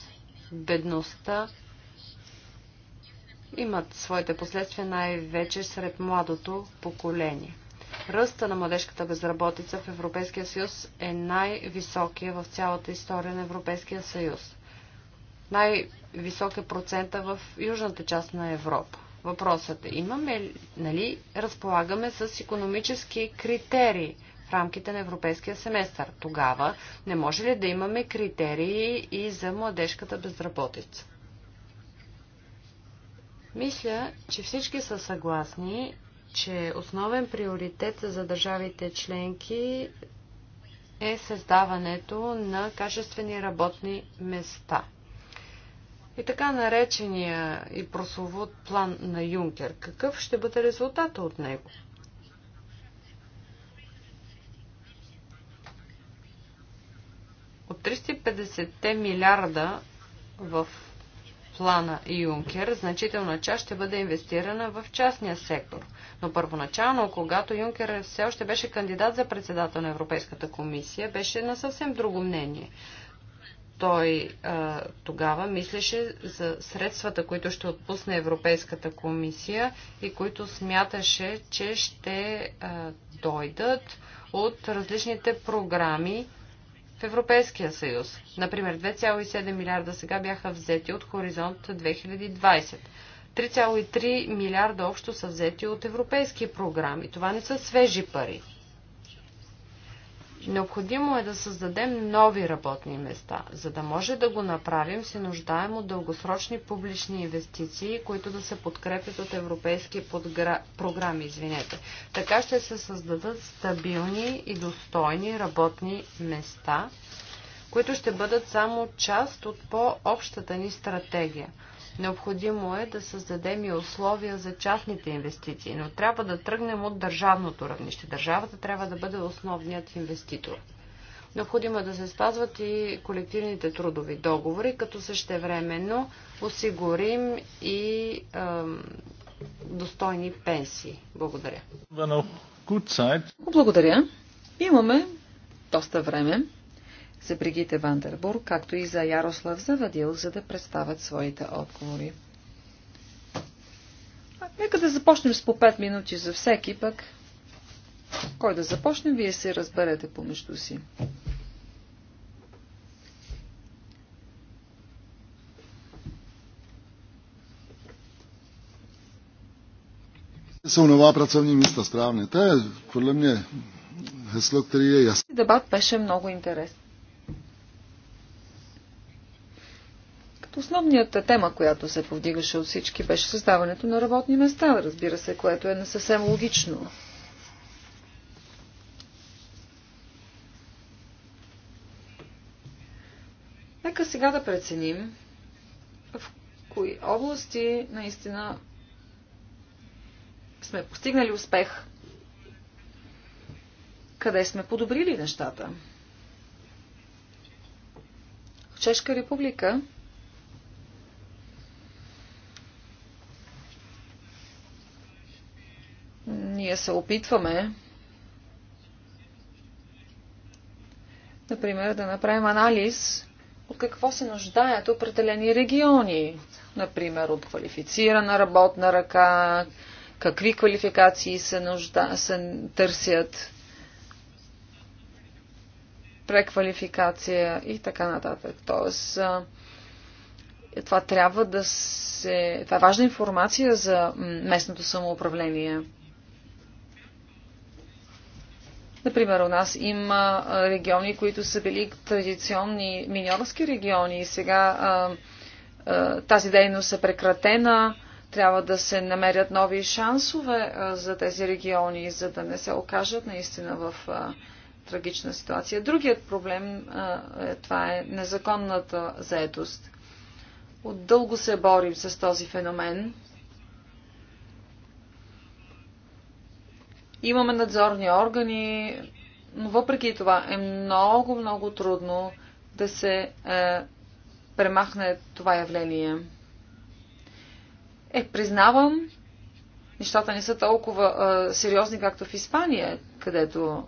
Speaker 3: бедността имат своите последствия най-вече сред младото поколение. Ръста на младежката безработица в Европейския съюз е най-високия в цялата история на Европейския съюз. Най-висок е процента в южната част на Европа. Въпросът е, имаме, нали, разполагаме с економически критерии в рамките на европейския семестър. Тогава не може ли да имаме критерии и за младежката безработица? Мисля, че всички са съгласни, че основен приоритет за държавите членки е създаването на качествени работни места. И така наречения и прословут план на Юнкер. Какъв ще бъде резултата от него? От 350 милиарда в плана Юнкер, значителна част ще бъде инвестирана в частния сектор. Но първоначално, когато Юнкер все още беше кандидат за председател на Европейската комисия, беше на съвсем друго мнение. Той а, тогава мислеше за средствата, които ще отпусне Европейската комисия и които смяташе, че ще а, дойдат от различните програми Европейския съюз. Например, 2,7 милиарда сега бяха взети от Хоризонт 2020. 3,3 милиарда общо са взети от европейски програми. Това не са свежи пари. Необходимо е да създадем нови работни места. За да може да го направим, се нуждаем от дългосрочни публични инвестиции, които да се подкрепят от европейски подгра... програми. Извинете. Така ще се създадат стабилни и достойни работни места, които ще бъдат само част от по-общата ни стратегия. Необходимо е да създадем и условия за частните инвестиции, но трябва да тръгнем от държавното равнище. Държавата трябва да бъде основният инвеститор. Необходимо е да се спазват и колективните трудови договори, като същевременно осигурим и е, достойни пенсии. Благодаря.
Speaker 2: Благодаря. Имаме доста време за Бригите Вандербург, както и за Ярослав Завадил, за да представят своите отговори. Нека да започнем с по 5 минути за всеки пък. Кой да започне, вие се разберете помежду си.
Speaker 4: Jsou nová pracovní místa, správně. To je podle mě heslo, který je
Speaker 2: беше много интересен. Основната тема, която се повдигаше от всички, беше създаването на работни места, разбира се, което е не съвсем логично. Нека сега да преценим в кои области наистина сме постигнали успех, къде сме подобрили нещата. В Чешка република ние се опитваме, например, да направим анализ от какво се нуждаят определени региони, например, от квалифицирана работна ръка, какви квалификации се, нужда, се търсят, преквалификация и така нататък. Тоест, това трябва да се... Това е важна информация за местното самоуправление. Например, у нас има региони, които са били традиционни миньорски региони и сега а, а, тази дейност е прекратена. Трябва да се намерят нови шансове а, за тези региони, за да не се окажат наистина в трагична ситуация. Другият проблем е, това е незаконната заетост. От дълго се борим с този феномен Имаме надзорни органи, но въпреки това е много, много трудно да се е, премахне това явление. Е, признавам, нещата не са толкова е, сериозни, както в Испания, където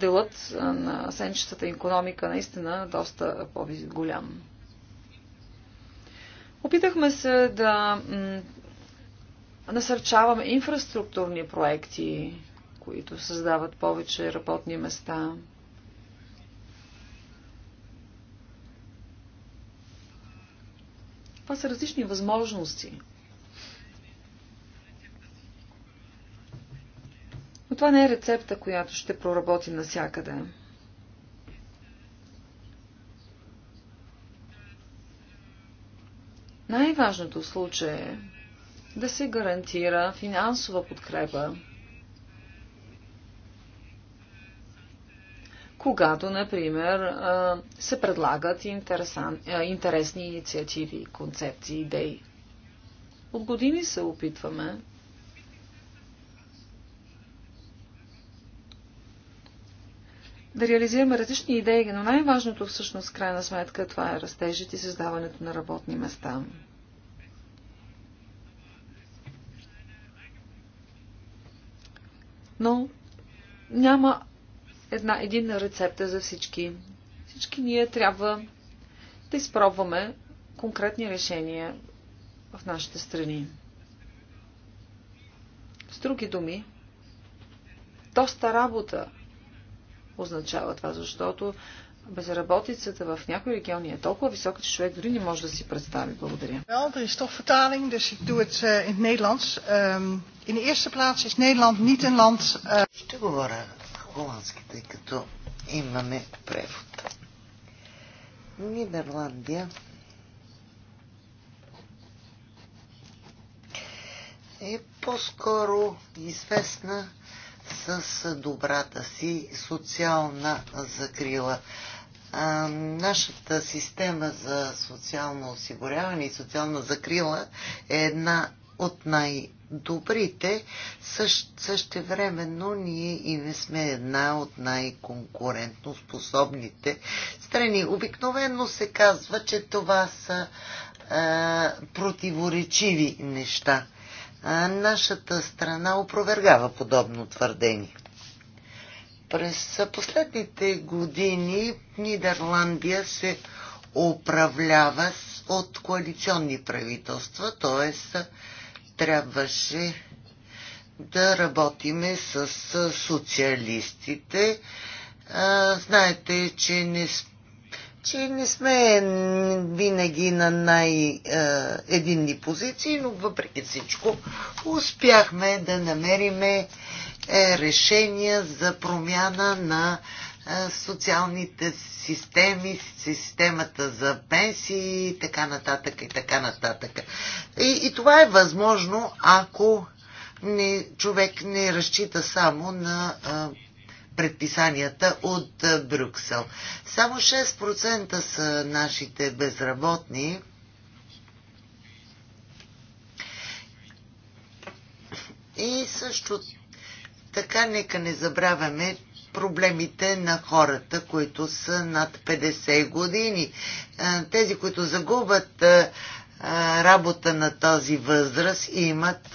Speaker 2: делът е, на сенчетата економика наистина е доста по-голям. Опитахме се да насърчаваме инфраструктурни проекти, които създават повече работни места. Това са различни възможности. Но това не е рецепта, която ще проработи насякъде. Най-важното в случая е да се гарантира финансова подкрепа, когато, например, се предлагат интересни инициативи, концепции, идеи. От години се опитваме да реализираме различни идеи, но най-важното всъщност, крайна сметка, това е растежите и създаването на работни места. но няма една единна рецепта за всички. Всички ние трябва да изпробваме конкретни решения в нашите страни. С други думи, доста работа означава това, защото безработицата в някои региони е толкова висока, че човек дори не може да си представи. Благодаря.
Speaker 1: Wel, er is toch vertaling, dus ik doe het uh, in het Nederlands. Ehm, in de eerste plaats is Nederland niet een land... Uh... Ще говоря холандски, тъй като имаме превод. Нидерландия е по-скоро известна с добрата си социална закрила а, нашата система за социално осигуряване и социална закрила е една от най-добрите. време, но ние и не сме една от най-конкурентно способните страни. Обикновено се казва, че това са а, противоречиви неща. А нашата страна опровергава подобно твърдение. През последните години Нидерландия се управлява от коалиционни правителства, т.е. трябваше да работиме с социалистите. Знаете, че не, че не сме винаги на най-единни позиции, но въпреки всичко успяхме да намериме е, решения за промяна на е, социалните системи, системата за пенсии и така нататък и така нататък. И, и това е възможно, ако не, човек не разчита само на а, е, предписанията от а, е, Брюксел. Само 6% са нашите безработни. И също така нека не забравяме проблемите на хората, които са над 50 години. Тези, които загубят работа на този възраст, имат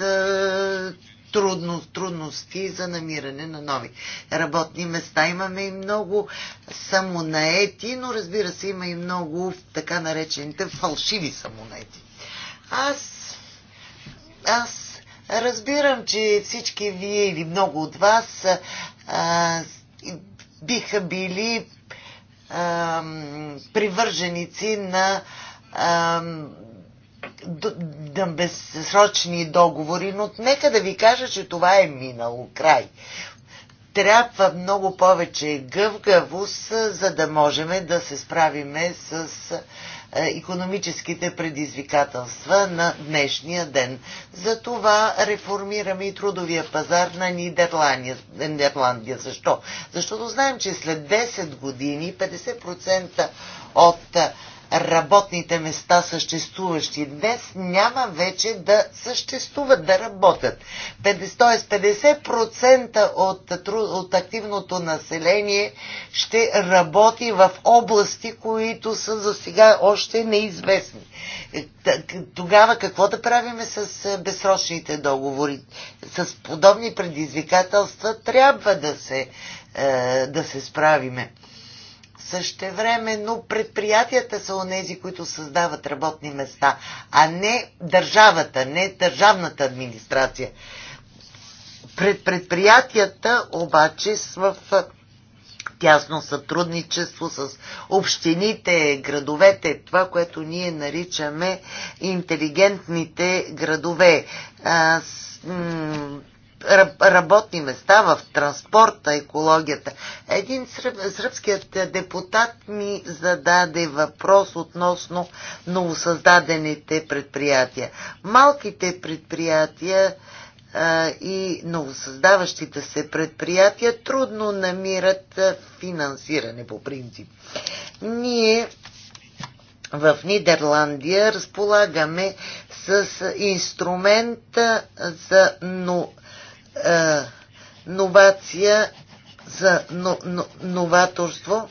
Speaker 1: трудно, трудности за намиране на нови работни места. Имаме и много самонаети, но разбира се, има и много така наречените фалшиви самонаети. Аз, аз Разбирам, че всички вие или много от вас а, биха били а, привърженици на а, на безсрочни договори, но нека да ви кажа, че това е минало край. Трябва много повече гъвгавост, за да можем да се справиме с економическите предизвикателства на днешния ден. За това реформираме и трудовия пазар на Нидерландия. Нидерландия. Защо? Защото знаем, че след 10 години 50% от е, работните места съществуващи днес няма вече да съществуват, да работят. Тоест 50% от, от активното население ще работи в области, които са за сега още неизвестни. Тогава какво да правиме с безсрочните договори? С подобни предизвикателства трябва да се, да се справиме. Същевременно предприятията са онези, които създават работни места, а не държавата, не държавната администрация. Пред предприятията обаче в тясно сътрудничество с общините, градовете, това, което ние наричаме интелигентните градове работни места в транспорта, екологията. Един сръб, сръбският депутат ми зададе въпрос относно новосъздадените предприятия. Малките предприятия а, и новосъздаващите се предприятия трудно намират финансиране по принцип. Ние в Нидерландия разполагаме с инструмента за но а, е, новация, за но, но, новаторство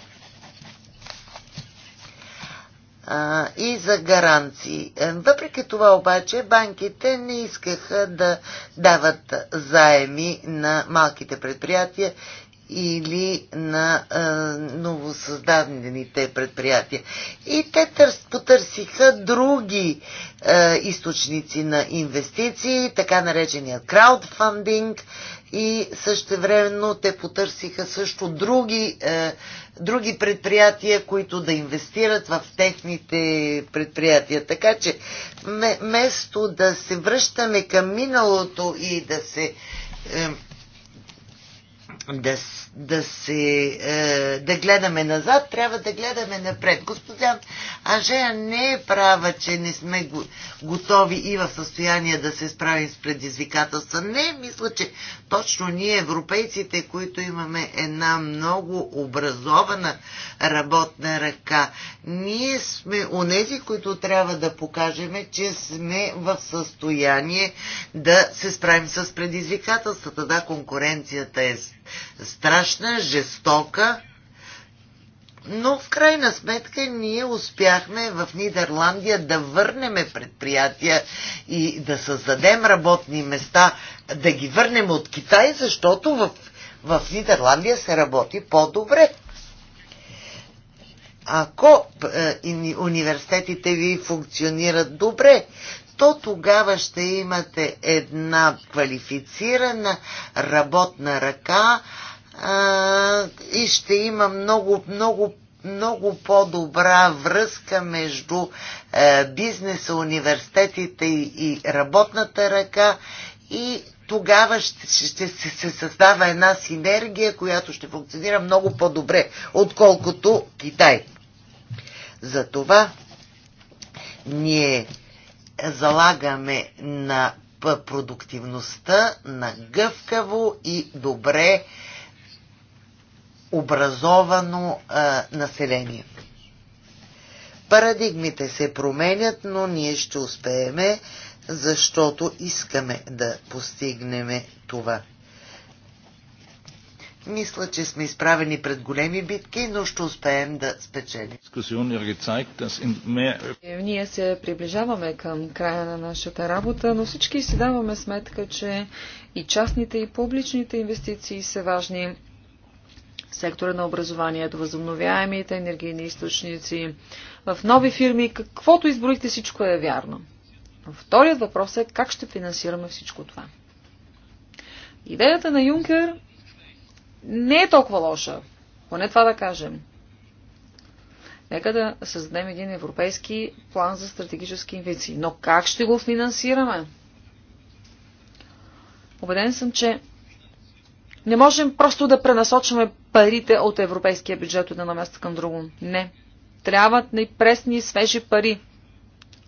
Speaker 1: а, и за гаранции. Е, въпреки това обаче банките не искаха да дават заеми на малките предприятия или на а, новосъздадените предприятия. И те търс, потърсиха други а, източници на инвестиции, така наречения краудфандинг и същевременно те потърсиха също други, а, други предприятия, които да инвестират в техните предприятия. Така че вместо да се връщаме към миналото и да се е, да, да, се, е, да гледаме назад, трябва да гледаме напред. Господин Анжея не е права, че не сме го, готови и в състояние да се справим с предизвикателства. Не, мисля, че точно ние, европейците, които имаме една много образована работна ръка, ние сме онези, които трябва да покажем, че сме в състояние да се справим с предизвикателствата. Да, конкуренцията е страшна, жестока, но в крайна сметка ние успяхме в Нидерландия да върнем предприятия и да създадем работни места, да ги върнем от Китай, защото в, в Нидерландия се работи по-добре. Ако е, университетите ви функционират добре, то тогава ще имате една квалифицирана работна ръка а, и ще има много, много, много по-добра връзка между а, е, бизнеса, университетите и, и работната ръка и тогава ще, ще се, се създава една синергия, която ще функционира много по-добре, отколкото Китай. Затова ние залагаме на продуктивността, на гъвкаво и добре образовано а, население. Парадигмите се променят, но ние ще успееме, защото искаме да постигнем това. Мисля, че сме изправени пред големи битки, но ще успеем да спечелим.
Speaker 2: Е, ние се приближаваме към края на нашата работа, но всички си даваме сметка, че и частните, и публичните инвестиции са важни. Сектора на образованието, възобновяемите енергийни източници, в нови фирми, каквото изброихте, всичко е вярно. Вторият въпрос е как ще финансираме всичко това. Идеята на Юнкер не е толкова лоша. Поне това да кажем. Нека да създадем един европейски план за стратегически инвестиции. Но как ще го финансираме? Обеден съм, че не можем просто да пренасочваме парите от европейския бюджет от едно място към друго. Не. Трябват ни пресни, свежи пари.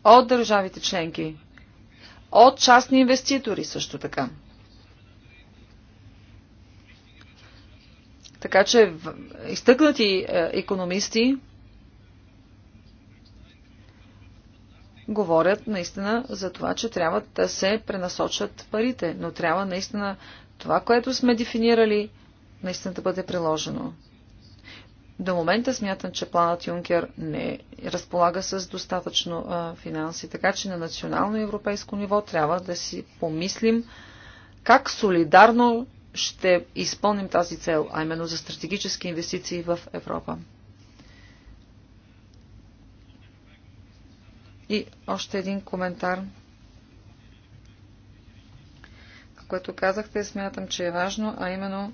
Speaker 2: От държавите членки. От частни инвеститори също така. Така че изтъкнати економисти говорят наистина за това, че трябва да се пренасочат парите, но трябва наистина това, което сме дефинирали, наистина да бъде приложено. До момента смятам, че планът Юнкер не разполага с достатъчно а, финанси, така че на национално европейско ниво трябва да си помислим как солидарно ще изпълним тази цел, а именно за стратегически инвестиции в Европа. И още един коментар. Което казахте, смятам, че е важно, а именно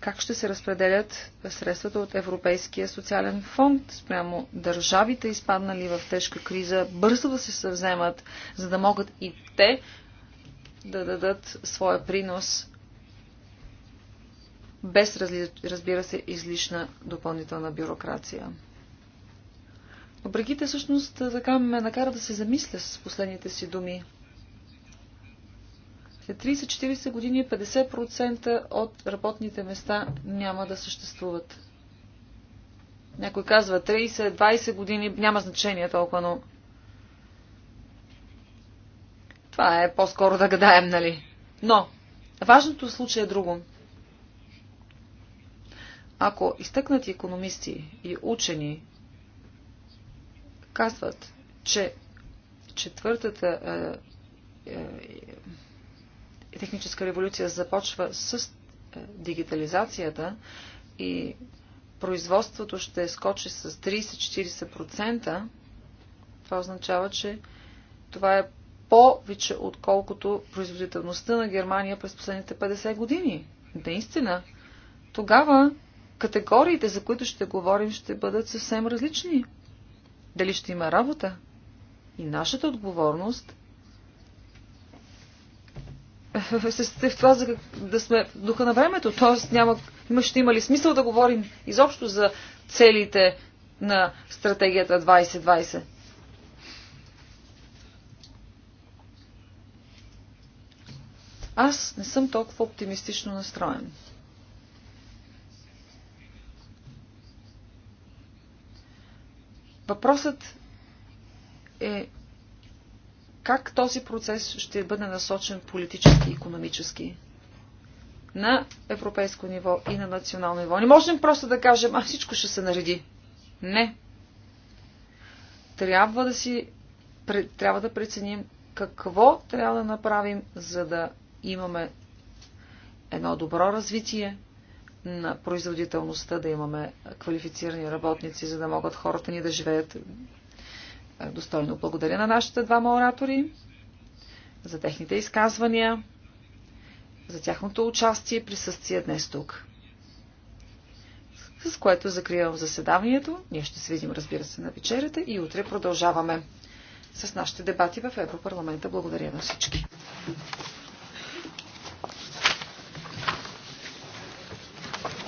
Speaker 2: как ще се разпределят средствата от Европейския социален фонд спрямо държавите, изпаднали в тежка криза, бързо да се съвземат, за да могат и те да дадат своя принос без, разбира се, излишна допълнителна бюрокрация. Но всъщност така ме накара да се замисля с последните си думи. След 30-40 години 50% от работните места няма да съществуват. Някой казва 30-20 години, няма значение толкова, но Това е по-скоро да гадаем, нали? Но, важното в случая е друго. Ако изтъкнати економисти и учени казват, че четвъртата е, е, е техническа революция започва с е, дигитализацията и производството ще скочи с 30-40%, това означава, че това е повече, отколкото производителността на Германия през последните 50 години. Наистина. Тогава категориите, за които ще говорим, ще бъдат съвсем различни. Дали ще има работа? И нашата отговорност (laughs) в това за, да сме в духа на времето. Тоест, няма, има, ще има ли смисъл да говорим изобщо за целите на стратегията 2020? Аз не съм толкова оптимистично настроен. Въпросът е как този процес ще бъде насочен политически и економически на европейско ниво и на национално ниво. Не можем просто да кажем, а всичко ще се нареди. Не. Трябва да си трябва да преценим какво трябва да направим, за да имаме едно добро развитие на производителността, да имаме квалифицирани работници, за да могат хората ни да живеят е, достойно. Благодаря на нашите двама оратори за техните изказвания, за тяхното участие и присъствие днес тук. С което закривам заседанието. Ние ще се видим, разбира се, на вечерята и утре продължаваме с нашите дебати в Европарламента. Благодаря на всички.